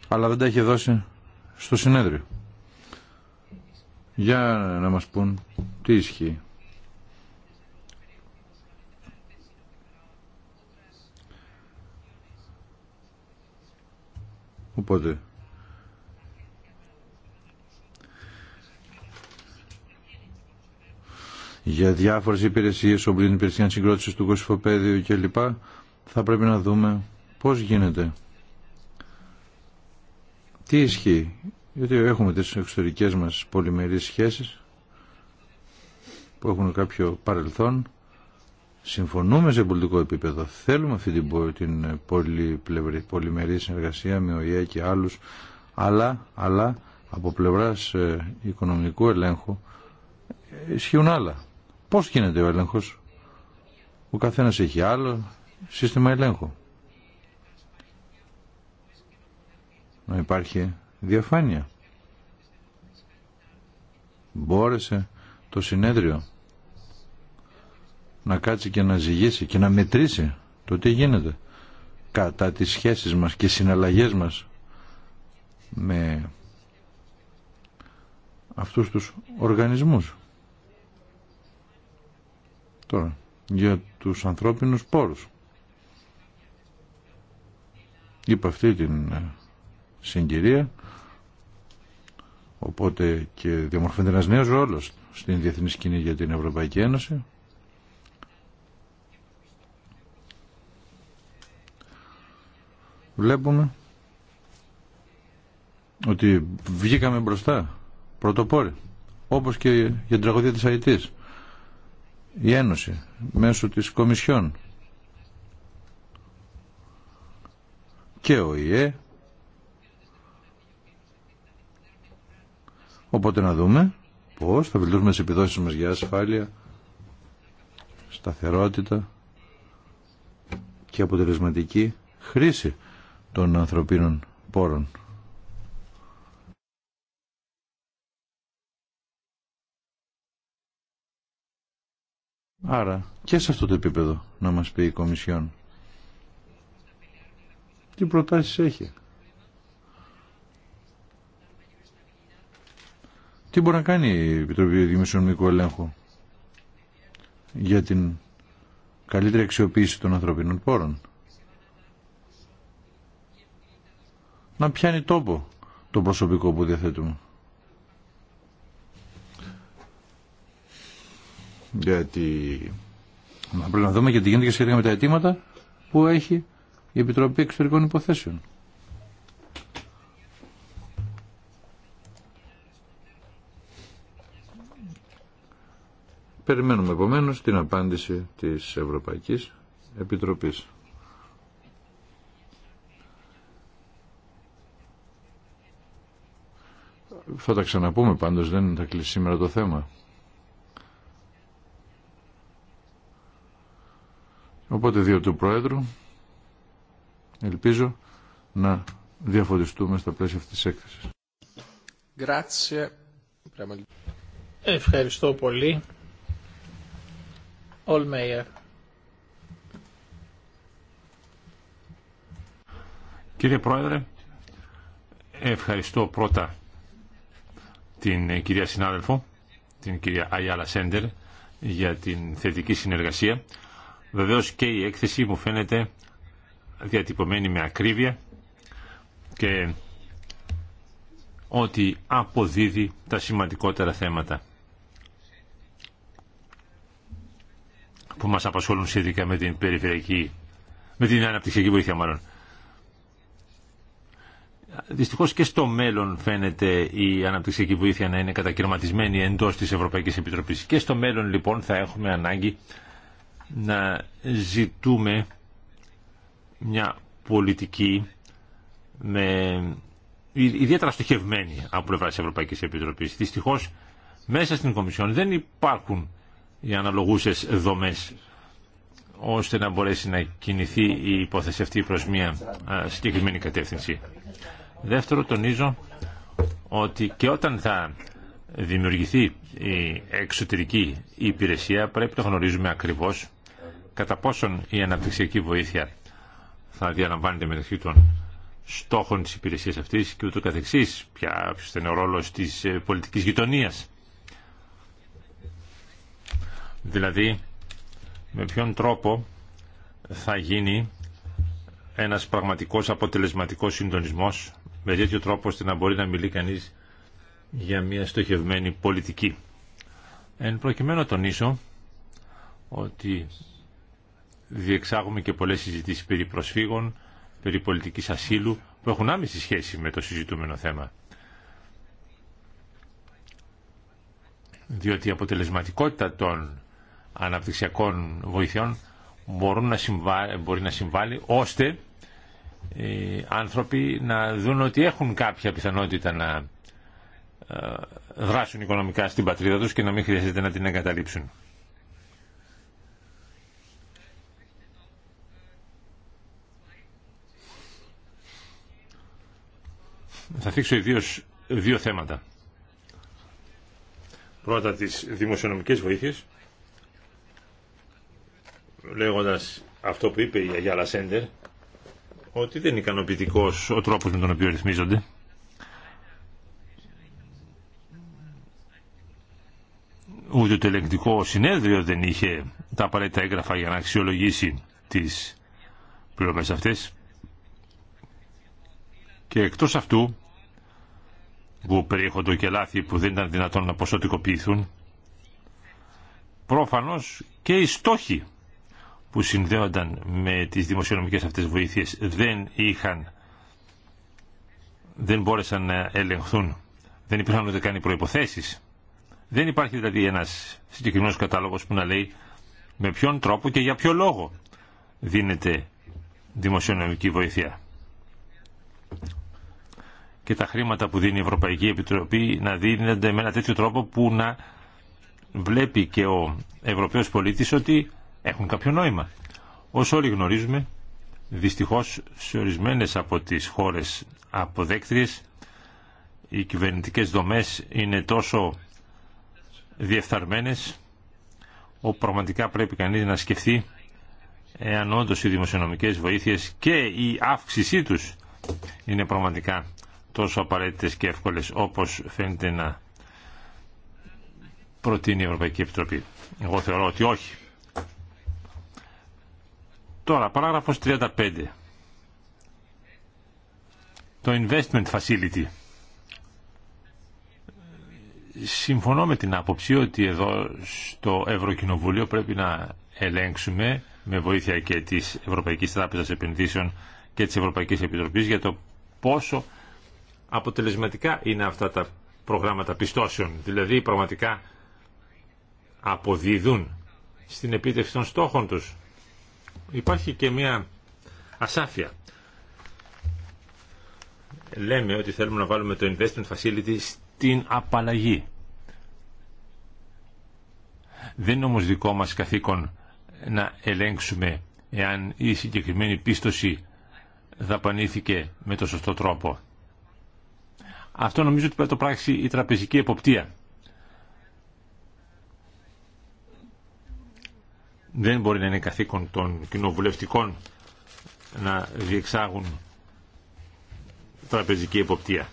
αλλά δεν τα έχει δώσει στο συνέδριο. Για να μας πούν τι ισχύει. Οπότε... Για διάφορες υπηρεσίες, όπου την υπηρεσία συγκρότησης του κοσυφοπαίδιου κλπ. Θα πρέπει να δούμε πώς γίνεται. Τι ισχύει, γιατί έχουμε τις εξωτερικές μας πολυμερείς σχέσεις που έχουν κάποιο παρελθόν. Συμφωνούμε σε πολιτικό επίπεδο. Θέλουμε αυτή την, την πολυμερή συνεργασία με ΟΗΕ και άλλους, αλλά, αλλά από πλευράς ε, οικονομικού ελέγχου ισχύουν άλλα. Πώς γίνεται ο έλεγχος. Ο καθένας έχει άλλο σύστημα ελέγχου. να υπάρχει διαφάνεια. Μπόρεσε το συνέδριο να κάτσει και να ζυγίσει και να μετρήσει το τι γίνεται κατά τις σχέσεις μας και συναλλαγές μας με αυτούς τους οργανισμούς. Τώρα, για τους ανθρώπινους πόρους. Είπα αυτή την ε, συγκυρία οπότε και διαμορφώνεται ένας νέος ρόλος στην διεθνή σκηνή για την Ευρωπαϊκή Ένωση βλέπουμε ότι βγήκαμε μπροστά πρωτοπόροι όπως και για την τραγωδία της ΑΕΤΗΣ η Ένωση μέσω της Κομισιόν και ο ΙΕ Οπότε να δούμε πώς θα βελτιώσουμε τις επιδόσεις μας για ασφάλεια, σταθερότητα και αποτελεσματική χρήση των ανθρωπίνων πόρων. Άρα και σε αυτό το επίπεδο να μας πει η Κομισιόν. Τι προτάσεις έχει. Τι μπορεί να κάνει η Επιτροπή Δημοσιονομικού Ελέγχου για την καλύτερη αξιοποίηση των ανθρωπίνων πόρων. Να πιάνει τόπο το προσωπικό που διαθέτουμε. Γιατί να πρέπει να δούμε και τη γίνεται και σχετικά με τα αιτήματα που έχει η Επιτροπή Εξωτερικών Υποθέσεων. Περιμένουμε επομένω την απάντηση της Ευρωπαϊκής Επιτροπής. Θα τα ξαναπούμε πάντως, δεν θα κλείσει σήμερα το θέμα. Οπότε δύο του Πρόεδρου ελπίζω να διαφωτιστούμε στα πλαίσια αυτής της έκθεσης. Ευχαριστώ πολύ. Κύριε Πρόεδρε, ευχαριστώ πρώτα την ε, κυρία συνάδελφο, την κυρία Αγιάλα Σέντερ, για την θετική συνεργασία. Βεβαίως και η έκθεση μου φαίνεται διατυπωμένη με ακρίβεια και ότι αποδίδει τα σημαντικότερα θέματα. που μας απασχολούν σχετικά με την περιφερειακή, με την αναπτυξιακή βοήθεια μάλλον. Δυστυχώς και στο μέλλον φαίνεται η αναπτυξιακή βοήθεια να είναι κατακαιρματισμένη εντός της Ευρωπαϊκής Επιτροπής. Και στο μέλλον λοιπόν θα έχουμε ανάγκη να ζητούμε μια πολιτική με ιδιαίτερα στοχευμένη από πλευρά τη Ευρωπαϊκή Επιτροπή. Δυστυχώ μέσα στην Κομισιόν δεν υπάρχουν οι αναλογούσες δομές ώστε να μπορέσει να κινηθεί η υπόθεση αυτή προς μια συγκεκριμένη κατεύθυνση. Δεύτερο, τονίζω ότι και όταν θα δημιουργηθεί η εξωτερική υπηρεσία πρέπει να γνωρίζουμε ακριβώς κατά πόσον η αναπτυξιακή βοήθεια θα διαλαμβάνεται μεταξύ των στόχων της υπηρεσίας αυτής και ούτω καθεξής, θα είναι ο ρόλος της ε, πολιτικής γειτονίας Δηλαδή, με ποιον τρόπο θα γίνει ένας πραγματικός αποτελεσματικός συντονισμός με τέτοιο τρόπο ώστε να μπορεί να μιλεί κανείς για μια στοχευμένη πολιτική. Εν προκειμένου τονίσω ότι διεξάγουμε και πολλές συζητήσεις περί προσφύγων, περί πολιτικής ασύλου που έχουν άμεση σχέση με το συζητούμενο θέμα. Διότι η αποτελεσματικότητα των αναπτυξιακών βοηθειών μπορούν να συμβά, μπορεί να συμβάλλει ώστε οι ε, άνθρωποι να δουν ότι έχουν κάποια πιθανότητα να ε, δράσουν οικονομικά στην πατρίδα τους και να μην χρειάζεται να την εγκαταλείψουν. Θα θίξω ιδίω δύο θέματα. Πρώτα τις δημοσιονομικές βοήθειες λέγοντας αυτό που είπε η Αγιά Σέντερ ότι δεν είναι ικανοποιητικό ο τρόπος με τον οποίο ρυθμίζονται. Ούτε το ελεγκτικό συνέδριο δεν είχε τα απαραίτητα έγγραφα για να αξιολογήσει τις πληρωμές αυτές. Και εκτός αυτού που περιέχονται και λάθη που δεν ήταν δυνατόν να ποσοτικοποιηθούν, πρόφανως και οι στόχοι που συνδέονταν με τις δημοσιονομικές αυτές βοήθειες δεν είχαν δεν μπόρεσαν να ελεγχθούν δεν υπήρχαν ούτε καν προϋποθέσεις δεν υπάρχει δηλαδή ένας συγκεκριμένο κατάλογος που να λέει με ποιον τρόπο και για ποιο λόγο δίνεται δημοσιονομική βοήθεια και τα χρήματα που δίνει η Ευρωπαϊκή Επιτροπή να δίνονται με ένα τέτοιο τρόπο που να βλέπει και ο Ευρωπαίος πολίτης ότι έχουν κάποιο νόημα. Όσο όλοι γνωρίζουμε, δυστυχώς σε ορισμένες από τις χώρες αποδέκτριες οι κυβερνητικές δομές είναι τόσο διεφθαρμένες όπου πραγματικά πρέπει κανείς να σκεφτεί εάν όντω οι δημοσιονομικές βοήθειες και η αύξησή τους είναι πραγματικά τόσο απαραίτητες και εύκολες όπως φαίνεται να προτείνει η Ευρωπαϊκή Επιτροπή. Εγώ θεωρώ ότι όχι. Τώρα, παράγραφος 35. Το investment facility. Συμφωνώ με την άποψη ότι εδώ στο Ευρωκοινοβουλίο πρέπει να ελέγξουμε με βοήθεια και της Ευρωπαϊκής Τράπεζας Επενδύσεων και της Ευρωπαϊκής Επιτροπής για το πόσο αποτελεσματικά είναι αυτά τα προγράμματα πιστώσεων. Δηλαδή πραγματικά αποδίδουν στην επίτευξη των στόχων τους υπάρχει και μια ασάφεια. Λέμε ότι θέλουμε να βάλουμε το investment facility στην απαλλαγή. Δεν είναι όμως δικό μας καθήκον να ελέγξουμε εάν η συγκεκριμένη πίστοση δαπανήθηκε με το σωστό τρόπο. Αυτό νομίζω ότι πρέπει να το πράξει η τραπεζική εποπτεία. δεν μπορεί να είναι καθήκον των κοινοβουλευτικών να διεξάγουν τραπεζική εποπτεία.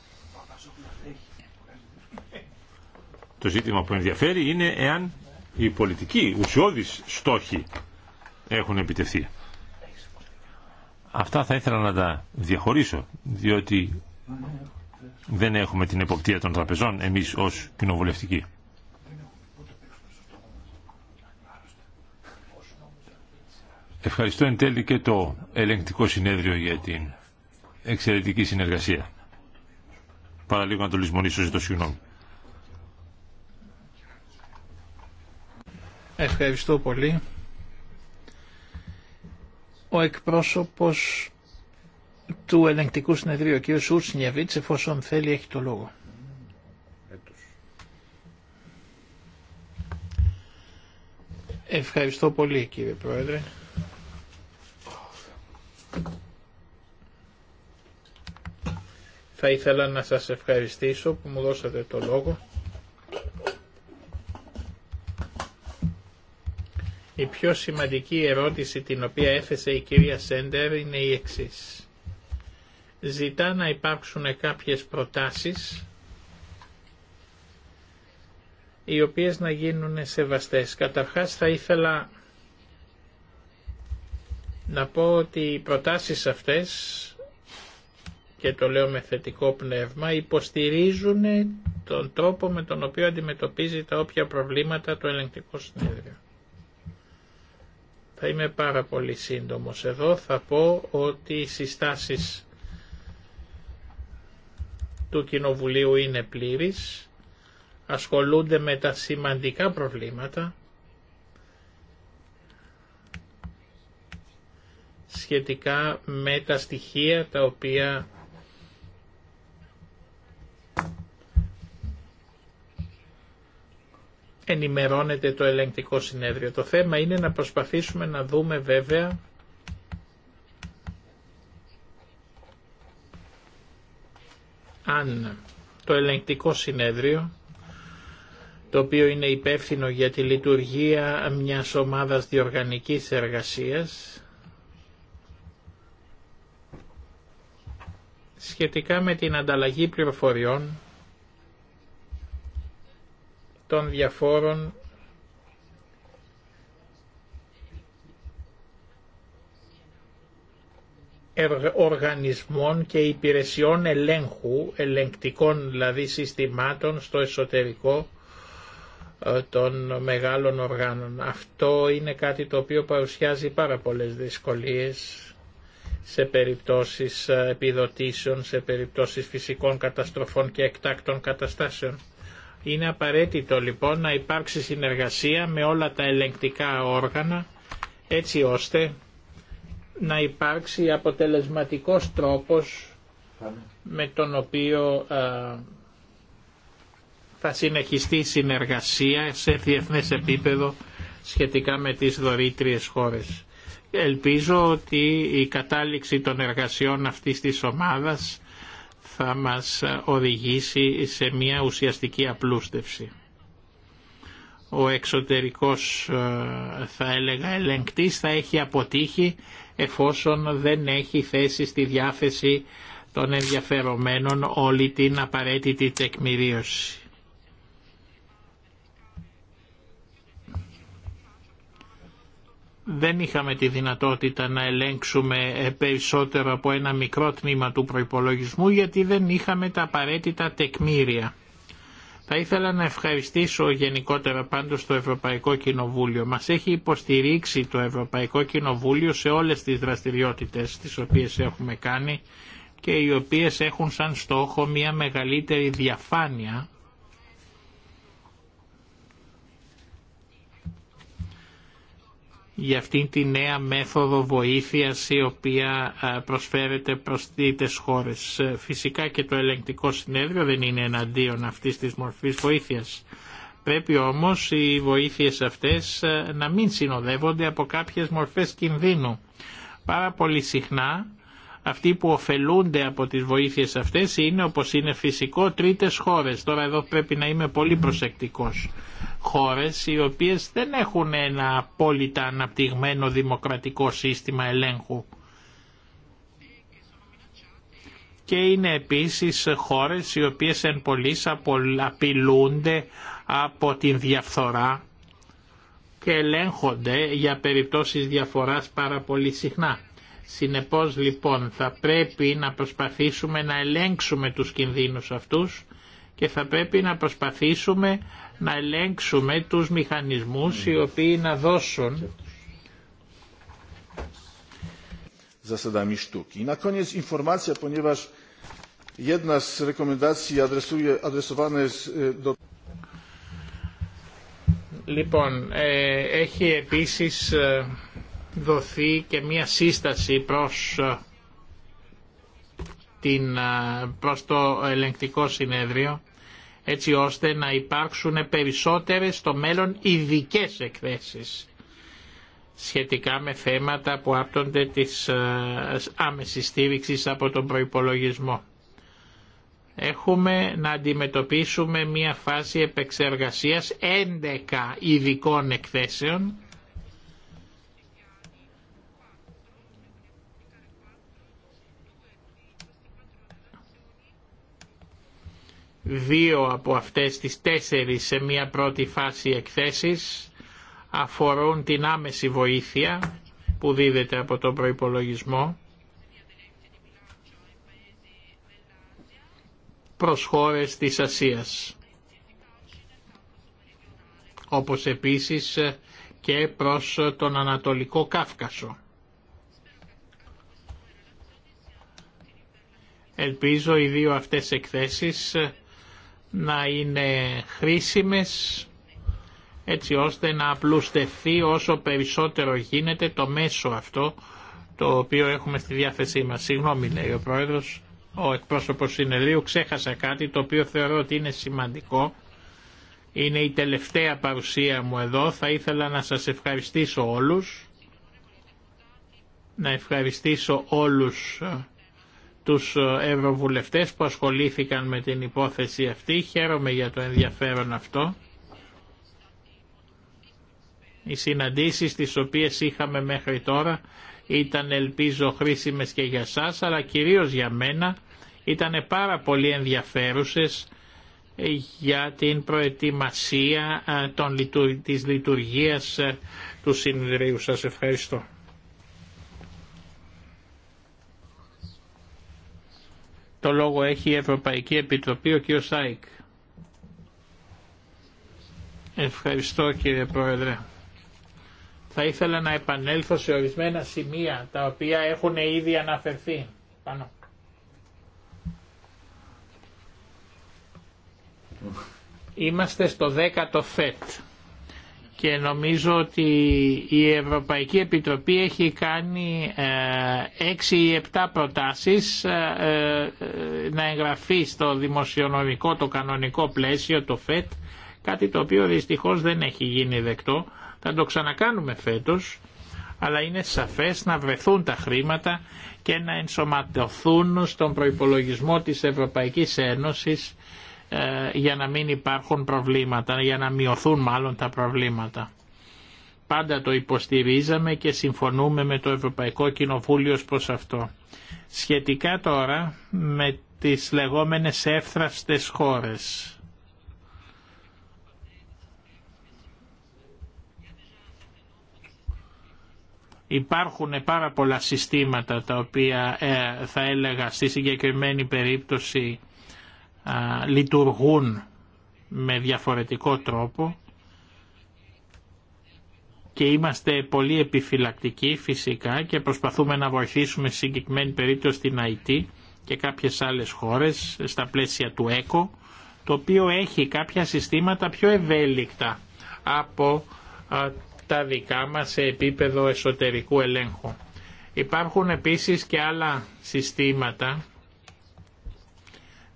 Το ζήτημα που ενδιαφέρει είναι εάν οι πολιτικοί ουσιώδεις στόχοι έχουν επιτευθεί. Αυτά θα ήθελα να τα διαχωρίσω, διότι δεν έχουμε την εποπτεία των τραπεζών εμείς ως κοινοβουλευτικοί. Ευχαριστώ εν τέλει και το ελεγκτικό συνέδριο για την εξαιρετική συνεργασία. Παραλίγο λίγο να το λησμονήσω, ζητώ συγγνώμη. Ευχαριστώ πολύ. Ο εκπρόσωπος του ελεγκτικού συνεδρίου, ο κ. Σούρτσνιεβίτς, εφόσον θέλει, έχει το λόγο. Ευχαριστώ πολύ κύριε Πρόεδρε. Θα ήθελα να σας ευχαριστήσω που μου δώσατε το λόγο. Η πιο σημαντική ερώτηση την οποία έθεσε η κυρία Σέντερ είναι η εξής. Ζητά να υπάρξουν κάποιες προτάσεις οι οποίες να γίνουν σεβαστές. Καταρχάς θα ήθελα να πω ότι οι προτάσεις αυτές και το λέω με θετικό πνεύμα, υποστηρίζουν τον τρόπο με τον οποίο αντιμετωπίζει τα όποια προβλήματα το ελεγκτικό συνέδριο. Θα είμαι πάρα πολύ σύντομος εδώ. Θα πω ότι οι συστάσεις του Κοινοβουλίου είναι πλήρεις, ασχολούνται με τα σημαντικά προβλήματα, σχετικά με τα στοιχεία τα οποία ενημερώνεται το ελεγκτικό συνέδριο. Το θέμα είναι να προσπαθήσουμε να δούμε βέβαια αν το ελεγκτικό συνέδριο το οποίο είναι υπεύθυνο για τη λειτουργία μιας ομάδας διοργανικής εργασίας σχετικά με την ανταλλαγή πληροφοριών των διαφόρων οργανισμών και υπηρεσιών ελέγχου, ελεγκτικών δηλαδή συστημάτων στο εσωτερικό ε, των μεγάλων οργάνων. Αυτό είναι κάτι το οποίο παρουσιάζει πάρα πολλές δυσκολίες σε περιπτώσεις ε, επιδοτήσεων, σε περιπτώσεις φυσικών καταστροφών και εκτάκτων καταστάσεων. Είναι απαραίτητο λοιπόν να υπάρξει συνεργασία με όλα τα ελεγκτικά όργανα έτσι ώστε να υπάρξει αποτελεσματικός τρόπος με τον οποίο ε, θα συνεχιστεί η συνεργασία σε διεθνές επίπεδο σχετικά με τις δωρήτριες χώρες. Ελπίζω ότι η κατάληξη των εργασιών αυτής της ομάδας θα μας οδηγήσει σε μια ουσιαστική απλούστευση. Ο εξωτερικός ε, θα έλεγα ελεγκτής θα έχει αποτύχει εφόσον δεν έχει θέση στη διάθεση των ενδιαφερομένων όλη την απαραίτητη τεκμηρίωση. δεν είχαμε τη δυνατότητα να ελέγξουμε ε, περισσότερο από ένα μικρό τμήμα του προϋπολογισμού γιατί δεν είχαμε τα απαραίτητα τεκμήρια. Θα ήθελα να ευχαριστήσω γενικότερα πάντως το Ευρωπαϊκό Κοινοβούλιο. Μας έχει υποστηρίξει το Ευρωπαϊκό Κοινοβούλιο σε όλες τις δραστηριότητες τις οποίες έχουμε κάνει και οι οποίες έχουν σαν στόχο μια μεγαλύτερη διαφάνεια για αυτήν τη νέα μέθοδο βοήθειας η οποία προσφέρεται προς τρίτες χώρες. Ε, φυσικά και το ελεγκτικό συνέδριο δεν είναι εναντίον αυτής της μορφής βοήθειας. Πρέπει όμως οι βοήθειες αυτές να μην συνοδεύονται από κάποιες μορφές κινδύνου. Πάρα πολύ συχνά αυτοί που ωφελούνται από τις βοήθειες αυτές είναι όπως είναι φυσικό τρίτες χώρες. Τώρα εδώ πρέπει να είμαι πολύ προσεκτικός. Χώρες οι οποίες δεν έχουν ένα απόλυτα αναπτυγμένο δημοκρατικό σύστημα ελέγχου. Και είναι επίσης χώρες οι οποίες εν πολλής απειλούνται από την διαφθορά και ελέγχονται για περιπτώσεις διαφοράς πάρα πολύ συχνά. Συνεπώς λοιπόν θα πρέπει να προσπαθήσουμε να ελέγξουμε τους κινδύνους αυτούς και θα πρέπει να προσπαθήσουμε να ελέγξουμε τους μηχανισμούς οι οποίοι να δώσουν e, Λοιπόν, ε, έχει επίσης ε, δοθεί και μία σύσταση προς, ε, την, ε, προς το ελεγκτικό συνέδριο έτσι ώστε να υπάρξουν περισσότερες στο μέλλον ειδικέ εκθέσεις σχετικά με θέματα που άπτονται της ε, άμεσης στήριξης από τον προϋπολογισμό. Έχουμε να αντιμετωπίσουμε μία φάση επεξεργασίας 11 ειδικών εκθέσεων Δύο από αυτές τις τέσσερις σε μία πρώτη φάση εκθέσεις αφορούν την άμεση βοήθεια που δίδεται από τον προϋπολογισμό προς χώρες της Ασίας όπως επίσης και προς τον Ανατολικό Κάφκασο. Ελπίζω οι δύο αυτές εκθέσεις να είναι χρήσιμες έτσι ώστε να απλουστευτεί όσο περισσότερο γίνεται το μέσο αυτό το οποίο έχουμε στη διάθεσή μας. Συγγνώμη λέει ο Πρόεδρος, ο εκπρόσωπος συνεδρίου, ξέχασα κάτι το οποίο θεωρώ ότι είναι σημαντικό. Είναι η τελευταία παρουσία μου εδώ, θα ήθελα να σας ευχαριστήσω όλους, να ευχαριστήσω όλους ε, τους ε, ευρωβουλευτές που ασχολήθηκαν με την υπόθεση αυτή. Χαίρομαι για το ενδιαφέρον αυτό. Οι συναντήσεις τις οποίες είχαμε μέχρι τώρα ήταν ελπίζω χρήσιμες και για σας αλλά κυρίως για μένα ήταν πάρα πολύ ενδιαφέρουσες για την προετοιμασία ε, των, της λειτουργίας ε, του συνεδρίου. Σας ευχαριστώ. Το λόγο έχει η Ευρωπαϊκή Επιτροπή, ο κ. Σάικ. Ευχαριστώ κύριε Πρόεδρε. Θα ήθελα να επανέλθω σε ορισμένα σημεία τα οποία έχουν ήδη αναφερθεί. Πάνω. Είμαστε στο 10ο ΦΕΤ και νομίζω ότι η Ευρωπαϊκή Επιτροπή έχει κάνει ε, έξι ή επτά προτάσεις ε, ε, να εγγραφεί στο δημοσιονομικό, το κανονικό πλαίσιο, το ΦΕΤ, κάτι το οποίο δυστυχώς δεν έχει γίνει δεκτό. Θα το ξανακάνουμε φέτος, αλλά είναι σαφές να βρεθούν τα χρήματα και να ενσωματωθούν στον προϋπολογισμό της Ευρωπαϊκής Ένωσης ε, για να μην υπάρχουν προβλήματα, για να μειωθούν μάλλον τα προβλήματα. Πάντα το υποστηρίζαμε και συμφωνούμε με το Ευρωπαϊκό Κοινοβούλιο προς αυτό. Σχετικά τώρα με τις λεγόμενες εύθραυστες χώρες. Υπάρχουν πάρα πολλά συστήματα τα οποία ε, θα έλεγα στη συγκεκριμένη περίπτωση λειτουργούν με διαφορετικό τρόπο και είμαστε πολύ επιφυλακτικοί φυσικά και προσπαθούμε να βοηθήσουμε σε συγκεκριμένη περίπτωση στην IT και κάποιες άλλες χώρες στα πλαίσια του ΕΚΟ το οποίο έχει κάποια συστήματα πιο ευέλικτα από τα δικά μας σε επίπεδο εσωτερικού ελέγχου. Υπάρχουν επίσης και άλλα συστήματα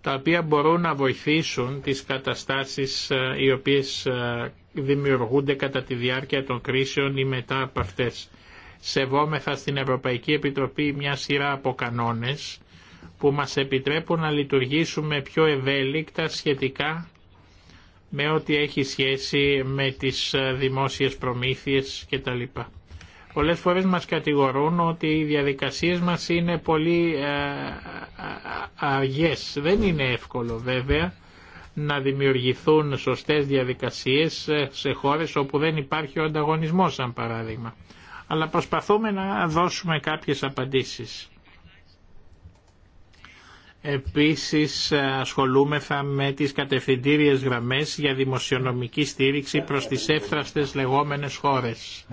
τα οποία μπορούν να βοηθήσουν τις καταστάσεις ε, οι οποίες ε, δημιουργούνται κατά τη διάρκεια των κρίσεων ή μετά από αυτές. Σεβόμεθα στην Ευρωπαϊκή Επιτροπή μια σειρά από κανόνες που μας επιτρέπουν να λειτουργήσουμε πιο ευέλικτα σχετικά με ό,τι έχει σχέση με τις ε, δημόσιες προμήθειες κτλ. Πολλές φορές μας κατηγορούν ότι οι διαδικασίες μας είναι πολύ ε, αργές. Δεν είναι εύκολο βέβαια να δημιουργηθούν σωστές διαδικασίες σε χώρες όπου δεν υπάρχει ο ανταγωνισμός, σαν παράδειγμα. Αλλά προσπαθούμε να δώσουμε κάποιες απαντήσεις. Επίσης ασχολούμεθα με τις κατευθυντήριες γραμμές για δημοσιονομική στήριξη προς τις εύθραστες λεγόμενες χώρες.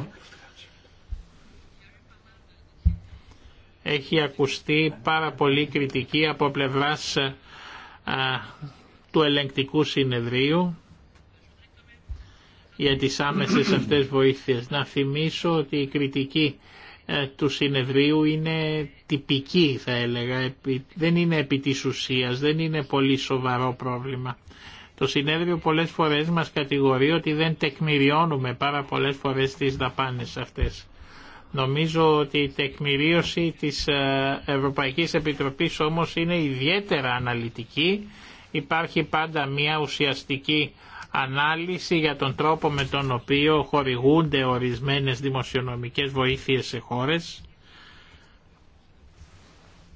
έχει ακουστεί πάρα πολύ κριτική από πλευράς ε, του ελεγκτικού συνεδρίου για τις άμεσες αυτές βοήθειες. Να θυμίσω ότι η κριτική ε, του συνεδρίου είναι τυπική θα έλεγα, δεν είναι επί της ουσίας, δεν είναι πολύ σοβαρό πρόβλημα. Το συνέδριο πολλές φορές μας κατηγορεί ότι δεν τεκμηριώνουμε πάρα πολλές φορές τις δαπάνες αυτές. Νομίζω ότι η τεκμηρίωση της ε, Ευρωπαϊκής Επιτροπής όμως είναι ιδιαίτερα αναλυτική. Υπάρχει πάντα μια ουσιαστική ανάλυση για τον τρόπο με τον οποίο χορηγούνται ορισμένες δημοσιονομικές βοήθειες σε χώρες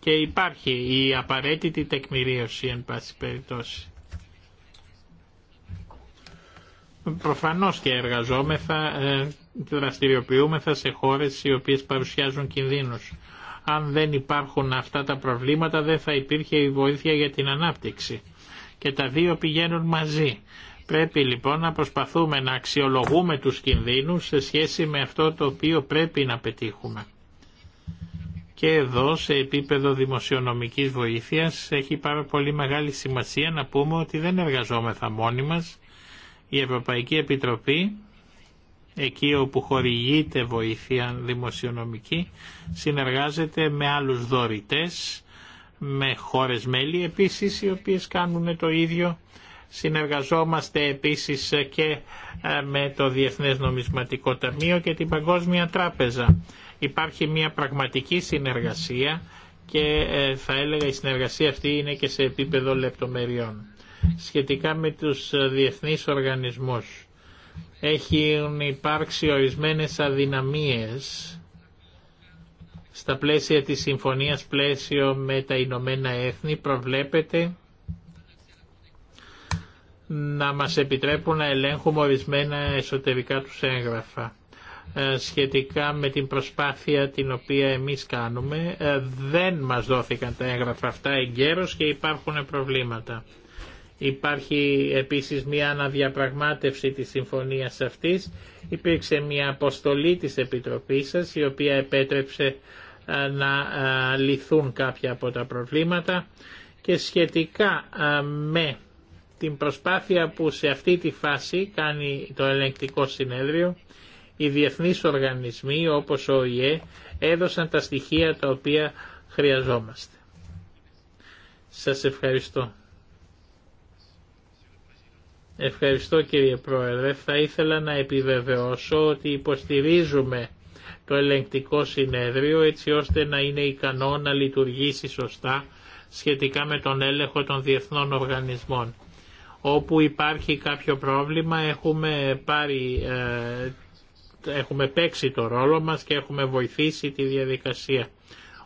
και υπάρχει η απαραίτητη τεκμηρίωση εν πάση περιπτώσει. Προφανώς και εργαζόμεθα ε, δραστηριοποιούμεθα σε χώρες οι οποίες παρουσιάζουν κινδύνους. Αν δεν υπάρχουν αυτά τα προβλήματα δεν θα υπήρχε η βοήθεια για την ανάπτυξη. Και τα δύο πηγαίνουν μαζί. Πρέπει λοιπόν να προσπαθούμε να αξιολογούμε τους κινδύνους σε σχέση με αυτό το οποίο πρέπει να πετύχουμε. Και εδώ σε επίπεδο δημοσιονομικής βοήθειας έχει πάρα πολύ μεγάλη σημασία να πούμε ότι δεν εργαζόμεθα μόνοι μας. Η Ευρωπαϊκή Επιτροπή εκεί όπου χορηγείται βοήθεια δημοσιονομική, συνεργάζεται με άλλους δωρητές, με χώρες μέλη επίσης, οι οποίες κάνουν το ίδιο. Συνεργαζόμαστε επίσης και ε, με το Διεθνές Νομισματικό Ταμείο και την Παγκόσμια Τράπεζα. Υπάρχει μια πραγματική συνεργασία και ε, θα έλεγα η συνεργασία αυτή είναι και σε επίπεδο λεπτομεριών. Σχετικά με τους ε, διεθνείς οργανισμούς έχουν υπάρξει ορισμένες αδυναμίες στα πλαίσια της συμφωνίας πλαίσιο με τα Ηνωμένα Έθνη προβλέπεται να μας επιτρέπουν να ελέγχουμε ορισμένα εσωτερικά τους έγγραφα. Ε, σχετικά με την προσπάθεια την οποία εμείς κάνουμε ε, δεν μας δόθηκαν τα έγγραφα αυτά εγκαίρως και υπάρχουν προβλήματα. Υπάρχει επίσης μια αναδιαπραγμάτευση της συμφωνίας αυτής. Υπήρξε μια αποστολή της Επιτροπής σας η οποία επέτρεψε ε, να ε, λυθούν κάποια από τα προβλήματα και σχετικά ε, με την προσπάθεια που σε αυτή τη φάση κάνει το ελεγκτικό συνέδριο οι διεθνείς οργανισμοί όπως ο ΙΕ έδωσαν τα στοιχεία τα οποία χρειαζόμαστε. Σας ευχαριστώ. Ευχαριστώ κύριε Πρόεδρε. Θα ήθελα να επιβεβαιώσω ότι υποστηρίζουμε το ελεγκτικό συνέδριο έτσι ώστε να είναι ικανό να λειτουργήσει σωστά σχετικά με τον έλεγχο των διεθνών οργανισμών. Όπου υπάρχει κάποιο πρόβλημα έχουμε, πάρει, ε, έχουμε παίξει το ρόλο μας και έχουμε βοηθήσει τη διαδικασία.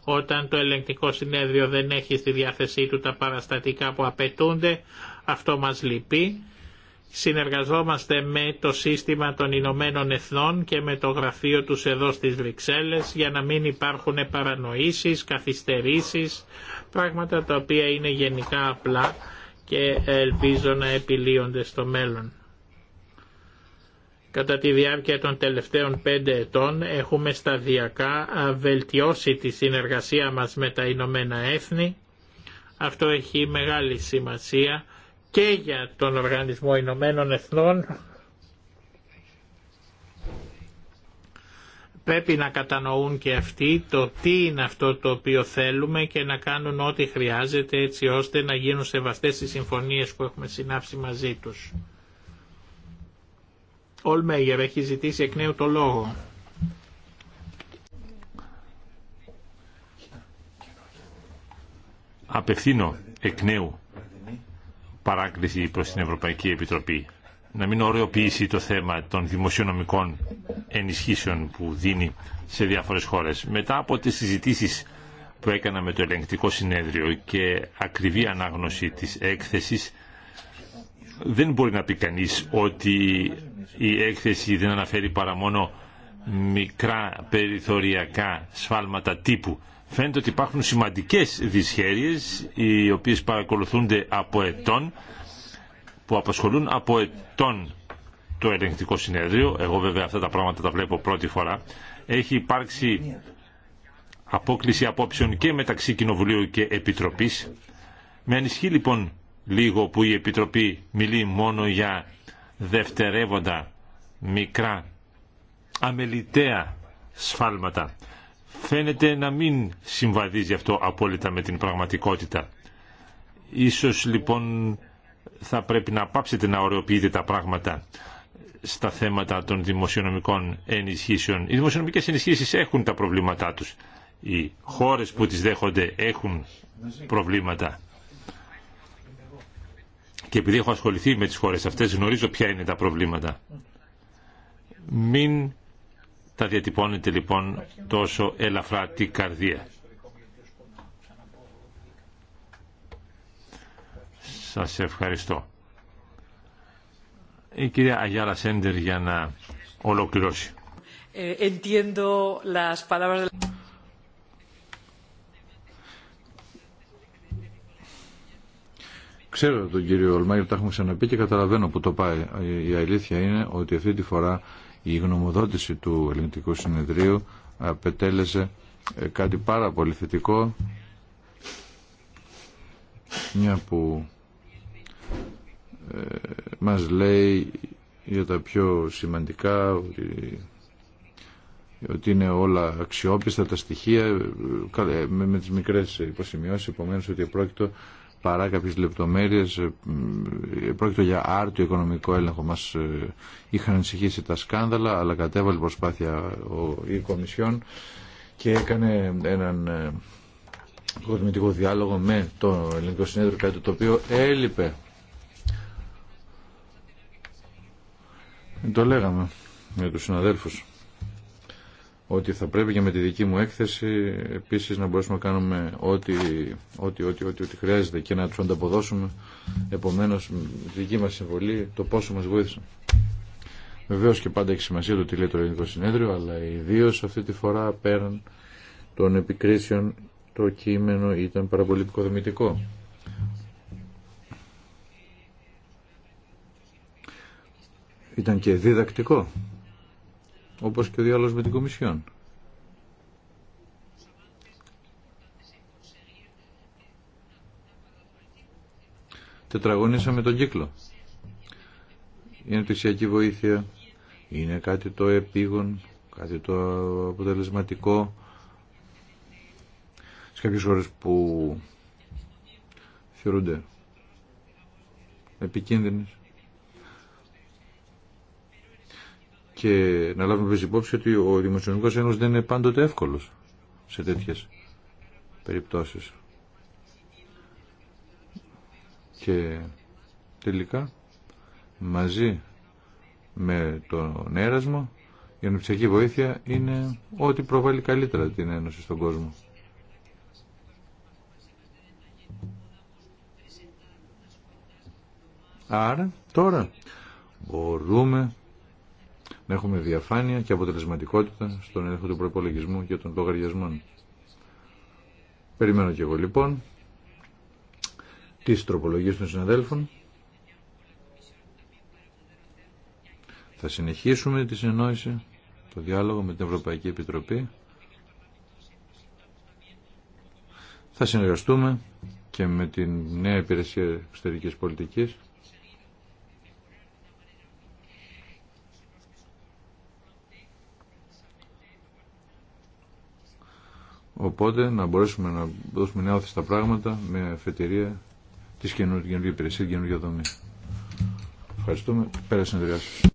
Όταν το ελεγκτικό συνέδριο δεν έχει στη διάθεσή του τα παραστατικά που απαιτούνται, αυτό μας λυπεί Συνεργαζόμαστε με το σύστημα των Ηνωμένων Εθνών και με το γραφείο τους εδώ στις Βρυξέλλες για να μην υπάρχουν παρανοήσεις, καθυστερήσεις, πράγματα τα οποία είναι γενικά απλά και ελπίζω να επιλύονται στο μέλλον. Κατά τη διάρκεια των τελευταίων πέντε ετών έχουμε σταδιακά βελτιώσει τη συνεργασία μας με τα Ηνωμένα Έθνη. Αυτό έχει μεγάλη σημασία και για τον Οργανισμό Ηνωμένων Εθνών πρέπει να κατανοούν και αυτοί το τι είναι αυτό το οποίο θέλουμε και να κάνουν ό,τι χρειάζεται έτσι ώστε να γίνουν σεβαστές οι συμφωνίες που έχουμε συνάψει μαζί τους. Ολμέγερ έχει ζητήσει εκ νέου το λόγο. Απευθύνω εκ νέου παράκληση προς την Ευρωπαϊκή Επιτροπή να μην ωρεοποιήσει το θέμα των δημοσιονομικών ενισχύσεων που δίνει σε διάφορες χώρες. Μετά από τις συζητήσεις που έκανα με το ελεγκτικό συνέδριο και ακριβή ανάγνωση της έκθεσης, δεν μπορεί να πει κανείς ότι η έκθεση δεν αναφέρει παρά μόνο μικρά περιθωριακά σφάλματα τύπου φαίνεται ότι υπάρχουν σημαντικές δυσχέρειες οι οποίες παρακολουθούνται από ετών που απασχολούν από ετών το ελεγκτικό συνέδριο εγώ βέβαια αυτά τα πράγματα τα βλέπω πρώτη φορά έχει υπάρξει απόκληση απόψεων και μεταξύ Κοινοβουλίου και Επιτροπής με ανισχύει λοιπόν λίγο που η Επιτροπή μιλεί μόνο για δευτερεύοντα μικρά αμεληταία σφάλματα φαίνεται να μην συμβαδίζει αυτό απόλυτα με την πραγματικότητα. Ίσως λοιπόν θα πρέπει να πάψετε να ωρεοποιείτε τα πράγματα στα θέματα των δημοσιονομικών ενισχύσεων. Οι δημοσιονομικές ενισχύσεις έχουν τα προβλήματά τους. Οι χώρες που τις δέχονται έχουν προβλήματα. Και επειδή έχω ασχοληθεί με τις χώρες αυτές γνωρίζω ποια είναι τα προβλήματα. Μην τα διατυπώνεται λοιπόν τόσο ελαφρά την καρδία. Σας ευχαριστώ. Η κυρία Αγιάλα Σέντερ για να ολοκληρώσει. Ε, Ξέρω τον κύριο Ολμάγερ, τα έχουμε ξαναπεί και καταλαβαίνω που το πάει. Η αλήθεια είναι ότι αυτή τη φορά η γνωμοδότηση του Ελληνικού Συνεδρίου απετέλεσε ε, κάτι πάρα πολύ θετικό μια που ε, μας λέει για τα πιο σημαντικά ότι, είναι όλα αξιόπιστα τα στοιχεία ε, με, με τις μικρές υποσημειώσεις επομένως ότι πρόκειτο παρά κάποιες λεπτομέρειες ε, πρόκειται για άρτιο οικονομικό έλεγχο μας ε, είχαν ανησυχήσει τα σκάνδαλα αλλά κατέβαλε προσπάθεια η Κομισιόν και έκανε έναν ε, κοσμητικό διάλογο με το ελληνικό συνέδριο κάτι το οποίο έλειπε το λέγαμε με τους συναδέλφους ότι θα πρέπει και με τη δική μου έκθεση επίσης να μπορέσουμε να κάνουμε ό,τι, ό,τι, ό,τι, ό,τι, ό,τι χρειάζεται και να τους ανταποδώσουμε επομένως με τη δική μας συμβολή το πόσο μας βοήθησαν. Βεβαίως και πάντα έχει σημασία το τι λέει το Ελληνικό Συνέδριο αλλά ιδίω αυτή τη φορά πέραν των επικρίσεων το κείμενο ήταν πάρα πολύ υποδομητικό. Ήταν και διδακτικό όπως και ο διάλογος με την Κομισιόν. Τετραγωνίσαμε τον κύκλο. Η ανεπτυξιακή βοήθεια είναι κάτι το επίγον, κάτι το αποτελεσματικό. Σε κάποιες ώρες που θεωρούνται επικίνδυνες. και να λάβουμε πες υπόψη ότι ο δημοσιονομικός ένωσης δεν είναι πάντοτε εύκολος σε τέτοιες περιπτώσεις. Και τελικά μαζί με τον έρασμο η ανεψυχική βοήθεια είναι ό,τι προβάλλει καλύτερα την Ένωση στον κόσμο. Άρα τώρα μπορούμε να έχουμε διαφάνεια και αποτελεσματικότητα στον έλεγχο του προπολογισμού και των λογαριασμών. Περιμένω και εγώ λοιπόν τις τροπολογίες των συναδέλφων. Θα συνεχίσουμε τη συνεννόηση, το διάλογο με την Ευρωπαϊκή Επιτροπή. Θα συνεργαστούμε και με την νέα υπηρεσία εξωτερικής πολιτικής. Οπότε να μπορέσουμε να δώσουμε νέα όθηση στα πράγματα με αφετηρία τη καινούργια υπηρεσία, καινούργια δομή. Ευχαριστούμε. Πέρα σα.